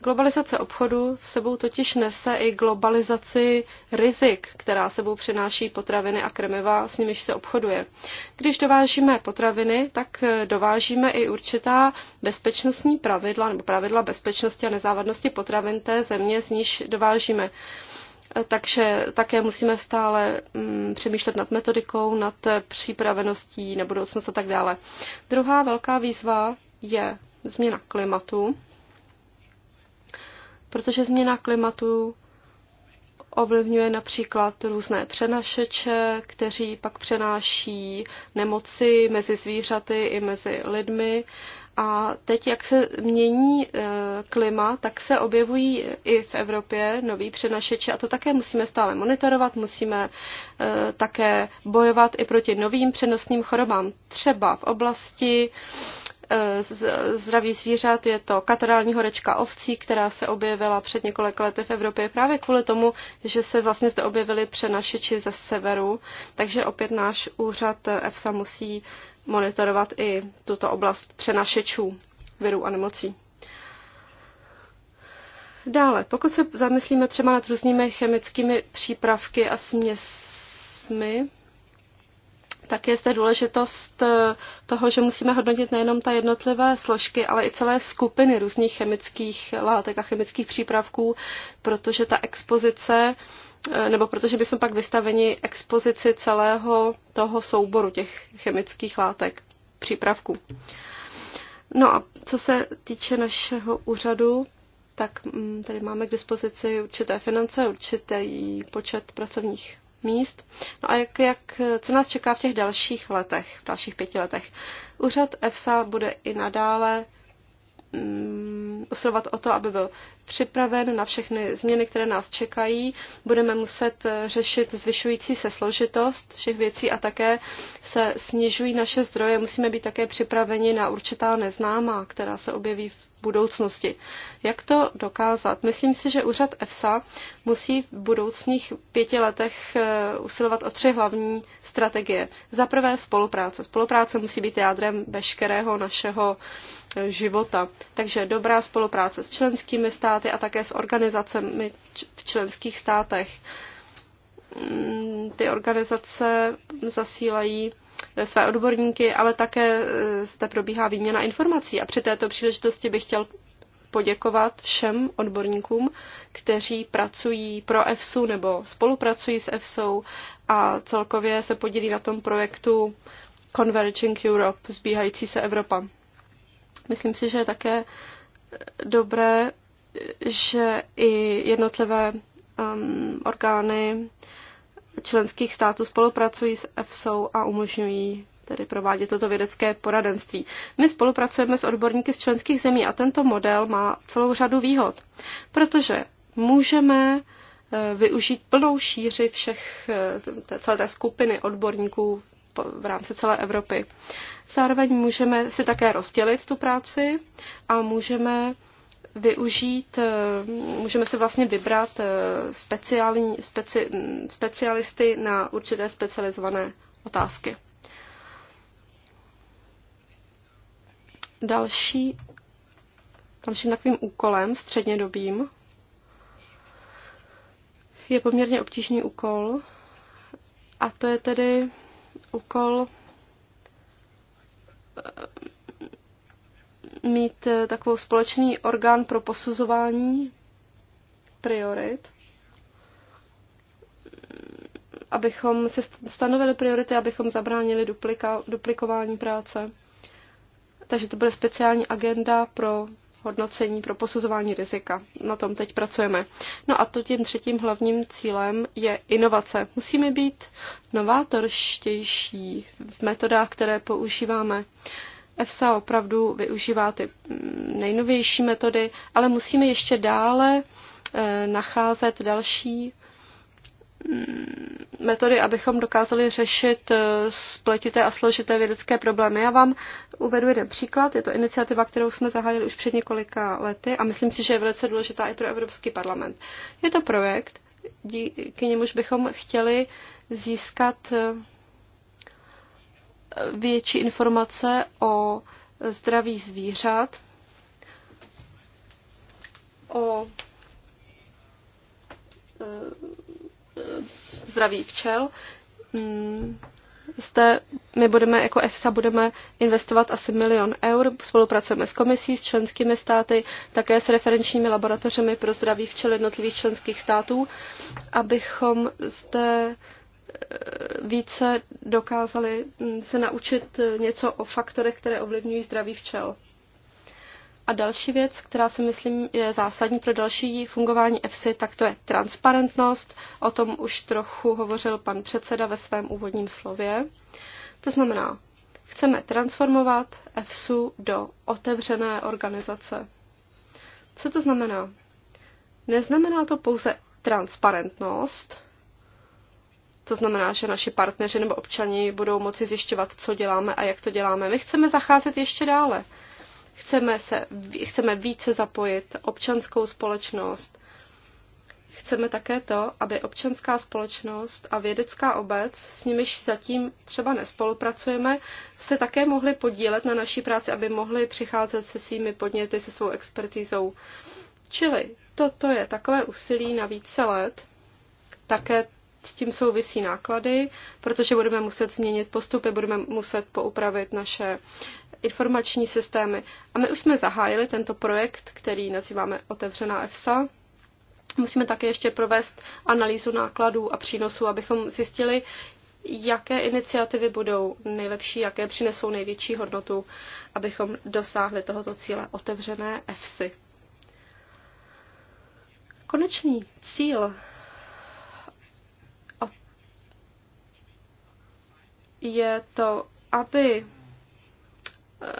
Globalizace obchodu s sebou totiž nese i globalizaci rizik, která sebou přináší potraviny a krmiva, s nimiž se obchoduje. Když dovážíme potraviny, tak eh, dovážíme i určitá bezpečnostní pravidla nebo pravidla bezpečnosti a nezávadnosti potravin té země, z níž dovážíme. Eh, takže také musíme stále mm, přemýšlet nad metodikou, nad eh, přípraveností na budoucnost a tak dále. Druhá velká výzva je změna klimatu protože změna klimatu ovlivňuje například různé přenašeče, kteří pak přenáší nemoci mezi zvířaty i mezi lidmi. A teď, jak se mění e, klima, tak se objevují i v Evropě noví přenašeči a to také musíme stále monitorovat, musíme e, také bojovat i proti novým přenosným chorobám, třeba v oblasti zdraví zvířat, je to katarální horečka ovcí, která se objevila před několika lety v Evropě právě kvůli tomu, že se vlastně zde objevili přenašeči ze severu, takže opět náš úřad EFSA musí monitorovat i tuto oblast přenašečů virů a nemocí. Dále, pokud se zamyslíme třeba nad různými chemickými přípravky a směsmi, tak je zde důležitost eh, toho, že musíme hodnotit nejenom ta jednotlivé složky, ale i celé skupiny různých chemických látek a chemických přípravků, protože ta expozice eh, nebo protože bychom pak vystaveni expozici celého toho souboru těch chemických látek, přípravků. No a co se týče našeho úřadu, tak mm, tady máme k dispozici určité finance, určitý počet pracovních míst. No a jak, jak, co nás čeká v těch dalších letech, v dalších pěti letech? Úřad EFSA bude i nadále mm, usilovat o to, aby byl připraven na všechny změny, které nás čekají. Budeme muset eh, řešit zvyšující se složitost všech věcí a také se snižují naše zdroje. Musíme být také připraveni na určitá neznámá, která se objeví v budoucnosti. Jak to dokázat? Myslím si, že úřad EFSA musí v budoucích pěti letech eh, usilovat o tři hlavní strategie. Za prvé spolupráce. Spolupráce musí být jádrem veškerého našeho eh, života. Takže dobrá spolupráce s členskými státy a také s organizacemi v členských státech. Mm, ty organizace zasílají E, své odborníky, ale také e, zde probíhá výměna informací. A při této příležitosti bych chtěl poděkovat všem odborníkům, kteří pracují pro EFSU nebo spolupracují s EFSou a celkově se podílí na tom projektu Converging Europe, zbíhající se Evropa. Myslím si, že je také e, dobré, že i jednotlivé um, orgány členských států spolupracují s EFSO a umožňují tedy provádět toto vědecké poradenství. My spolupracujeme s odborníky z členských zemí a tento model má celou řadu výhod, protože můžeme eh, využít plnou šíři všech, eh, té, celé té skupiny odborníků v rámci celé Evropy. Zároveň můžeme si také rozdělit tu práci a můžeme využít, eh, můžeme si vlastně vybrat eh, speciální, speci, specialisty na určité specializované otázky. Další, dalším takovým úkolem střednědobým je poměrně obtížný úkol a to je tedy úkol eh, mít eh, takovou společný orgán pro posuzování priorit, abychom si stanovili priority, abychom zabránili duplika, duplikování práce. Takže to bude speciální agenda pro hodnocení, pro posuzování rizika. Na tom teď pracujeme. No a to tím třetím hlavním cílem je inovace. Musíme být novátorštější v metodách, které používáme. Uh, EFSA opravdu využívá ty nejnovější metody, ale musíme ještě dále eh, nacházet další mm, metody, abychom dokázali řešit eh, spletité a složité vědecké problémy. Já vám uvedu jeden příklad. Je to iniciativa, kterou jsme zahájili už před několika lety a myslím si, že je velice důležitá i pro Evropský parlament. Je to projekt, díky němuž bychom chtěli získat eh, větší informace o zdraví zvířat, o eh, zdraví včel. Mm, zde my budeme jako EFSA budeme investovat asi milion eur. Spolupracujeme s komisí, s členskými státy, také s referenčními laboratořemi pro zdraví včel jednotlivých členských států, abychom zde více dokázali mm, se naučit e, něco o faktorech, které ovlivňují zdraví včel. A další věc, která si myslím je zásadní pro další fungování EFSI, tak to je transparentnost. O tom už trochu hovořil pan předseda ve svém úvodním slově. To znamená, chceme transformovat EFSU do otevřené organizace. Co to znamená? Neznamená to pouze transparentnost, to znamená, že naši partneři nebo občani budou moci zjišťovat, co děláme a jak to děláme. My chceme zacházet ještě dále. Chceme, se, chceme více zapojit občanskou společnost. Chceme také to, aby občanská společnost a vědecká obec, s nimiž zatím třeba nespolupracujeme, se také mohly podílet na naší práci, aby mohly přicházet se svými podněty, se svou expertizou. Čili toto je takové úsilí na více let. Také s tím souvisí náklady, protože budeme muset změnit postupy, budeme muset poupravit naše informační systémy. A my už jsme zahájili tento projekt, který nazýváme Otevřená EFSA. Musíme také ještě provést analýzu nákladů a přínosů, abychom zjistili, jaké iniciativy budou nejlepší, jaké přinesou největší hodnotu, abychom dosáhli tohoto cíle otevřené EFSI. Konečný cíl je to, aby eh,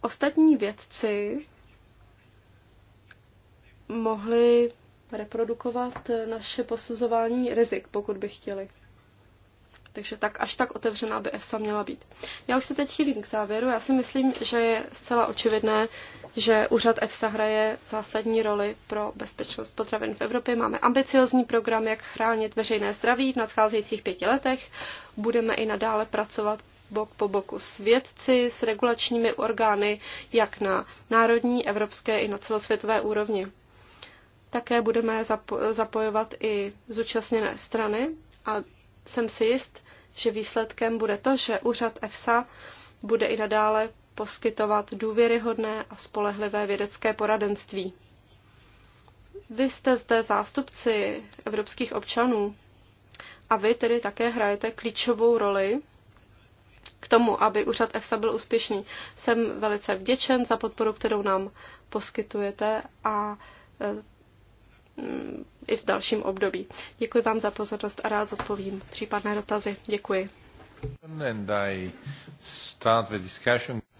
ostatní vědci mohli reprodukovat naše posuzování rizik, pokud by chtěli takže tak až tak otevřená by EFSA měla být. Já už se teď chýlím k závěru. Já si myslím, že je zcela očividné, že úřad EFSA hraje zásadní roli pro bezpečnost potravin v Evropě. Máme ambiciozní program, jak chránit veřejné zdraví v nadcházejících pěti letech. Budeme i nadále pracovat bok po boku s vědci, s regulačními orgány, jak na národní, evropské i na celosvětové úrovni. Také budeme zapo- zapojovat i zúčastněné strany a jsem si jist, že výsledkem bude to, že úřad EFSA bude i nadále poskytovat důvěryhodné a spolehlivé vědecké poradenství. Vy jste zde zástupci evropských občanů a vy tedy také hrajete klíčovou roli k tomu, aby úřad EFSA byl úspěšný. Jsem velice vděčen za podporu, kterou nám poskytujete a e, i v dalším období. Děkuji vám za pozornost a rád zodpovím případné dotazy. Děkuji.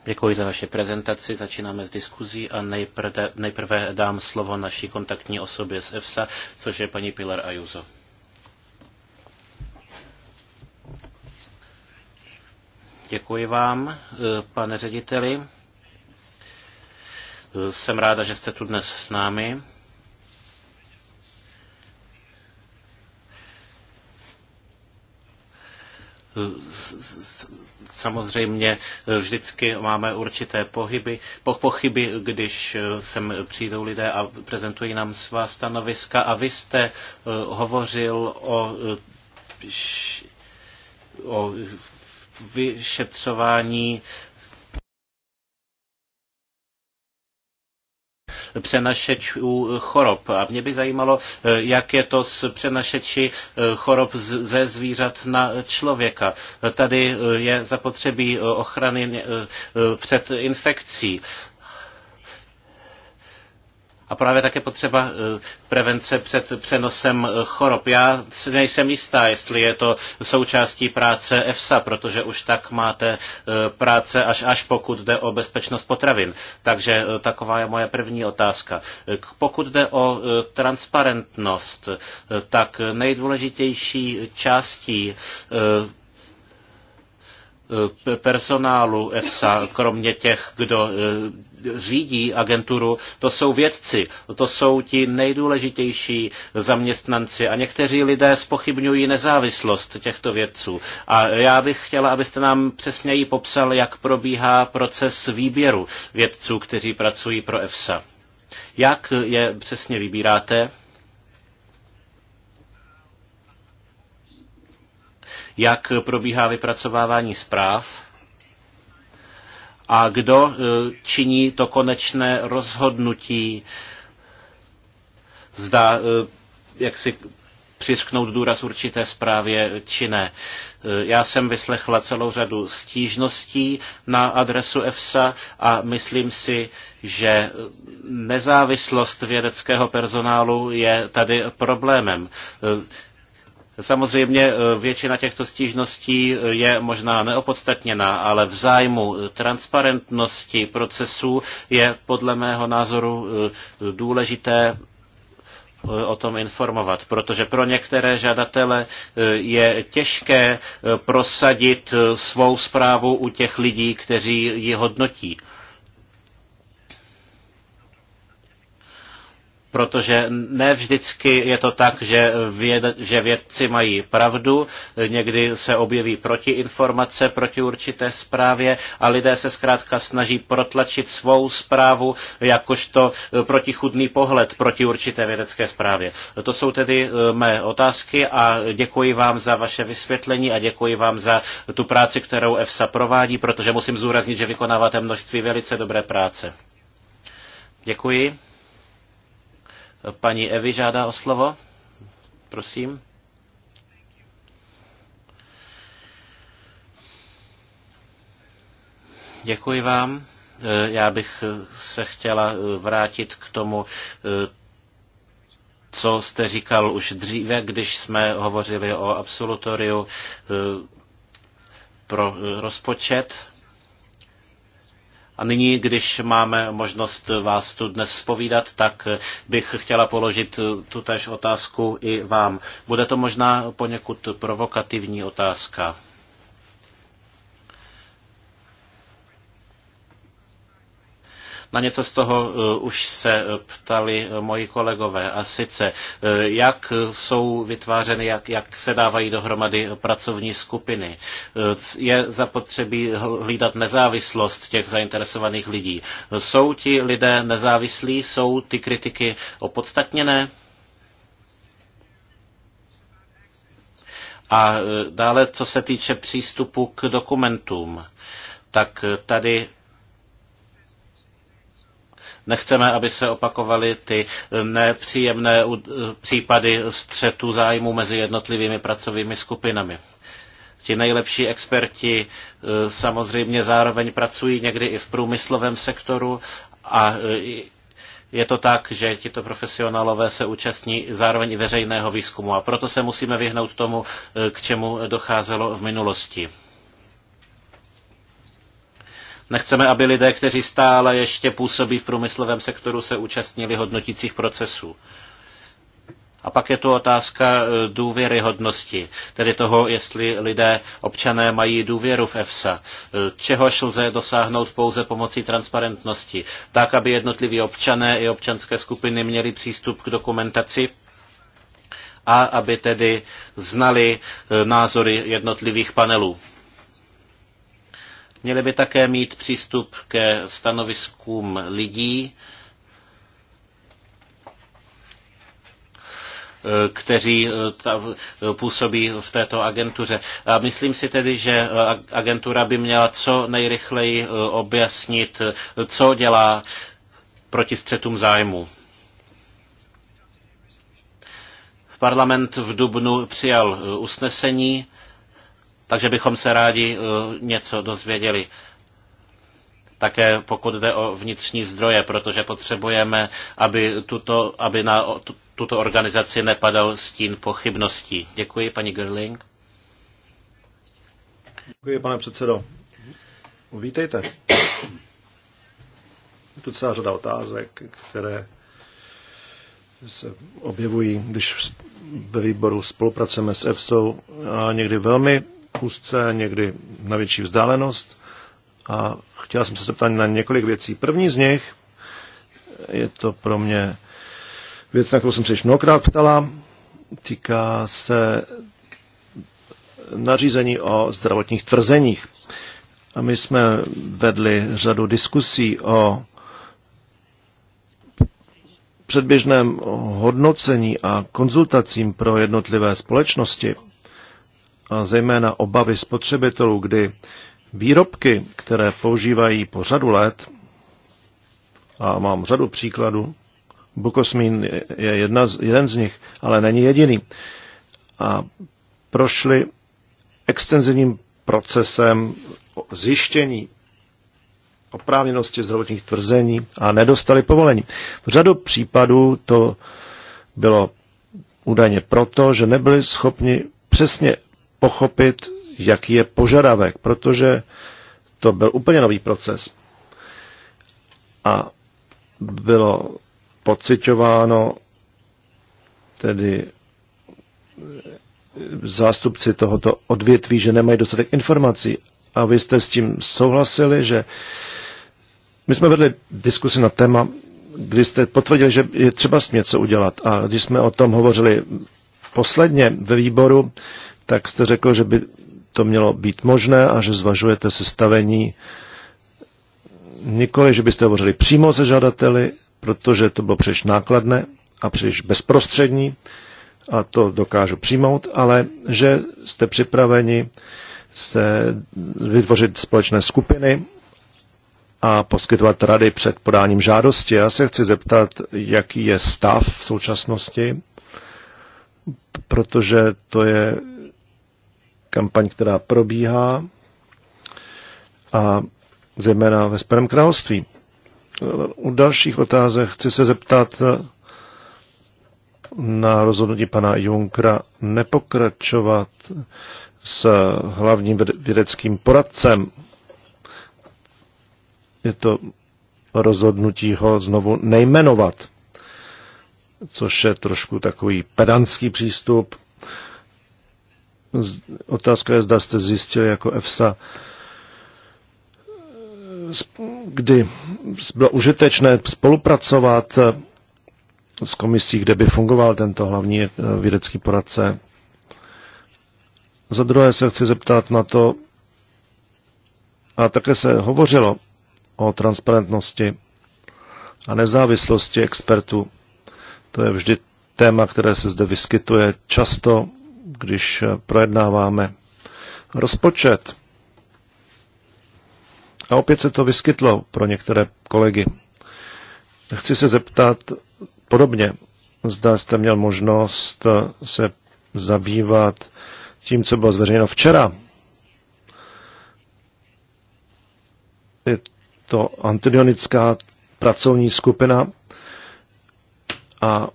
Děkuji za vaše prezentaci. Začínáme s diskuzí a nejprve, nejprve dám slovo naší kontaktní osobě z EFSA, což je paní Pilar Ajuzo. Děkuji vám, pane řediteli. Jsem ráda, že jste tu dnes s námi. samozřejmě vždycky máme určité pohyby, po, pochyby, když sem přijdou lidé a prezentují nám svá stanoviska. A vy jste eh, hovořil o, eh, o vyšetřování přenašečů chorob. A mě by zajímalo, eh, jak je to s přenašeči eh, chorob ze zvířat na člověka. Tady eh, je zapotřebí ochrany před infekcí. A právě také potřeba eh, prevence před přenosem eh, chorob. Já si nejsem jistá, jestli je to součástí práce EFSA, protože už tak máte eh, práce až až pokud jde o bezpečnost potravin. Takže taková je moje první otázka. Pokud jde o transparentnost, tak nejdůležitější částí Eh, personálu EFSA, kromě těch, kdo eh, řídí agenturu, to jsou vědci, to jsou ti nejdůležitější zaměstnanci a někteří lidé spochybňují nezávislost těchto vědců. A já bych chtěla, abyste nám přesněji popsal, jak probíhá proces výběru vědců, kteří pracují pro EFSA. Jak je přesně vybíráte? jak probíhá vypracovávání zpráv a kdo eh, činí to konečné rozhodnutí, zda eh, jak si přisknout důraz určité zprávě či ne. Eh, já jsem vyslechla celou řadu stížností na adresu EFSA a myslím si, že nezávislost vědeckého personálu je tady problémem. Samozřejmě eh, většina těchto stížností eh, je možná neopodstatněná, ale v zájmu eh, transparentnosti procesů je podle mého názoru důležité o tom informovat, protože pro některé žadatele je těžké prosadit svou zprávu u těch lidí, kteří ji hodnotí. protože ne vždycky je to tak, že, věd, že vědci mají pravdu, někdy se objeví protiinformace proti určité zprávě a lidé se zkrátka snaží protlačit svou zprávu jakožto eh, protichudný pohled proti určité vědecké zprávě. To jsou tedy eh, mé otázky a děkuji vám za vaše vysvětlení a děkuji vám za tu práci, kterou EFSA provádí, protože musím zúraznit, že vykonáváte množství velice dobré práce. Děkuji. Paní Evi žádá o slovo. Prosím. Děkuji vám. Eh, já bych eh, se chtěla eh, vrátit k tomu, co jste říkal už dříve, když jsme hovořili o absolutoriu pro rozpočet a nyní, když máme možnost vás tu dnes spovídat, tak bych chtěla položit tutéž otázku i vám. Bude to možná poněkud provokativní otázka. Na něco z toho eh, už se eh, ptali eh, moji kolegové. A sice, jak jsou vytvářeny, jak, jak se dávají dohromady pracovní skupiny. Je zapotřebí hlídat nezávislost těch zainteresovaných lidí. Jsou ti lidé nezávislí? Jsou ty kritiky opodstatněné? A dále, co se týče přístupu k dokumentům, tak tady Nechceme, aby se opakovaly ty eh, nepříjemné eh, případy střetu zájmu mezi jednotlivými pracovými skupinami. Ti nejlepší experti eh, samozřejmě zároveň pracují někdy i v průmyslovém sektoru a je to tak, že tito profesionálové se účastní zároveň i veřejného výzkumu a proto se musíme vyhnout tomu, k čemu docházelo v minulosti. Nechceme, aby lidé, kteří stále ještě působí v průmyslovém sektoru, se účastnili hodnotících procesů. A pak je tu otázka eh, důvěryhodnosti, tedy toho, jestli lidé, občané mají důvěru v EFSA, eh, čehož lze dosáhnout pouze pomocí transparentnosti, tak, aby jednotliví občané i občanské skupiny měli přístup k dokumentaci a aby tedy znali eh, názory jednotlivých panelů. Měli by také mít přístup ke stanoviskům lidí, kteří eh, eh, působí v této agentuře. A myslím si tedy, že eh, agentura by měla co nejrychleji objasnit, co dělá proti střetům zájmu. Parlament v Dubnu přijal usnesení, takže bychom se rádi eh, něco dozvěděli také pokud jde o vnitřní zdroje, protože potřebujeme, aby, tuto, aby na tuto organizaci nepadal stín pochybností. Děkuji, paní Gerling. Děkuji, pane předsedo. Vítejte. Je tu celá řada otázek, které se objevují, když ve výboru spolupracujeme s EFSO a někdy velmi schůzce, někdy na větší vzdálenost. A chtěla jsem se zeptat na několik věcí. První z nich je to pro mě věc, na kterou jsem se již mnohokrát ptala. Týká se nařízení o zdravotních tvrzeních. A my jsme vedli řadu diskusí o předběžném hodnocení a konzultacím pro jednotlivé společnosti a zejména obavy spotřebitelů, kdy výrobky, které používají po řadu let, a mám řadu příkladů, Bukosmín je jedna z, jeden z nich, ale není jediný, a prošli extenzivním procesem zjištění oprávněnosti zdravotních tvrzení a nedostali povolení. V řadu případů to bylo údajně proto, že nebyli schopni přesně pochopit, jaký je požadavek, protože to byl úplně nový proces. A bylo pocitováno tedy zástupci tohoto odvětví, že nemají dostatek informací. A vy jste s tím souhlasili, že my jsme vedli diskusi na téma, kdy jste potvrdili, že je třeba s něco udělat. A když jsme o tom hovořili posledně ve výboru, tak jste řekl, že by to mělo být možné a že zvažujete sestavení nikoli, že byste hovořili přímo se žadateli, protože to bylo příliš nákladné a příliš bezprostřední a to dokážu přijmout, ale že jste připraveni se vytvořit společné skupiny a poskytovat rady před podáním žádosti. Já se chci zeptat, jaký je stav v současnosti, protože to je kampaň, která probíhá a zejména ve Spojeném království. U dalších otázek chci se zeptat na rozhodnutí pana Junkra nepokračovat s hlavním vědeckým poradcem. Je to rozhodnutí ho znovu nejmenovat, což je trošku takový pedantský přístup. Otázka je, zda jste zjistil jako EFSA, kdy bylo užitečné spolupracovat s komisí, kde by fungoval tento hlavní eh, vědecký poradce. Za druhé se chci zeptat na to, a také se hovořilo o transparentnosti a nezávislosti expertů. To je vždy téma, které se zde vyskytuje často když projednáváme rozpočet. A opět se to vyskytlo pro některé kolegy. Chci se zeptat podobně, zda jste měl možnost se zabývat tím, co bylo zveřejněno včera. Je to antidionická pracovní skupina a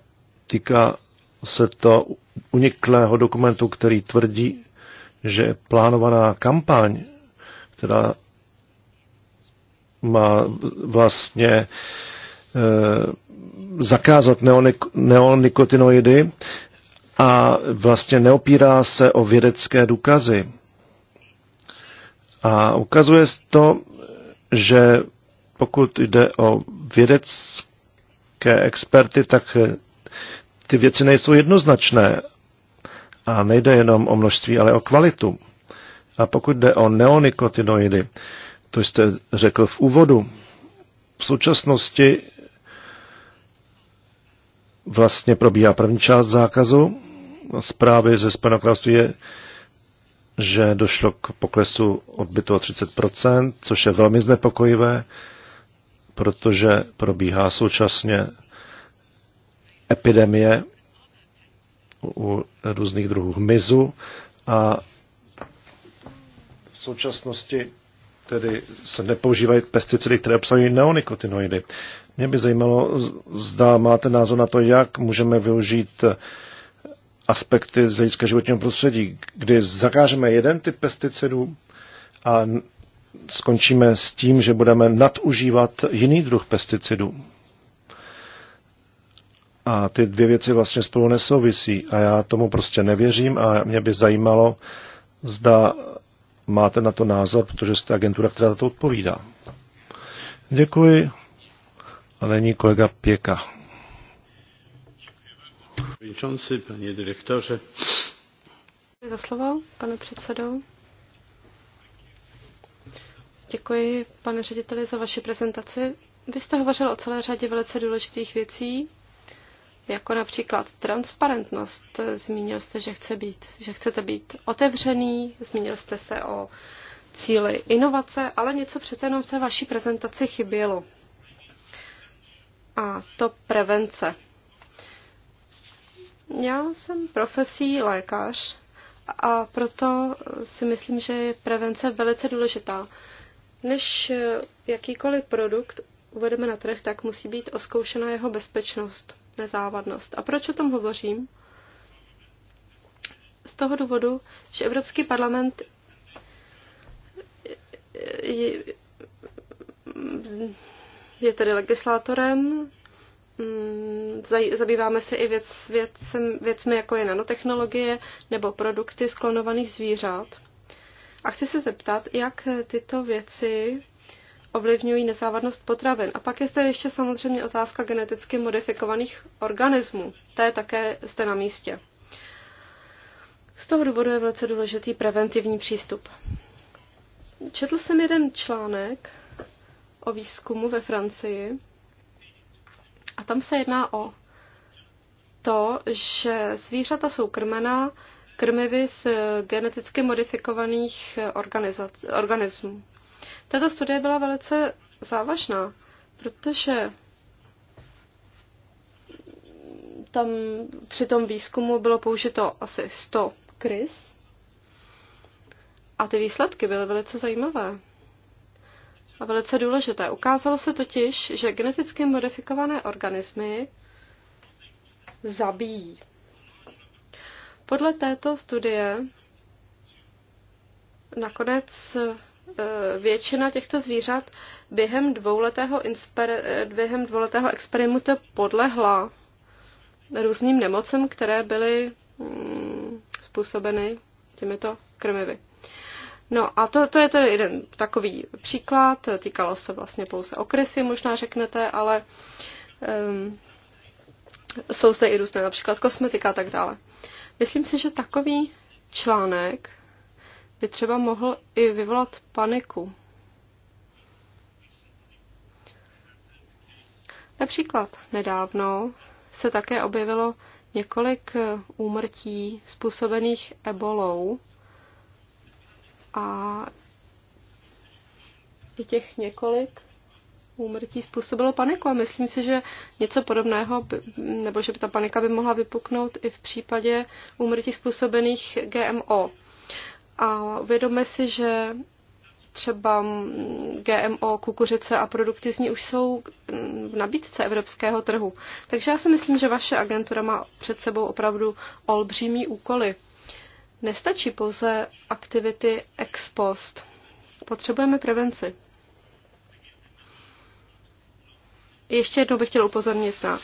týká se to uniklého dokumentu, který tvrdí, že plánovaná kampaň, která má vlastně e, zakázat neonik- neonikotinoidy a vlastně neopírá se o vědecké důkazy. A ukazuje to, že pokud jde o vědecké experty, tak ty věci nejsou jednoznačné. A nejde jenom o množství, ale o kvalitu. A pokud jde o neonikotinoidy, to jste řekl v úvodu, v současnosti vlastně probíhá první část zákazu. Zprávy ze Spojeného je, že došlo k poklesu odbytu o 30%, což je velmi znepokojivé, protože probíhá současně epidemie u různých druhů hmyzu a v současnosti tedy se nepoužívají pesticidy, které obsahují neonikotinoidy. Mě by zajímalo, zda máte názor na to, jak můžeme využít aspekty z hlediska životního prostředí, kdy zakážeme jeden typ pesticidů a skončíme s tím, že budeme nadužívat jiný druh pesticidů. A ty dvě věci vlastně spolu nesouvisí a já tomu prostě nevěřím a mě by zajímalo, zda máte na to názor, protože jste agentura, která za to odpovídá. Děkuji. A není kolega Pěka. Předsedající, paní direktoře. Děkuji za slovo, pane předsedo. Děkuji, pane řediteli, za vaši prezentaci. Vy jste hovořil o celé řadě velice důležitých věcí, jako například transparentnost. Zmínil jste, že, chce být, že chcete být otevřený, zmínil jste se o cíli inovace, ale něco přece jenom v té vaší prezentaci chybělo. A to prevence. Já jsem profesí lékař a proto si myslím, že je prevence velice důležitá. Než jakýkoliv produkt uvedeme na trh, tak musí být oskoušena jeho bezpečnost nezávadnost. A proč o tom hovořím? Z toho důvodu, že Evropský parlament je tedy legislátorem, mm, zabýváme se i věc, věc, věcmi, jako je nanotechnologie nebo produkty sklonovaných zvířat. A chci se zeptat, jak tyto věci ovlivňují nezávadnost potravin. A pak je zde ještě samozřejmě otázka geneticky modifikovaných organismů. Ta je také zde na místě. Z toho důvodu je velice důležitý preventivní přístup. Četl jsem jeden článek o výzkumu ve Francii a tam se jedná o to, že zvířata jsou krmena krmivy z geneticky modifikovaných organismů. Tato studie byla velice závažná, protože tam při tom výzkumu bylo použito asi 100 krys a ty výsledky byly velice zajímavé a velice důležité. Ukázalo se totiž, že geneticky modifikované organismy zabíjí. Podle této studie nakonec Eh, většina těchto zvířat během dvouletého, insper, eh, během dvouletého experimentu podlehla různým nemocem, které byly mm, způsobeny těmito krmivy. No a to, to je tedy jeden takový příklad, týkalo se vlastně pouze okresy, možná řeknete, ale um, jsou zde i různé, například kosmetika a tak dále. Myslím si, že takový článek by třeba mohl i vyvolat paniku. Například nedávno se také objevilo několik úmrtí způsobených ebolou a i těch několik úmrtí způsobilo paniku a myslím si, že něco podobného, by, nebo že by ta panika by mohla vypuknout i v případě úmrtí způsobených GMO. A uvědomme si, že třeba GMO, kukuřice a produkty z ní už jsou v nabídce evropského trhu. Takže já si myslím, že vaše agentura má před sebou opravdu olbřímý úkoly. Nestačí pouze aktivity ex post. Potřebujeme prevenci. Ještě jednou bych chtěla upozornit na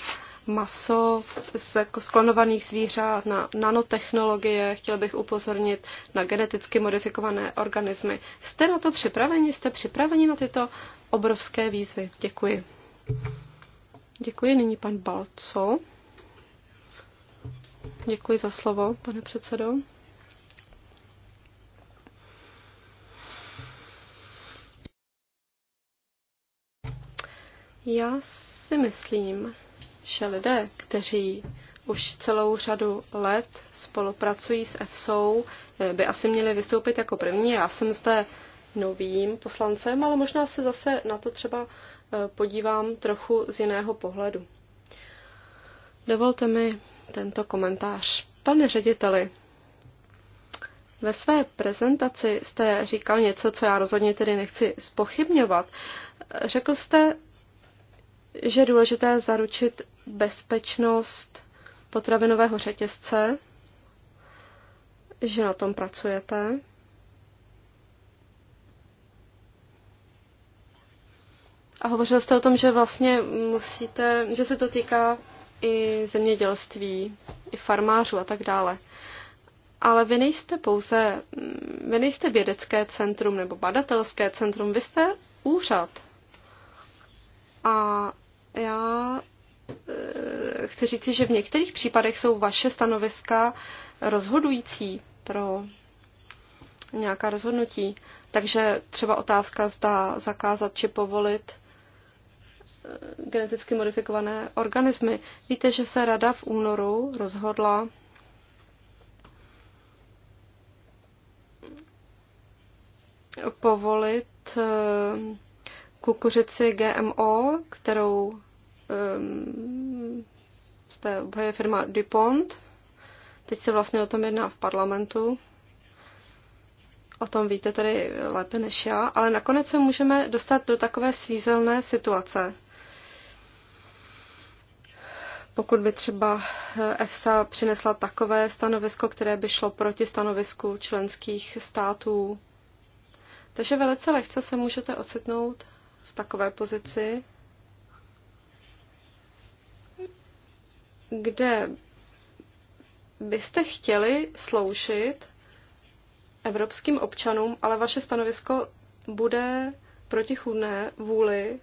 maso z jako sklonovaných zvířat, na nanotechnologie, chtěl bych upozornit na geneticky modifikované organismy. Jste na to připraveni? Jste připraveni na tyto obrovské výzvy? Děkuji. Děkuji. Nyní pan Balco. Děkuji za slovo, pane předsedo. Já si myslím, že lidé, kteří už celou řadu let spolupracují s EFSou, eh, by asi měli vystoupit jako první. Já jsem zde novým poslancem, ale možná se zase na to třeba eh, podívám trochu z jiného pohledu. Dovolte mi tento komentář. Pane řediteli, ve své prezentaci jste říkal něco, co já rozhodně tedy nechci spochybňovat. Řekl jste, že je důležité zaručit bezpečnost potravinového řetězce, že na tom pracujete. A hovořil jste o tom, že vlastně musíte, že se to týká i zemědělství, i farmářů a tak dále. Ale vy nejste pouze, vy nejste vědecké centrum nebo badatelské centrum, vy jste úřad. A já chci říci, že v některých případech jsou vaše stanoviska rozhodující pro nějaká rozhodnutí. Takže třeba otázka, zda zakázat či povolit eh, geneticky modifikované organismy. Víte, že se rada v únoru rozhodla povolit eh, kukuřici GMO, kterou ehm, té, je firma DuPont. Teď se vlastně o tom jedná v parlamentu. O tom víte tedy lépe než já, ale nakonec se můžeme dostat do takové svízelné situace. Pokud by třeba EFSA přinesla takové stanovisko, které by šlo proti stanovisku členských států. Takže velice lehce se můžete ocitnout v takové pozici, kde byste chtěli sloužit evropským občanům, ale vaše stanovisko bude protichůdné vůli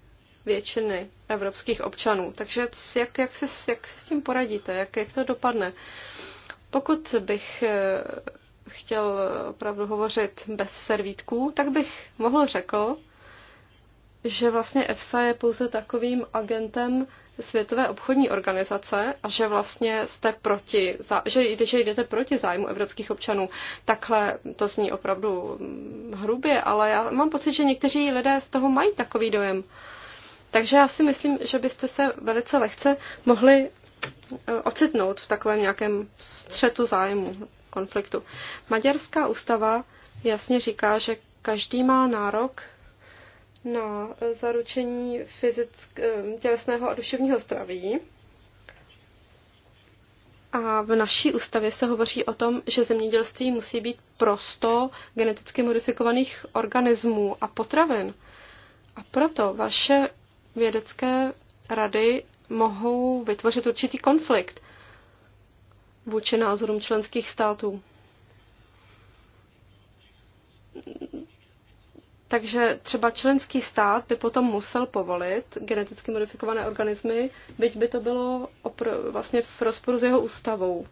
většiny evropských občanů. Takže jak, jak, se, jak se s tím poradíte? Jak, jak to dopadne? Pokud bych eh, chtěl opravdu hovořit bez servítků, tak bych mohl řekl, že vlastně EFSA je pouze takovým agentem Světové obchodní organizace a že vlastně jste proti, že, že jdete proti zájmu evropských občanů. Takhle to zní opravdu mm, hrubě, ale já mám pocit, že někteří lidé z toho mají takový dojem. Takže já si myslím, že byste se velice lehce mohli e, ocitnout v takovém nějakém střetu zájmu, konfliktu. Maďarská ústava jasně říká, že každý má nárok na zaručení fyzick, eh, tělesného a duševního zdraví. A v naší ústavě se hovoří o tom, že zemědělství musí být prosto geneticky modifikovaných organismů a potravin. A proto vaše vědecké rady mohou vytvořit určitý konflikt vůči názorům členských států. Takže třeba členský stát by potom musel povolit geneticky modifikované organismy, byť by to bylo vlastně v rozporu s jeho ústavou.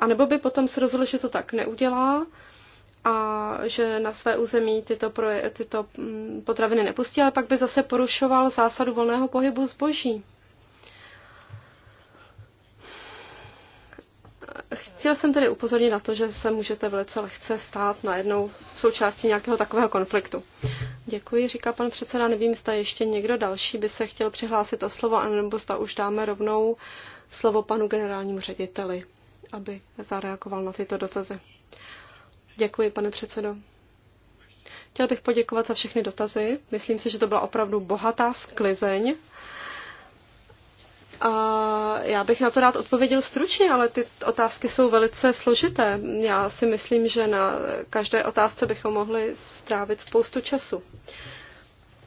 A nebo by potom se rozhodl, že to tak neudělá a že na své území tyto, proje- tyto mm, potraviny nepustí, ale pak by zase porušoval zásadu volného pohybu zboží. Chtěl jsem tedy upozornit na to, že se můžete velice lehce stát najednou součástí nějakého takového konfliktu. Děkuji, říká pan předseda. Nevím, zda ještě někdo další by se chtěl přihlásit o slovo, anebo zda už dáme rovnou slovo panu generálnímu řediteli, aby zareagoval na tyto dotazy. Děkuji, pane předsedo. Chtěl bych poděkovat za všechny dotazy. Myslím si, že to byla opravdu bohatá sklizeň. A já bych na to rád odpověděl stručně, ale ty otázky jsou velice složité. Já si myslím, že na každé otázce bychom mohli strávit spoustu času.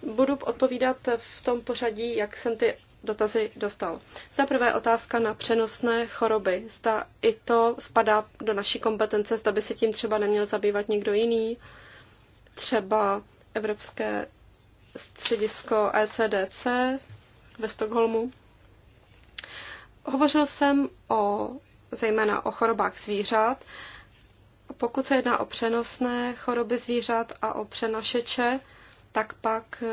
Budu odpovídat v tom pořadí, jak jsem ty dotazy dostal. Za prvé otázka na přenosné choroby. Zda i to spadá do naší kompetence, zda by se tím třeba neměl zabývat někdo jiný, třeba Evropské středisko ECDC ve Stockholmu. Hovořil jsem o, zejména o chorobách zvířat. Pokud se jedná o přenosné choroby zvířat a o přenašeče, tak pak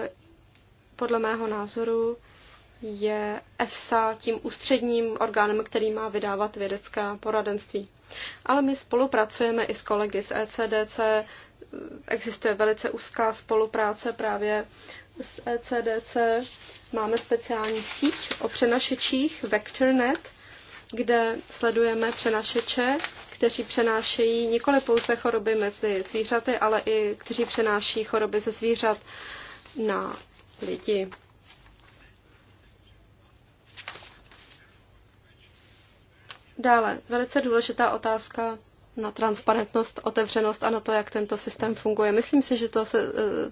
podle mého názoru je EFSA tím ústředním orgánem, který má vydávat vědecká poradenství. Ale my spolupracujeme i s kolegy z ECDC, existuje velice úzká spolupráce právě s ECDC Máme speciální síť o přenašečích VectorNet, kde sledujeme přenašeče, kteří přenášejí nikoli pouze choroby mezi zvířaty, ale i kteří přenáší choroby ze zvířat na lidi. Dále, velice důležitá otázka na transparentnost, otevřenost a na to, jak tento systém funguje. Myslím si, že to, se,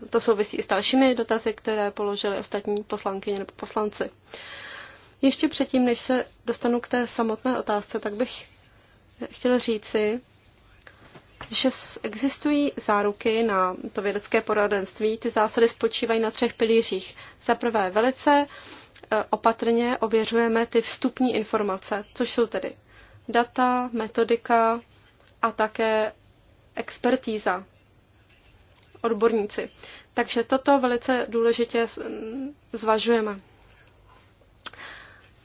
eh, to souvisí i s dalšími dotazy, které položili ostatní poslankyně nebo poslanci. Ještě předtím, než se dostanu k té samotné otázce, tak bych chtěla říci, že existují záruky na to vědecké poradenství. Ty zásady spočívají na třech pilířích. Za prvé velice eh, opatrně ověřujeme ty vstupní informace, což jsou tedy data, metodika, a také expertíza, odborníci. Takže toto velice důležitě zvažujeme.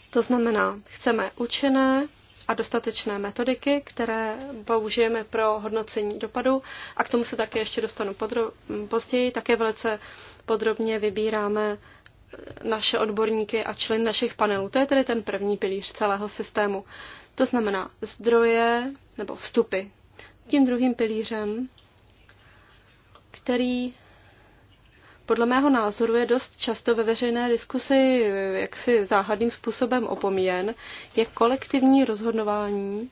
To znamená, chceme účinné a dostatečné metodiky, které použijeme pro hodnocení dopadu a k tomu se také ještě dostanu podro- později. Také velice podrobně vybíráme eh, naše odborníky a člen našich panelů. To je tedy ten první pilíř celého systému. To znamená zdroje nebo vstupy. Tím druhým pilířem, který podle mého názoru je dost často ve veřejné diskusi jaksi záhadným způsobem opomíjen, je kolektivní rozhodování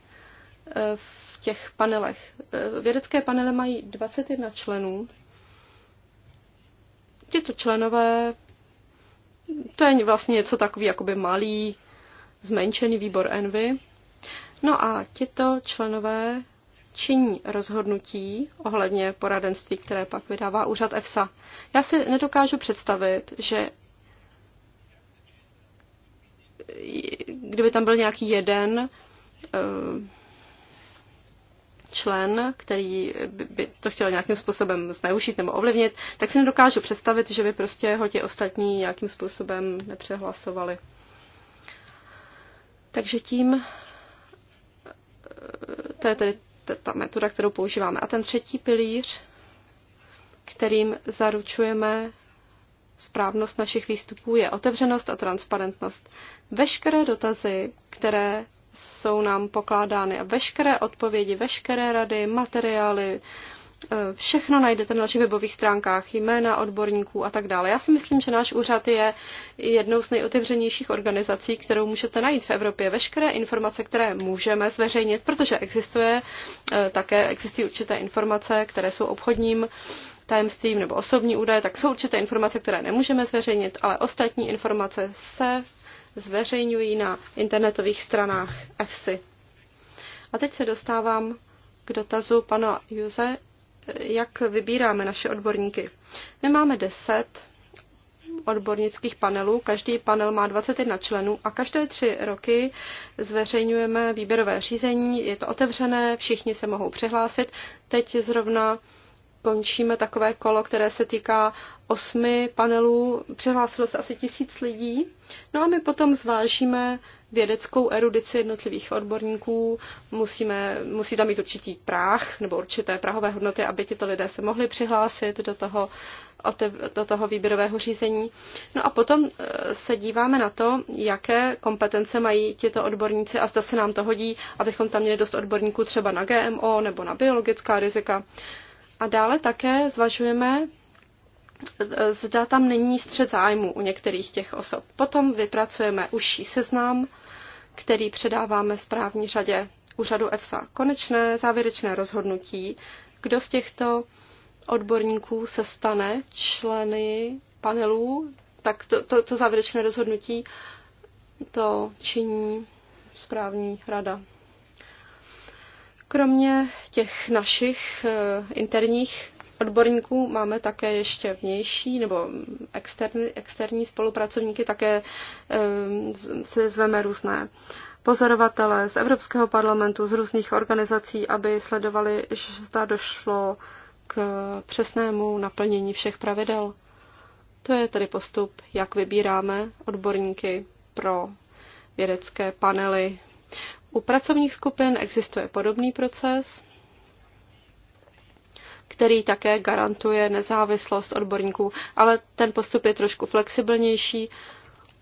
eh, v těch panelech. Eh, vědecké panely mají 21 členů. Tyto členové, to je vlastně něco takový jakoby malý, zmenšený výbor Envy. No a tito členové činí rozhodnutí ohledně poradenství, které pak vydává úřad EFSA. Já si nedokážu představit, že kdyby tam byl nějaký jeden eh, člen, který by to chtěl nějakým způsobem zneužít nebo ovlivnit, tak si nedokážu představit, že by prostě ho ti ostatní nějakým způsobem nepřehlasovali. Takže tím to je tedy ta metoda, kterou používáme. A ten třetí pilíř, kterým zaručujeme správnost našich výstupů, je otevřenost a transparentnost. Veškeré dotazy, které jsou nám pokládány a veškeré odpovědi, veškeré rady, materiály, Eh, všechno najdete na našich webových stránkách, jména odborníků a tak dále. Já si myslím, že náš úřad je jednou z nejotevřenějších organizací, kterou můžete najít v Evropě. Veškeré informace, které můžeme zveřejnit, protože existuje eh, také existují určité informace, které jsou obchodním tajemstvím nebo osobní údaje, tak jsou určité informace, které nemůžeme zveřejnit, ale ostatní informace se zveřejňují na internetových stranách EFSI. A teď se dostávám k dotazu pana Juze jak vybíráme naše odborníky. My máme 10 odbornických panelů. Každý panel má 21 členů a každé tři roky zveřejňujeme výběrové řízení. Je to otevřené, všichni se mohou přihlásit. Teď zrovna končíme takové kolo, které se týká osmi panelů. Přihlásilo se asi tisíc lidí. No a my potom zvážíme vědeckou erudici jednotlivých odborníků. Musíme, musí tam mít určitý práh nebo určité prahové hodnoty, aby tyto lidé se mohli přihlásit do toho, do toho výběrového řízení. No a potom eh, se díváme na to, jaké kompetence mají tyto odborníci a zda se nám to hodí, abychom tam měli dost odborníků třeba na GMO nebo na biologická rizika. A dále také zvažujeme, zda tam není střed zájmu u některých těch osob. Potom vypracujeme užší seznam, který předáváme správní řadě úřadu EFSA. Konečné závěrečné rozhodnutí, kdo z těchto odborníků se stane členy panelů, tak to, to, to závěrečné rozhodnutí to činí správní rada. Kromě těch našich eh, interních odborníků máme také ještě vnější nebo externí, externí spolupracovníky, také eh, si zveme různé pozorovatele z Evropského parlamentu, z různých organizací, aby sledovali, že zda došlo k přesnému naplnění všech pravidel. To je tedy postup, jak vybíráme odborníky pro vědecké panely u pracovních skupin existuje podobný proces, který také garantuje nezávislost odborníků, ale ten postup je trošku flexibilnější,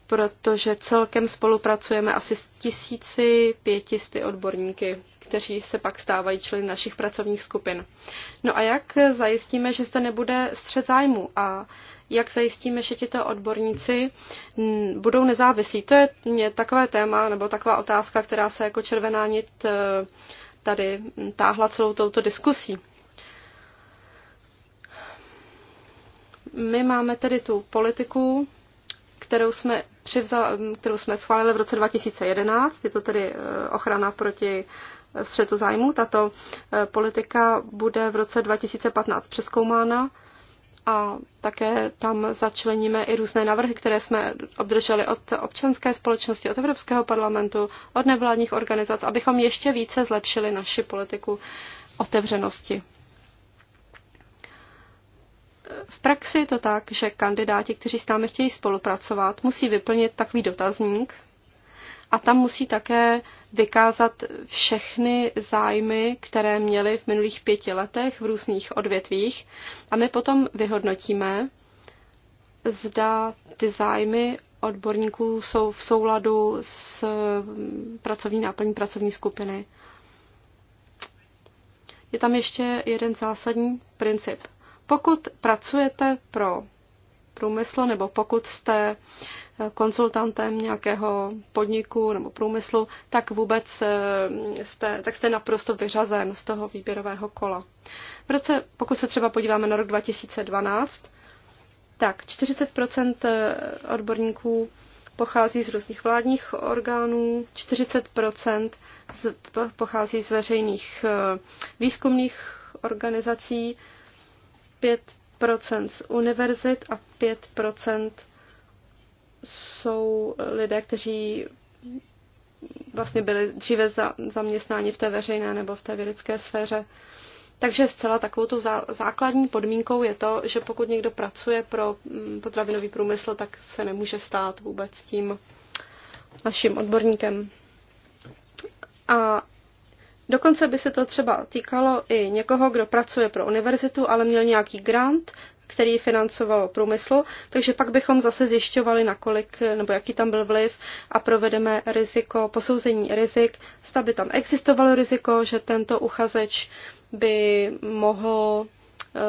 protože celkem spolupracujeme asi s tisíci pětisty odborníky, kteří se pak stávají členy našich pracovních skupin. No a jak zajistíme, že zde nebude střed zájmu a jak zajistíme, že tito odborníci budou nezávislí. To je takové téma nebo taková otázka, která se jako červená nit e, tady táhla celou touto diskusí. My máme tedy tu politiku, kterou jsme, přivzal, kterou jsme schválili v roce 2011. Je to tedy e, ochrana proti e, střetu zájmu. Tato politika bude v roce 2015 přeskoumána a také tam začleníme i různé návrhy, které jsme obdrželi od občanské společnosti, od Evropského parlamentu, od nevládních organizací, abychom ještě více zlepšili naši politiku otevřenosti. V praxi je to tak, že kandidáti, kteří s námi chtějí spolupracovat, musí vyplnit takový dotazník, a tam musí také vykázat všechny zájmy, které měly v minulých pěti letech v různých odvětvích. A my potom vyhodnotíme, zda ty zájmy odborníků jsou v souladu s pracovní náplní pracovní skupiny. Je tam ještě jeden zásadní princip. Pokud pracujete pro průmysl nebo pokud jste konsultantem nějakého podniku nebo průmyslu, tak vůbec eh, jste, tak jste naprosto vyřazen z toho výběrového kola. V roce, pokud se třeba podíváme na rok 2012, tak 40 eh, odborníků pochází z různých vládních orgánů, 40 z, pochází z veřejných eh, výzkumných organizací, 5 z univerzit a 5 jsou lidé, kteří vlastně byli dříve za, zaměstnáni v té veřejné nebo v té vědecké sféře. Takže zcela takovou tu zá, základní podmínkou je to, že pokud někdo pracuje pro mm, potravinový průmysl, tak se nemůže stát vůbec tím naším odborníkem. A dokonce by se to třeba týkalo i někoho, kdo pracuje pro univerzitu, ale měl nějaký grant, který financoval průmysl, takže pak bychom zase zjišťovali, nakolik nebo jaký tam byl vliv a provedeme riziko, posouzení rizik, zda by tam existovalo riziko, že tento uchazeč by mohl e,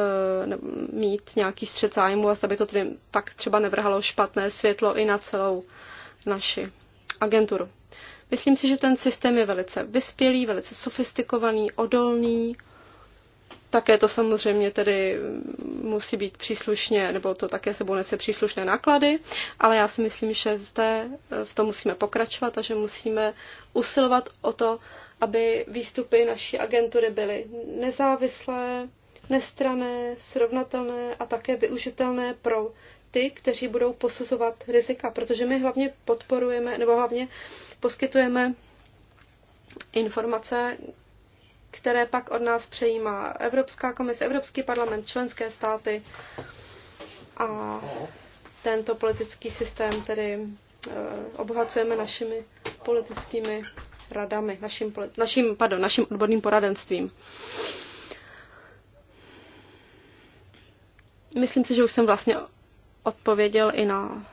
mít nějaký střed zájmu a zda by to tedy pak třeba nevrhalo špatné světlo i na celou naši agenturu. Myslím si, že ten systém je velice vyspělý, velice sofistikovaný, odolný, také to samozřejmě tedy musí být příslušně, nebo to také sebou nese příslušné náklady, ale já si myslím, že zde eh, v tom musíme pokračovat a že musíme usilovat o to, aby výstupy naší agentury byly nezávislé, nestrané, srovnatelné a také využitelné pro ty, kteří budou posuzovat rizika, protože my hlavně podporujeme nebo hlavně poskytujeme informace, které pak od nás přejímá Evropská komise, Evropský parlament, členské státy a tento politický systém tedy eh, obohacujeme našimi politickými radami, naším, naším, pardon, naším odborným poradenstvím. Myslím si, že už jsem vlastně odpověděl i na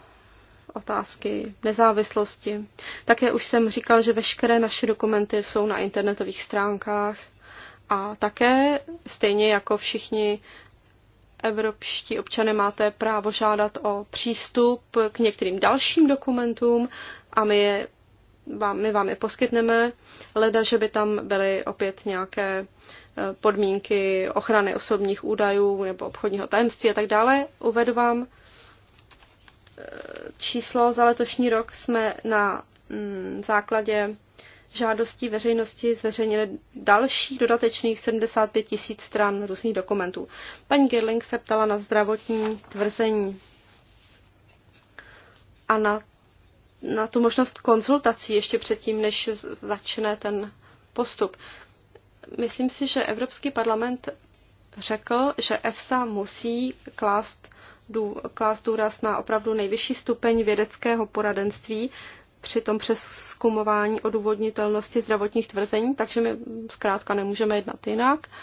otázky nezávislosti. Také už jsem říkal, že veškeré naše dokumenty jsou na internetových stránkách a také, stejně jako všichni evropští občané, máte právo žádat o přístup k některým dalším dokumentům a my je vám, my vám je poskytneme, leda, že by tam byly opět nějaké e, podmínky ochrany osobních údajů nebo obchodního tajemství a tak dále. Uvedu vám číslo za letošní rok jsme na mm, základě žádostí veřejnosti zveřejnili další dodatečných 75 tisíc stran různých dokumentů. Paní Gerling se ptala na zdravotní tvrzení a na, na tu možnost konzultací ještě předtím, než začne ten postup. Myslím si, že Evropský parlament řekl, že EFSA musí klást klást důraz na opravdu nejvyšší stupeň vědeckého poradenství při tom přeskumování odůvodnitelnosti zdravotních tvrzení, takže my zkrátka nemůžeme jednat jinak. Uh,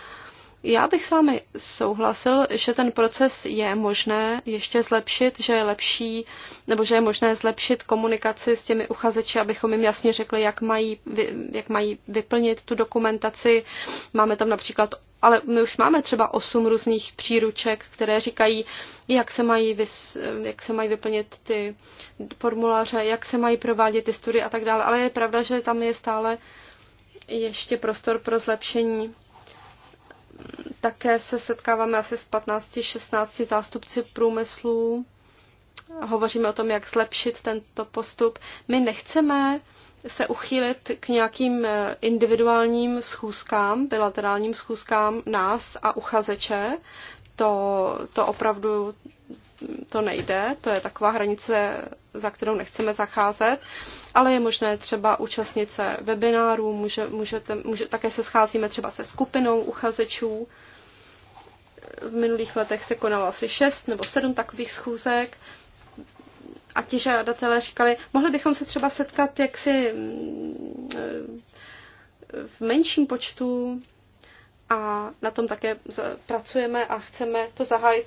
já bych s vámi souhlasil, že ten proces je možné ještě zlepšit, že je lepší, nebo že je možné zlepšit komunikaci s těmi uchazeči, abychom jim jasně řekli, jak mají, jak mají vyplnit tu dokumentaci. Máme tam například ale my už máme třeba osm různých příruček, které říkají, jak se mají, vys, jak se mají vyplnit ty formuláře, jak se mají provádět ty studie a tak dále. Ale je pravda, že tam je stále ještě prostor pro zlepšení také se setkáváme asi s 15-16 zástupci průmyslů. Hovoříme o tom, jak zlepšit tento postup. My nechceme se uchýlit k nějakým eh, individuálním schůzkám, bilaterálním schůzkám nás a uchazeče. To, to opravdu to nejde, to je taková hranice, za kterou nechceme zacházet, ale je možné třeba účastnit se webinárů, může, můžete, může, také se scházíme třeba se skupinou uchazečů. V minulých letech se konalo asi šest nebo sedm takových schůzek a ti žádatelé říkali, mohli bychom se třeba setkat jaksi mm, v menším počtu a na tom také pracujeme a chceme to zahájit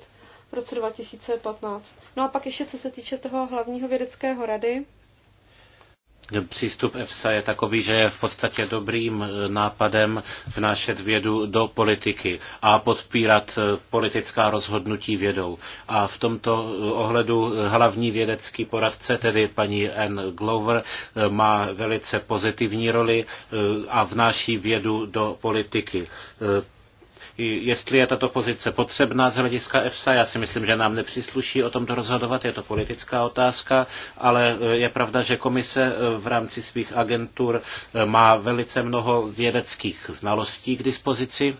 v roce 2015. No a pak ještě, co se týče toho hlavního vědeckého rady, Přístup EFSA je takový, že je v podstatě dobrým eh, nápadem vnášet vědu do politiky a podpírat eh, politická rozhodnutí vědou. A v tomto eh, ohledu hlavní vědecký poradce, tedy paní Anne Glover, má velice pozitivní roli a vnáší vědu do politiky. Jestli je tato pozice potřebná z hlediska EFSA, já si myslím, že nám nepřísluší o tomto rozhodovat, je to politická otázka, ale eh, je pravda, že komise eh, v rámci svých agentur eh, má velice mnoho vědeckých znalostí k dispozici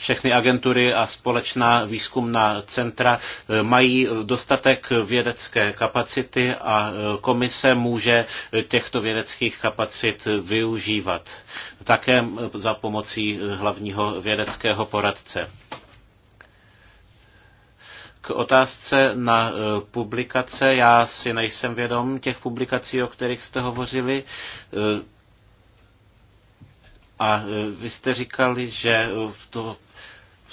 všechny agentury a společná výzkumná centra eh, mají dostatek vědecké kapacity a eh, komise může eh, těchto vědeckých kapacit využívat také za pomocí hlavního vědeckého poradce. K otázce na publikace, já si nejsem vědom těch publikací, o kterých jste hovořili. A vy jste říkali, že to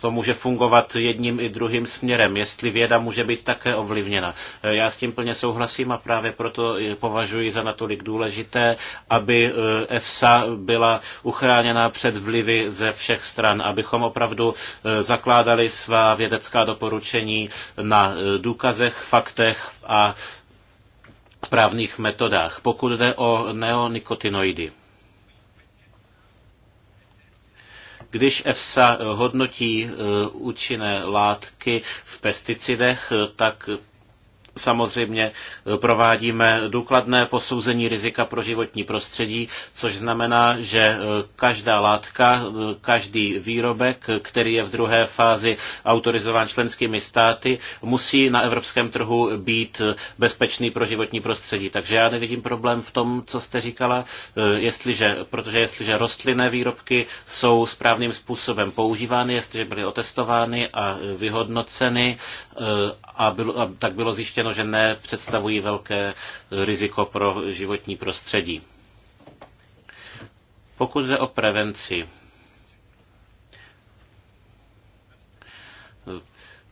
to může fungovat jedním i druhým směrem, jestli věda může být také ovlivněna. E, já s tím plně souhlasím a právě proto považuji za natolik důležité, aby e, EFSA byla uchráněna před vlivy ze všech stran, abychom opravdu e, zakládali svá vědecká doporučení na důkazech, faktech a správných metodách. Pokud jde o neonikotinoidy, Když EFSA eh, hodnotí eh, účinné látky v pesticidech, eh, tak samozřejmě eh, provádíme důkladné posouzení rizika pro životní prostředí, což znamená, že eh, každá látka, eh, každý výrobek, který je v druhé fázi autorizován členskými státy, musí na evropském trhu být bezpečný pro životní prostředí. Takže já nevidím problém v tom, co jste říkala, jestliže, protože jestliže rostlinné výrobky jsou správným způsobem používány, jestliže byly otestovány a vyhodnoceny a, bylo, a tak bylo zjištěno, že nepředstavují velké riziko pro životní prostředí. Pokud jde o prevenci,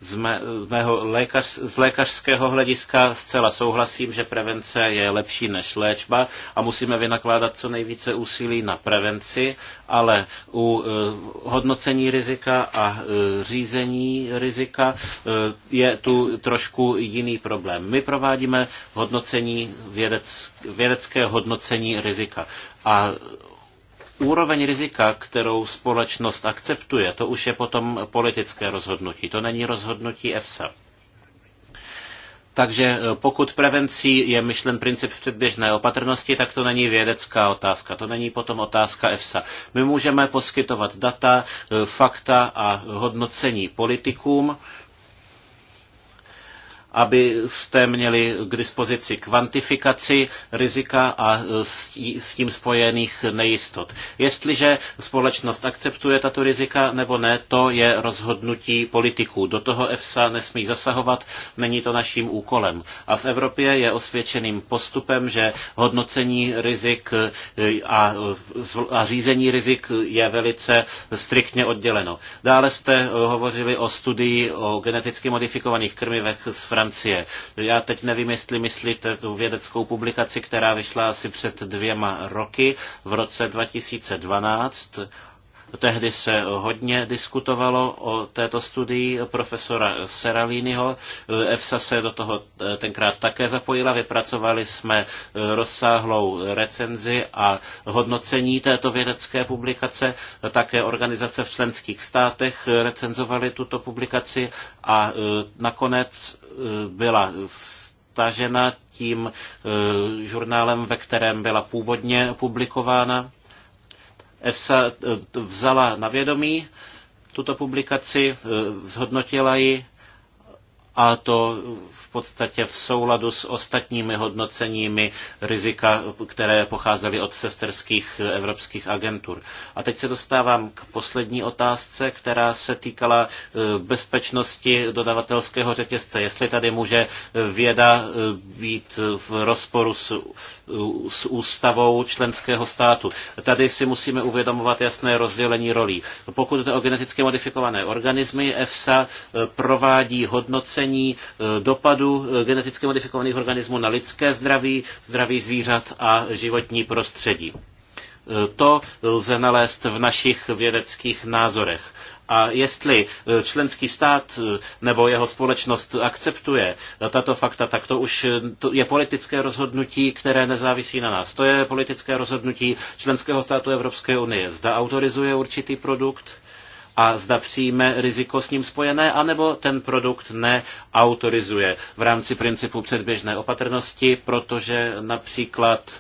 z, mé, z mého lékař, z lékařského hlediska zcela souhlasím, že prevence je lepší než léčba a musíme vynakládat co nejvíce úsilí na prevenci, ale u e, hodnocení rizika a e, řízení rizika e, je tu trošku jiný problém. My provádíme hodnocení vědeck, vědecké hodnocení rizika a Úroveň rizika, kterou společnost akceptuje, to už je potom politické rozhodnutí, to není rozhodnutí EFSA. Takže eh, pokud prevencí je myšlen princip předběžné opatrnosti, tak to není vědecká otázka, to není potom otázka EFSA. My můžeme poskytovat data, eh, fakta a hodnocení politikům, abyste měli k dispozici kvantifikaci rizika a s tím spojených nejistot. Jestliže společnost akceptuje tato rizika nebo ne, to je rozhodnutí politiků. Do toho EFSA nesmí zasahovat, není to naším úkolem. A v Evropě je osvědčeným postupem, že hodnocení rizik eh, a, eh, a řízení rizik je velice striktně odděleno. Dále jste eh, hovořili o studii o geneticky modifikovaných krmivech z Francie Francie. Já teď nevím, jestli myslíte tu vědeckou publikaci, která vyšla asi před dvěma roky, v roce 2012, Tehdy se hodně diskutovalo o této studii profesora Seralínyho. EFSA se do toho e, tenkrát také zapojila. Vypracovali jsme e, rozsáhlou recenzi a hodnocení této vědecké publikace. Také organizace v členských státech e, recenzovaly tuto publikaci a nakonec byla stažena tím žurnálem, ve kterém byla původně publikována. EFSA e, vzala na vědomí tuto publikaci, e, zhodnotila ji a to v podstatě v souladu s ostatními hodnoceními rizika, které pocházely od sesterských evropských agentur. A teď se dostávám k poslední otázce, která se týkala e, bezpečnosti dodavatelského řetězce. Jestli tady může věda e, být v rozporu s, e, s ústavou členského státu. Tady si musíme uvědomovat jasné rozdělení rolí. Pokud jde o geneticky modifikované organismy, EFSA provádí hodnocení hodnocení eh, dopadu eh, geneticky modifikovaných organismů na lidské zdraví, zdraví zvířat a životní prostředí. Eh, to lze nalézt v našich vědeckých názorech. A jestli členský stát nebo jeho společnost akceptuje tato fakta, tak to už je politické rozhodnutí, které nezávisí na nás. To je politické rozhodnutí členského státu Evropské unie. Zda autorizuje určitý produkt, a zda přijme riziko s ním spojené, anebo ten produkt neautorizuje v rámci principu předběžné opatrnosti, protože například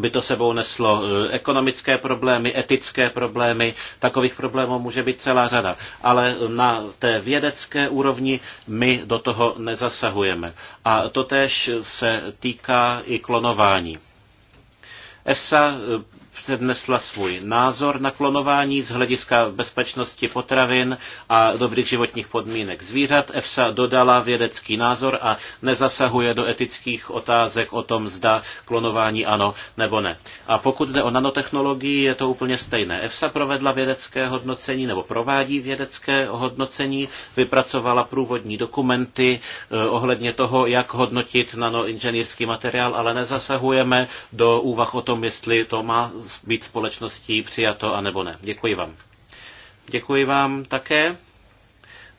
by to sebou neslo e, ekonomické problémy, etické problémy, takových problémů může být celá řada. Ale na té vědecké úrovni my do toho nezasahujeme. A totéž se týká i klonování. EFSA e, přednesla svůj názor na klonování z hlediska bezpečnosti potravin a dobrých životních podmínek zvířat. EFSA dodala vědecký názor a nezasahuje do etických otázek o tom, zda klonování ano nebo ne. A pokud jde o nanotechnologii, je to úplně stejné. EFSA provedla vědecké hodnocení nebo provádí vědecké hodnocení, vypracovala průvodní dokumenty eh, ohledně toho, jak hodnotit nanoinženýrský materiál, ale nezasahujeme do úvah o tom, jestli to má být společností přijato a nebo ne. Děkuji vám. Děkuji vám také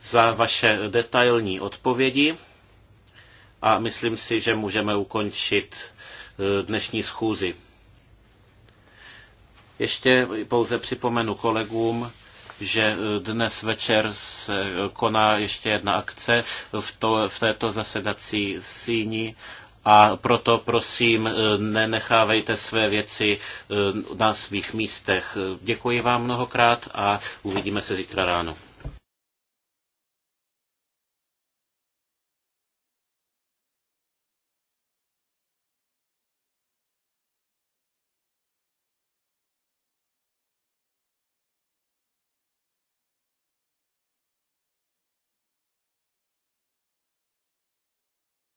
za vaše detailní odpovědi a myslím si, že můžeme ukončit eh, dnešní schůzi. Ještě pouze připomenu kolegům, že eh, dnes večer se koná ještě jedna akce v, to, v této zasedací síni a proto prosím, eh, nenechávejte své věci eh, na svých místech. Děkuji vám mnohokrát a uvidíme se zítra ráno.